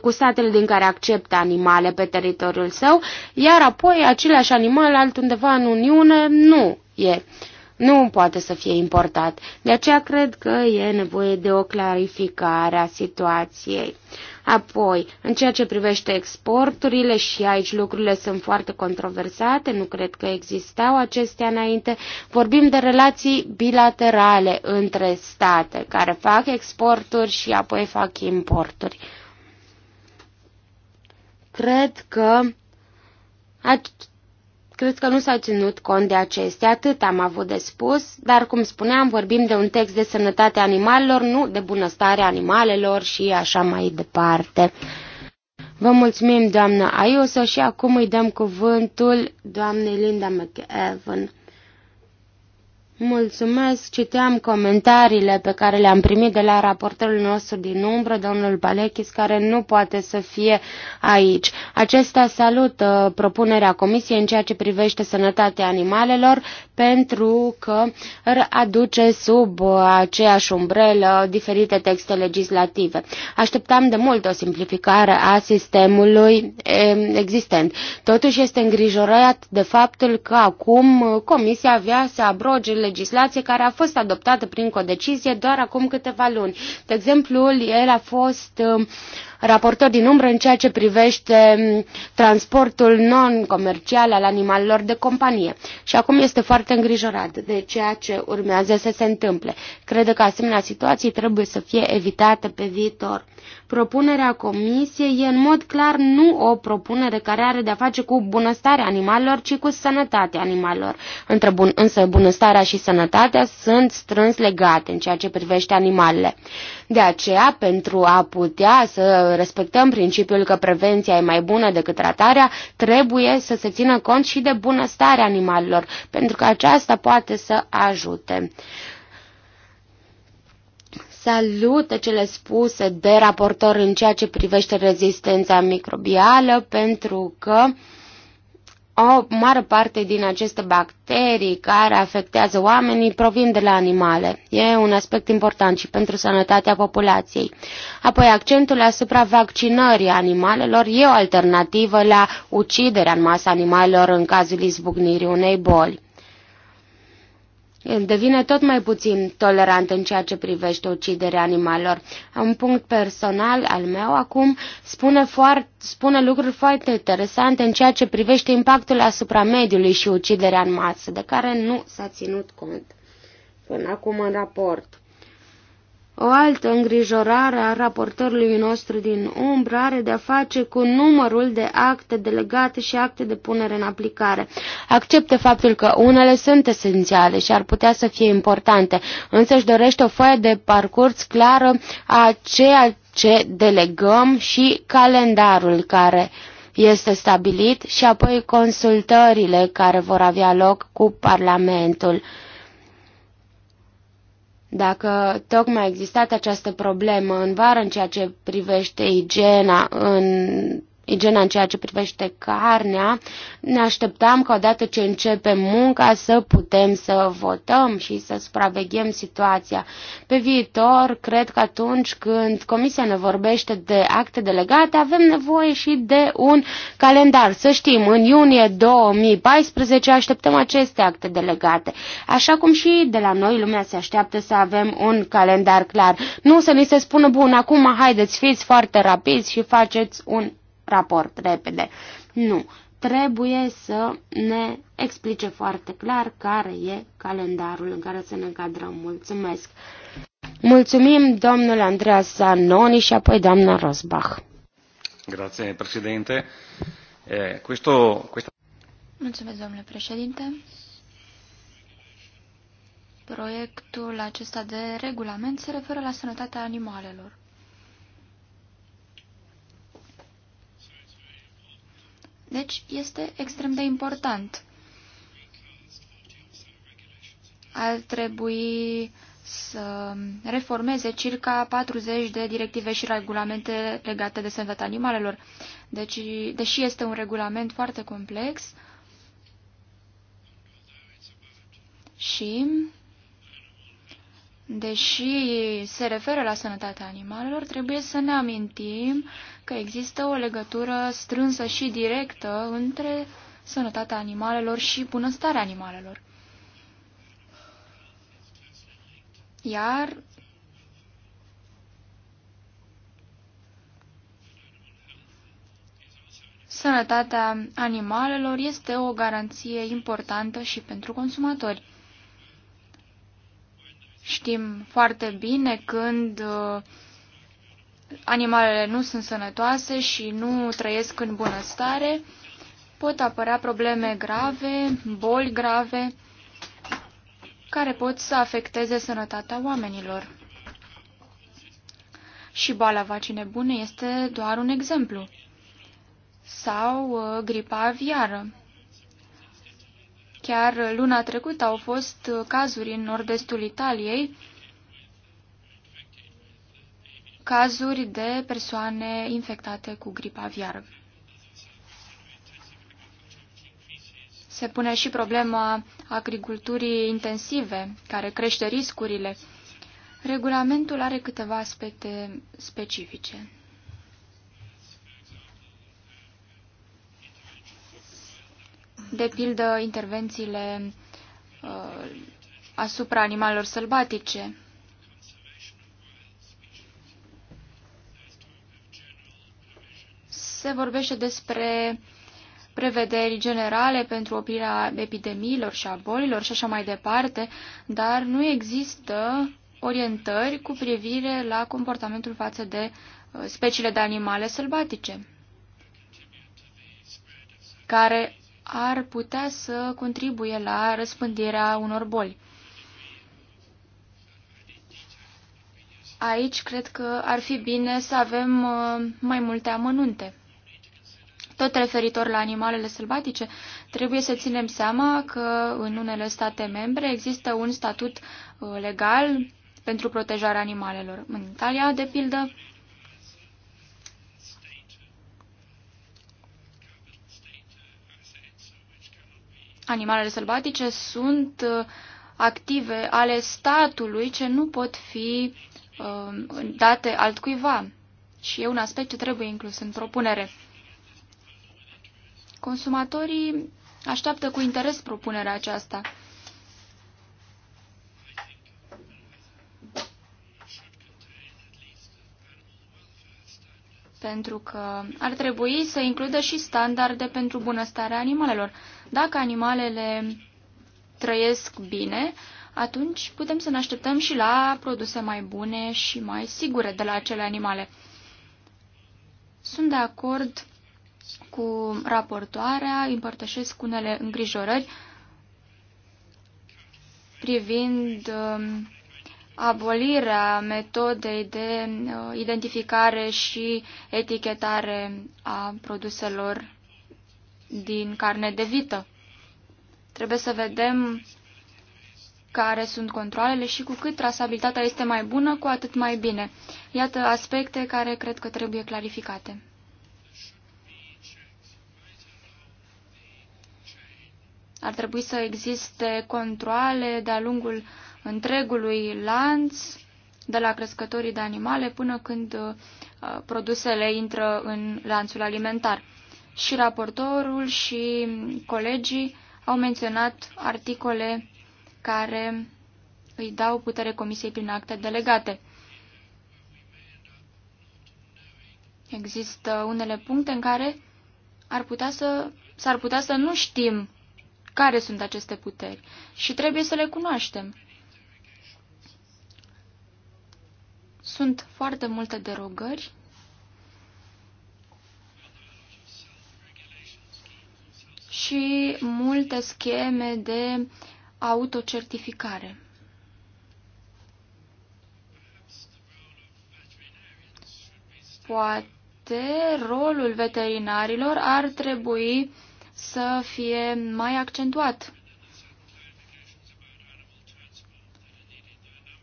cu statele din care acceptă animale pe teritoriul său, iar apoi aceleași animale altundeva în Uniune nu e. Nu poate să fie importat. De aceea cred că e nevoie de o clarificare a situației. Apoi, în ceea ce privește exporturile și aici lucrurile sunt foarte controversate, nu cred că existau acestea înainte, vorbim de relații bilaterale între state care fac exporturi și apoi fac importuri. Cred că Cred că nu s-a ținut cont de acestea, atât am avut de spus, dar cum spuneam, vorbim de un text de sănătate animalelor, nu de bunăstare animalelor și așa mai departe. Vă mulțumim, doamnă Ayuso, și acum îi dăm cuvântul doamnei Linda McEvan. Mulțumesc, citeam comentariile pe care le-am primit de la raportorul nostru din umbră, domnul Balechis, care nu poate să fie aici. Acesta salută propunerea Comisiei în ceea ce privește sănătatea animalelor, pentru că aduce sub aceeași umbrelă diferite texte legislative. Așteptam de mult o simplificare a sistemului existent. Totuși este îngrijorat de faptul că acum Comisia avea să abroge legislație care a fost adoptată prin codecizie doar acum câteva luni. De exemplu, el a fost um, raportor din umbră în ceea ce privește mm, transportul non-comercial al animalelor de companie și acum este foarte îngrijorat de ceea ce urmează să se întâmple. Crede că asemenea situații trebuie să fie evitate pe viitor. Propunerea comisiei e în mod clar nu o propunere care are de-a face cu bunăstarea animalelor, ci cu sănătatea animalelor. Între bun, însă bunăstarea și sănătatea sunt strâns legate în ceea ce privește animalele. De aceea, pentru a putea să respectăm principiul că prevenția e mai bună decât tratarea, trebuie să se țină cont și de bunăstarea animalelor, pentru că aceasta poate să ajute. Salută cele spuse de raportor în ceea ce privește rezistența microbială, pentru că uh, o mare parte din aceste bacterii care afectează oamenii provin de la animale. E un aspect important și pentru sănătatea populației. Apoi, accentul asupra vaccinării animalelor e o alternativă la uciderea în masă animalelor în cazul izbucnirii unei boli devine tot mai puțin tolerant în ceea ce privește uciderea animalelor. Un punct personal al meu acum spune, foarte, spune lucruri foarte interesante în ceea ce privește impactul asupra mediului și uciderea în masă, de care nu s-a ținut cont până acum în raport. O altă îngrijorare a raportorului nostru din umbră are de-a face cu numărul de acte delegate și acte de punere în aplicare. Acceptă faptul că unele sunt esențiale și ar putea să fie importante, însă își dorește o foaie de parcurs clară a ceea ce delegăm și calendarul care este stabilit și apoi consultările care vor avea loc cu Parlamentul. Dacă tocmai a existat această problemă în vară în ceea ce privește igiena în igiena în ceea ce privește carnea, ne așteptam că odată ce începem munca să putem să votăm și să supraveghem situația. Pe viitor, cred că atunci când Comisia ne vorbește de acte delegate, avem nevoie și de un calendar. Să știm, în iunie 2014 așteptăm aceste acte delegate. Așa cum și de la noi lumea se așteaptă să avem un calendar clar. Nu să ni se spună, bun, acum haideți, fiți foarte rapizi și faceți un raport repede. Nu. Trebuie să ne explice foarte clar care e calendarul în care să ne încadrăm. Mulțumesc! Mulțumim domnul Andreas Zanoni și apoi doamna Rosbach. Grazie, președinte. Eh, questo, questo... Mulțumesc, domnule președinte. Proiectul acesta de regulament se referă la sănătatea animalelor. Deci este extrem de important. Ar trebui să reformeze circa 40 de directive și regulamente legate de sănătatea animalelor. Deci, deși este un regulament foarte complex și deși se referă la sănătatea animalelor, trebuie să ne amintim că există o legătură strânsă și directă între sănătatea animalelor și bunăstarea animalelor. Iar sănătatea animalelor este o garanție importantă și pentru consumatori. Știm foarte bine când uh, animalele nu sunt sănătoase și nu trăiesc în bunăstare, pot apărea probleme grave, boli grave, care pot să afecteze sănătatea oamenilor. Și boala vacine bune este doar un exemplu. Sau uh, gripa aviară. Chiar luna trecută au fost cazuri în nord-estul Italiei, cazuri de persoane infectate cu gripa aviară. Se pune și problema agriculturii intensive, care crește riscurile. Regulamentul are câteva aspecte specifice. de pildă intervențiile uh, asupra animalelor sălbatice. Se vorbește despre prevederi generale pentru oprirea epidemiilor și a bolilor și așa mai departe, dar nu există orientări cu privire la comportamentul față de uh, speciile de animale sălbatice, care ar putea să contribuie la răspândirea unor boli. Aici cred că ar fi bine să avem uh, mai multe amănunte. Tot referitor la animalele sălbatice, trebuie să ținem seama că în unele state membre există un statut uh, legal pentru protejarea animalelor. În Italia, de pildă, animalele sălbatice sunt uh, active ale statului ce nu pot fi uh, date altcuiva. Și e un aspect ce trebuie inclus în propunere. Consumatorii așteaptă cu interes propunerea aceasta. pentru că ar trebui să includă și standarde pentru bunăstarea animalelor. Dacă animalele trăiesc bine, atunci putem să ne așteptăm și la produse mai bune și mai sigure de la acele animale. Sunt de acord cu raportoarea, împărtășesc unele îngrijorări privind uh, abolirea metodei de uh, identificare și etichetare a produselor din carne de vită. Trebuie să vedem care sunt controlele și cu cât trasabilitatea este mai bună, cu atât mai bine. Iată aspecte care cred că trebuie clarificate. Ar trebui să existe controle de-a lungul uh, întregului lanț, de la crescătorii de animale până când uh, produsele intră în lanțul alimentar. Și raportorul și colegii au menționat articole care îi dau putere comisiei prin acte delegate. Există unele puncte în care ar putea să, s-ar putea să nu știm care sunt aceste puteri și trebuie să le cunoaștem. Sunt foarte multe derogări. și multe scheme de autocertificare. Poate rolul veterinarilor ar trebui să fie mai accentuat.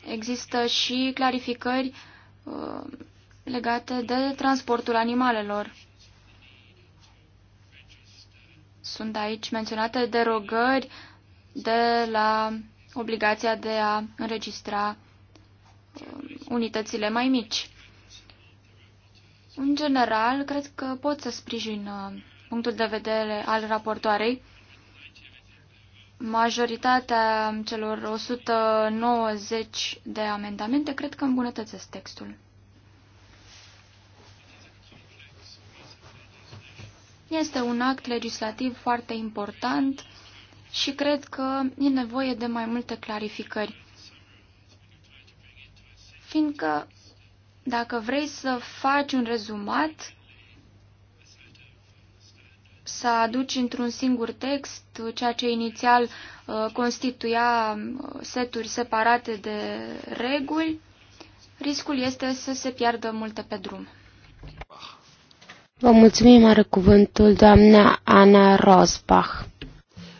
Există și clarificări uh, legate de transportul animalelor. Sunt aici menționate derogări de la obligația de a înregistra uh, unitățile mai mici. În general, cred că pot să sprijin uh, punctul de vedere al raportoarei. Majoritatea celor 190 de amendamente cred că îmbunătățesc textul. Este un act legislativ foarte important și cred că e nevoie de mai multe clarificări. Fiindcă dacă vrei să faci un rezumat, să aduci într-un singur text ceea ce inițial uh, constituia uh, seturi separate de reguli, riscul este să se piardă multe pe drum. Vă mulțumim, are cuvântul doamna Ana Rosbach.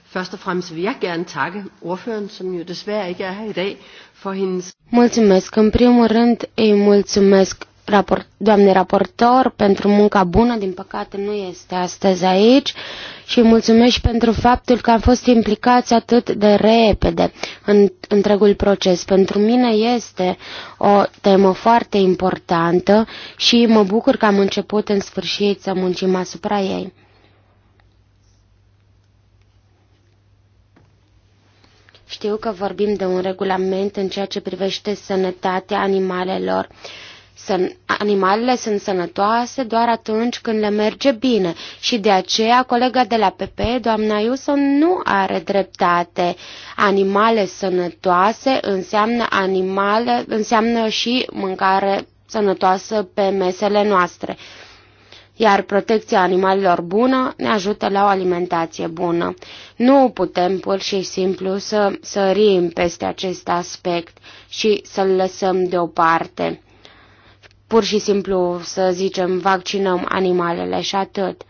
Først og fremmest vil jeg gerne takke ordføreren, som jo desværre ikke er her i dag, for hendes... Mulțumesc. În primul rând, îi mulțumesc raport, doamne raportor pentru munca bună, din păcate nu este astăzi aici și mulțumesc pentru faptul că am fost implicați atât de repede în întregul proces. Pentru mine este o temă foarte importantă și mă bucur că am început în sfârșit să muncim asupra ei. Știu că vorbim de un regulament în ceea ce privește sănătatea animalelor. Uh, Animalele sunt sănătoase doar atunci când le merge bine și de aceea colega de la PP, doamna Iuson, nu are dreptate. Animale sănătoase înseamnă, animale, înseamnă și mâncare sănătoasă pe mesele noastre. Iar protecția animalelor bună ne ajută la o alimentație bună. Nu putem pur și simplu să sărim peste acest aspect și să-l lăsăm deoparte pur și simplu, să zicem, vaccinăm animalele și atât.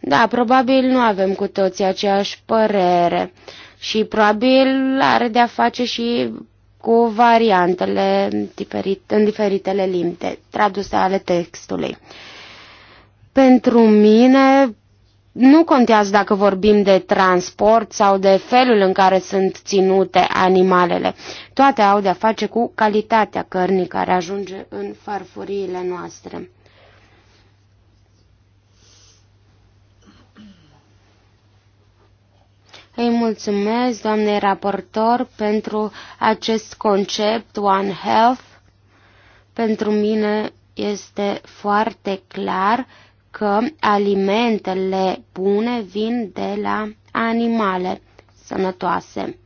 Da, probabil nu avem cu toții aceeași părere și probabil are de-a face și cu variantele diferit, în diferitele limbi traduse ale textului. Pentru mine, nu contează dacă vorbim de transport sau de felul în care sunt ținute animalele. Toate au de-a face cu calitatea cărnii care ajunge în farfuriile noastre. Îi mulțumesc, doamnei raportor, pentru acest concept One Health. Pentru mine este foarte clar că alimentele bune vin de la animale sănătoase.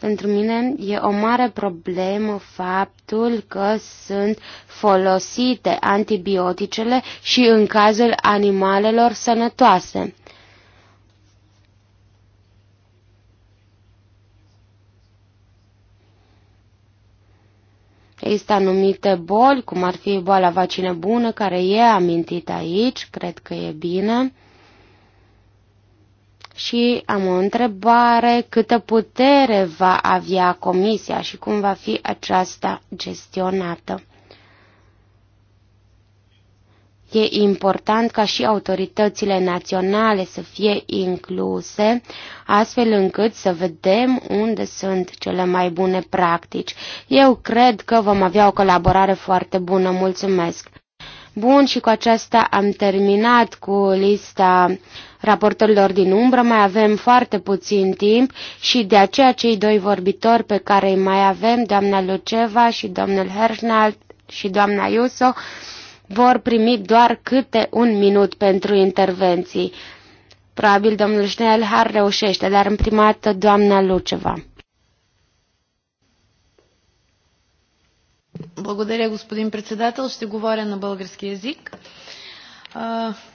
Pentru mine e o mare problemă faptul că sunt folosite antibioticele și în cazul animalelor sănătoase. Există anumite boli, cum ar fi boala vaccină bună, care e amintită aici, cred că e bine. Și am o întrebare, câtă putere va avea comisia și cum va fi aceasta gestionată? E important ca și autoritățile naționale să fie incluse, astfel încât să vedem unde sunt cele mai bune practici. Eu cred că vom avea o colaborare foarte bună. Mulțumesc! Bun, și cu aceasta am terminat cu lista raportorilor din umbră. Mai avem foarte puțin timp și de aceea cei doi vorbitori pe care îi mai avem, doamna Luceva și domnul Herșnalt și doamna Iuso, vor primi doar câte un minut pentru intervenții. Probabil domnul Schnellhar reușește, dar în prima dată doamna Luceva. Благодаря, господин председател. Ще говоря на български язик.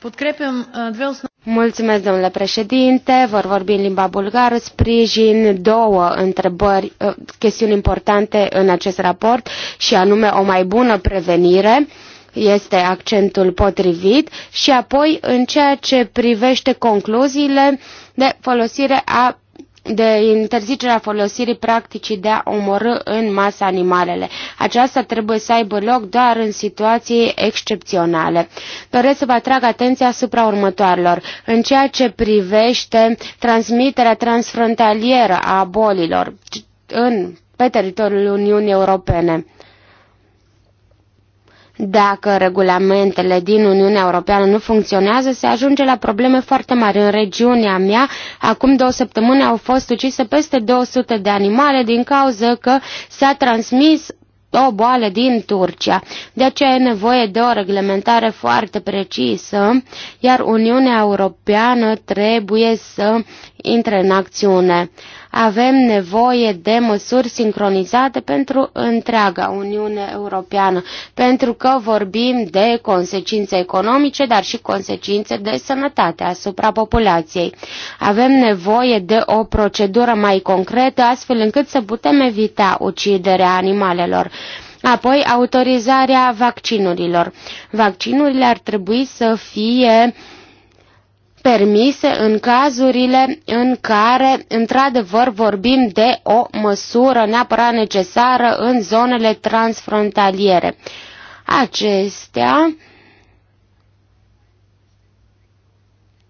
Подкрепям две основни... Mulțumesc, domnule președinte. Vor vorbi în limba bulgară. Sprijin două întrebări, ă, chestiuni importante în acest raport și anume o mai bună prevenire este accentul potrivit și apoi în ceea ce privește concluziile de folosire a de interzicerea folosirii practicii de a omorâ în masă animalele. Aceasta trebuie să aibă loc doar în situații excepționale. Doresc să vă atrag atenția asupra următoarelor. În ceea ce privește transmiterea transfrontalieră a bolilor în, pe teritoriul Uniunii Europene. Dacă regulamentele din Uniunea Europeană nu funcționează, se ajunge la probleme foarte mari. În regiunea mea, acum două săptămâni au fost ucise peste 200 de animale din cauza că s-a transmis o boală din Turcia. De aceea e nevoie de o reglementare foarte precisă, iar Uniunea Europeană trebuie să intre în acțiune. Avem nevoie de măsuri sincronizate pentru întreaga Uniune Europeană, pentru că vorbim de consecințe economice, dar și consecințe de sănătate asupra populației. Avem nevoie de o procedură mai concretă, astfel încât să putem evita uciderea animalelor. Apoi, autorizarea vaccinurilor. Vaccinurile ar trebui să fie uh, permise în cazurile în care, într-adevăr, vorbim de o măsură neapărat necesară în zonele transfrontaliere. Acestea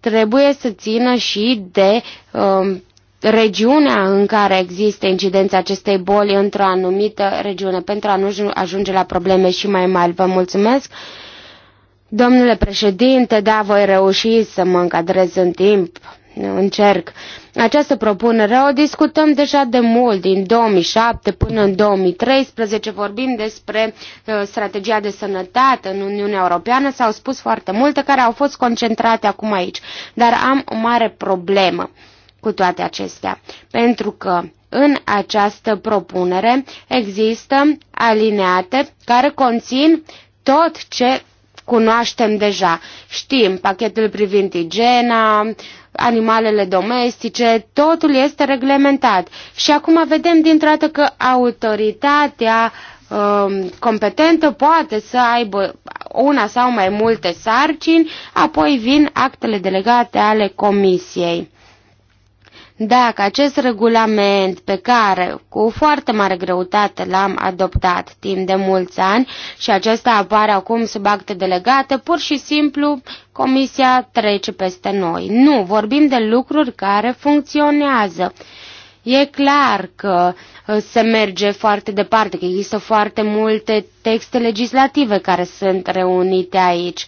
trebuie să țină și de um, regiunea în care există incidența acestei boli într-o anumită regiune pentru a nu ajunge la probleme și mai mari. Vă mulțumesc! Domnule președinte, da, voi reuși să mă încadrez în timp, încerc. Această propunere o discutăm deja de mult, din 2007 până în 2013 vorbim despre uh, strategia de sănătate în Uniunea Europeană, s-au spus foarte multe care au fost concentrate acum aici, dar am o mare problemă cu toate acestea, pentru că în această propunere există alineate care conțin tot ce cunoaștem deja. Știm pachetul privind igiena, animalele domestice, totul este reglementat. Și acum vedem dintr-o dată că autoritatea um, competentă poate să aibă una sau mai multe sarcini, apoi vin actele delegate ale comisiei. Dacă acest regulament pe care cu foarte mare greutate l-am adoptat timp de mulți ani și acesta apare acum sub acte delegate, pur și simplu Comisia trece peste noi. Nu, vorbim de lucruri care funcționează. E clar că uh, se merge foarte departe, că există foarte multe texte legislative care sunt reunite aici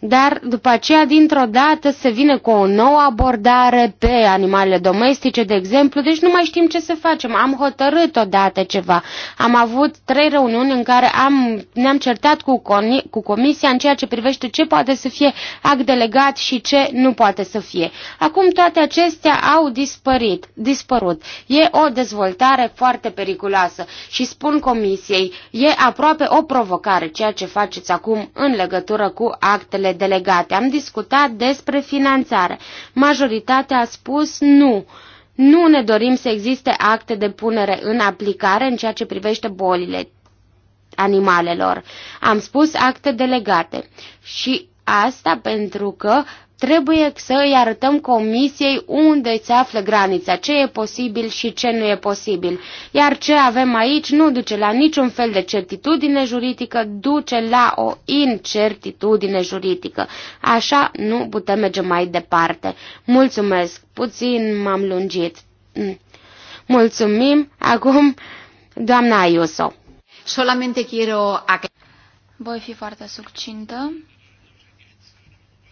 dar după aceea, dintr-o dată, se vine cu o nouă abordare pe animalele domestice, de exemplu, deci nu mai știm ce să facem. Am hotărât odată ceva. Am avut trei reuniuni în care am, ne-am certat cu, cu comisia în ceea ce privește ce poate să fie act delegat și ce nu poate să fie. Acum toate acestea au dispărit, dispărut. E o dezvoltare foarte periculoasă și spun comisiei, e aproape o provocare ceea ce faceți acum în legătură cu actele delegate. Am discutat despre finanțare. Majoritatea a spus nu. Nu ne dorim să existe acte de punere în aplicare în ceea ce privește bolile animalelor. Am spus acte delegate și asta pentru că Trebuie să îi arătăm comisiei unde se află granița, ce e posibil și ce nu e posibil. Iar ce avem aici nu duce la niciun fel de certitudine juridică, duce la o incertitudine juridică. Așa nu putem merge mai departe. Mulțumesc, puțin m-am lungit. Mm. Mulțumim, acum doamna Ayuso. Solamente quiero... Voi fi foarte succintă.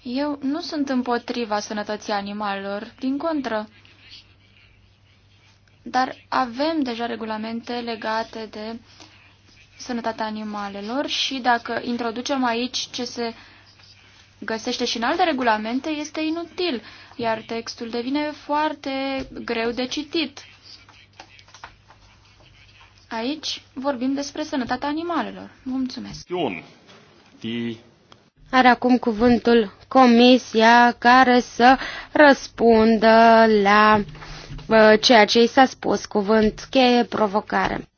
Eu nu sunt împotriva sănătății animalelor, din contră. Dar avem deja regulamente legate de sănătatea animalelor și dacă introducem aici ce se găsește și în alte regulamente, este inutil, iar textul devine foarte greu de citit. Aici vorbim despre sănătatea animalelor. Mulțumesc! Die are acum cuvântul comisia care să răspundă la ceea ce i s-a spus, cuvânt cheie provocare.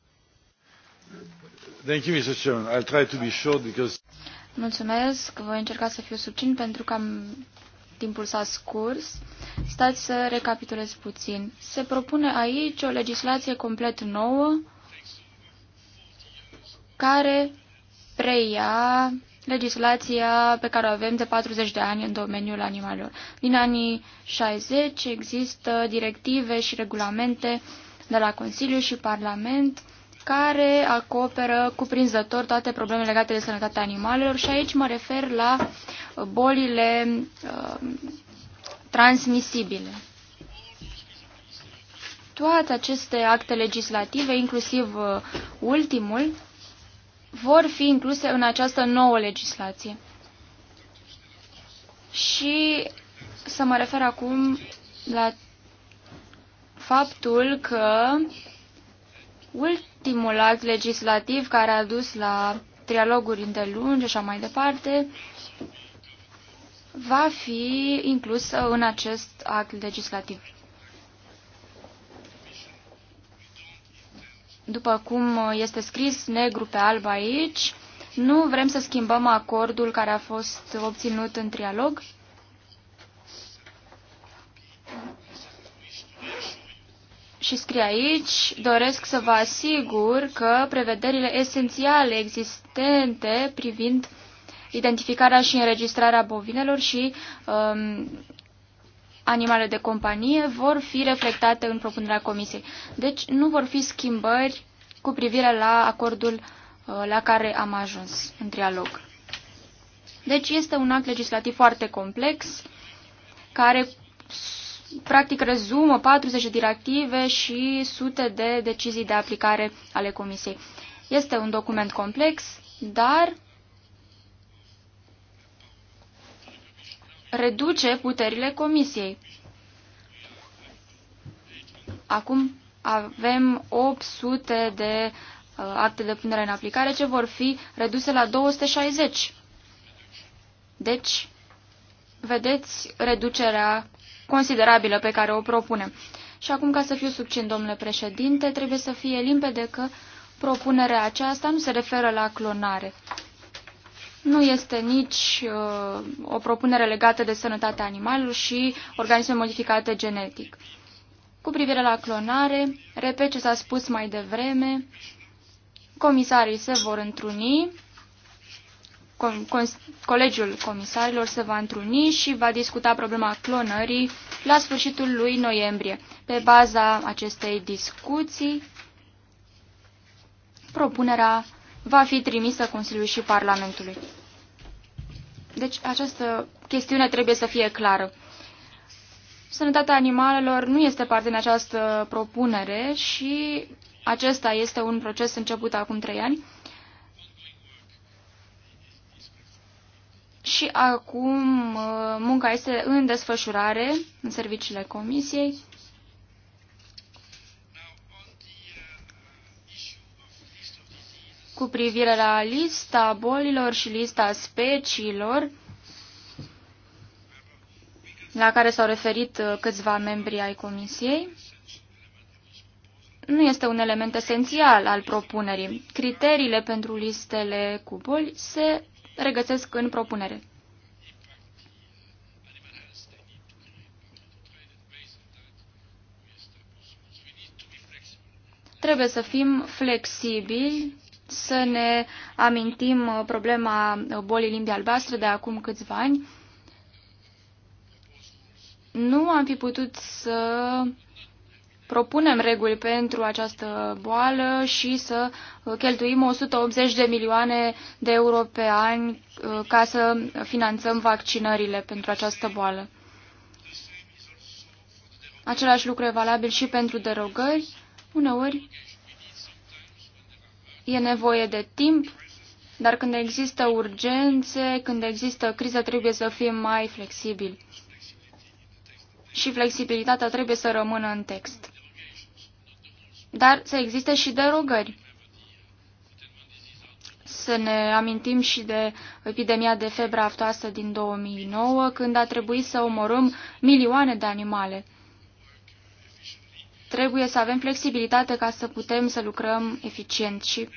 Thank you, Mr. Chairman. I'll try to be short because... Mulțumesc, voi încerca să fiu subțin pentru că am timpul s-a scurs. Stați să recapitulez puțin. Se propune aici o legislație complet nouă care preia legislația pe care o avem de 40 de ani în domeniul animalelor. Din anii 60 există directive și regulamente de la Consiliu și Parlament care acoperă cuprinzător toate problemele legate de sănătatea animalelor și aici mă refer la bolile uh, transmisibile. Toate aceste acte legislative, inclusiv uh, ultimul, vor fi incluse în această nouă legislație. Și să mă refer acum la faptul că ultimul act legislativ care a dus la trialoguri îndelungi și așa mai departe va fi inclus în acest act legislativ. după cum este scris negru pe alb aici, nu vrem să schimbăm acordul care a fost obținut în trialog. Și scrie aici, doresc să vă asigur că prevederile esențiale existente privind identificarea și înregistrarea bovinelor și um, animale de companie vor fi reflectate în propunerea comisiei. Deci nu vor fi schimbări cu privire la acordul uh, la care am ajuns în trialog. Deci este un act legislativ foarte complex care practic rezumă 40 directive și sute de decizii de aplicare ale Comisiei. Este un document complex, dar reduce puterile comisiei. Acum avem 800 de uh, acte de punere în aplicare ce vor fi reduse la 260. Deci, vedeți reducerea considerabilă pe care o propunem. Și acum, ca să fiu succint, domnule președinte, trebuie să fie limpede că propunerea aceasta nu se referă la clonare nu este nici uh, o propunere legată de sănătatea animalelor și organisme modificate genetic. Cu privire la clonare, repet ce s-a spus mai devreme, comisarii se vor întruni, com, com, colegiul comisarilor se va întruni și va discuta problema clonării la sfârșitul lui noiembrie. Pe baza acestei discuții, propunerea va fi trimisă Consiliului și Parlamentului. Deci această chestiune trebuie să fie clară. Sănătatea animalelor nu este parte din această propunere și acesta este un proces început acum trei ani. Și acum uh, munca este în desfășurare în serviciile comisiei. cu privire la lista bolilor și lista speciilor la care s-au referit uh, câțiva membri ai Comisiei, nu este un element esențial al propunerii. Criteriile pentru listele cu boli se regăsesc în propunere. Trebuie să fim flexibili să ne amintim uh, problema bolii limbii albastre de acum câțiva ani, nu am fi putut să propunem reguli pentru această boală și să uh, cheltuim 180 de milioane de euro pe an uh, ca să finanțăm vaccinările pentru această boală. Același lucru e valabil și pentru derogări. Uneori e nevoie de timp, dar când există urgențe, când există criză, trebuie să fim mai flexibili. Și flexibilitatea trebuie să rămână în text. Dar să existe și derogări. Să ne amintim și de epidemia de febră aftoasă din 2009, când a trebuit să omorâm milioane de animale trebuie să avem flexibilitate ca să putem să lucrăm eficient și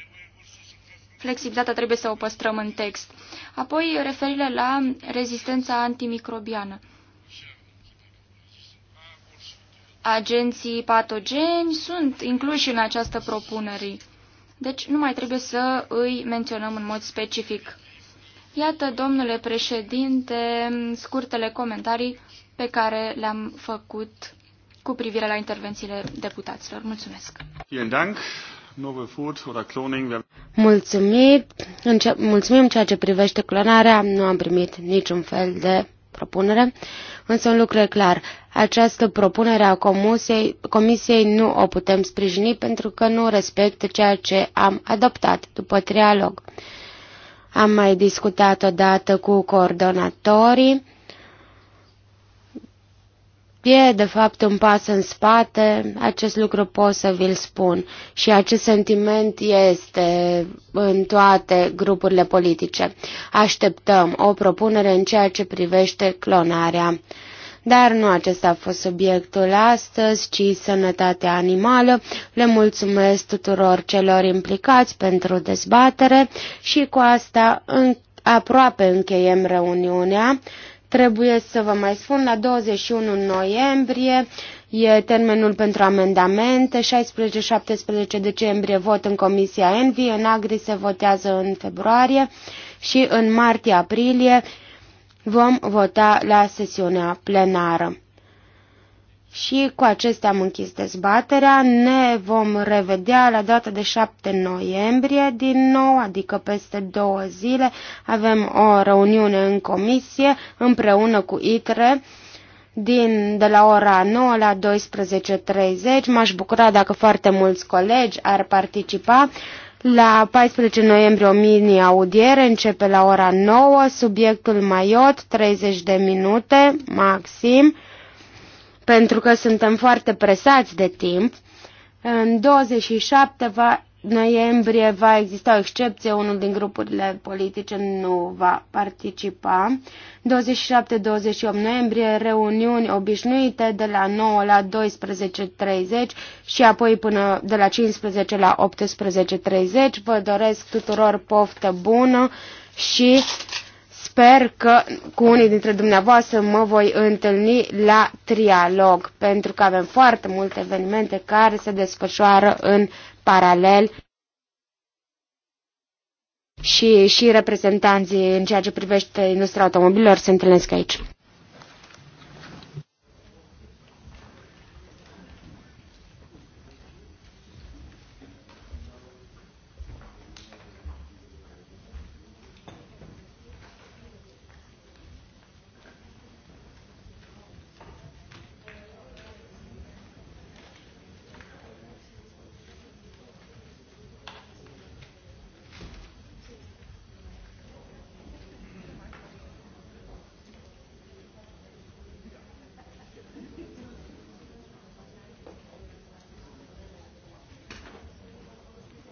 flexibilitatea trebuie să o păstrăm în text. Apoi, referire la rezistența antimicrobiană. Agenții patogeni sunt incluși în această propunere, deci nu mai trebuie să îi menționăm în mod specific. Iată, domnule președinte, scurtele comentarii pe care le-am făcut cu privire la intervențiile deputaților. Mulțumesc! Mulțumit, mulțumim ceea ce privește clonarea, nu am primit niciun fel de propunere, însă un lucru e clar, această propunere a comisiei, comisiei nu o putem sprijini pentru că nu respectă ceea ce am adoptat după trialog. Am mai discutat odată cu coordonatorii E, de fapt, un pas în spate, acest lucru pot să vi-l spun. Și acest sentiment este în toate grupurile politice. Așteptăm o propunere în ceea ce privește clonarea. Dar nu acesta a fost subiectul astăzi, ci sănătatea animală. Le mulțumesc tuturor celor implicați pentru dezbatere și cu asta în, aproape încheiem reuniunea. Trebuie să vă mai spun, la 21 noiembrie e termenul pentru amendamente, 16-17 decembrie vot în Comisia Envi, în Agri se votează în februarie și în martie-aprilie vom vota la sesiunea plenară. Și cu acestea am închis dezbaterea. Ne vom revedea la data de 7 noiembrie din nou, adică peste două zile. Avem o reuniune în comisie împreună cu ITRE din, de la ora 9 la 12.30. M-aș bucura dacă foarte mulți colegi ar participa. La 14 noiembrie o mini-audiere începe la ora 9, subiectul Maiot, 30 de minute maxim pentru că suntem foarte presați de timp. În 27 va, noiembrie va exista o excepție, unul din grupurile politice nu va participa. 27-28 noiembrie, reuniuni obișnuite de la 9 la 12.30 și apoi până de la 15 la 18.30. Vă doresc tuturor poftă bună și sper că cu unii dintre dumneavoastră mă voi întâlni la trialog, pentru că avem foarte multe evenimente care se desfășoară în paralel și, și reprezentanții în ceea ce privește industria automobilelor se întâlnesc aici.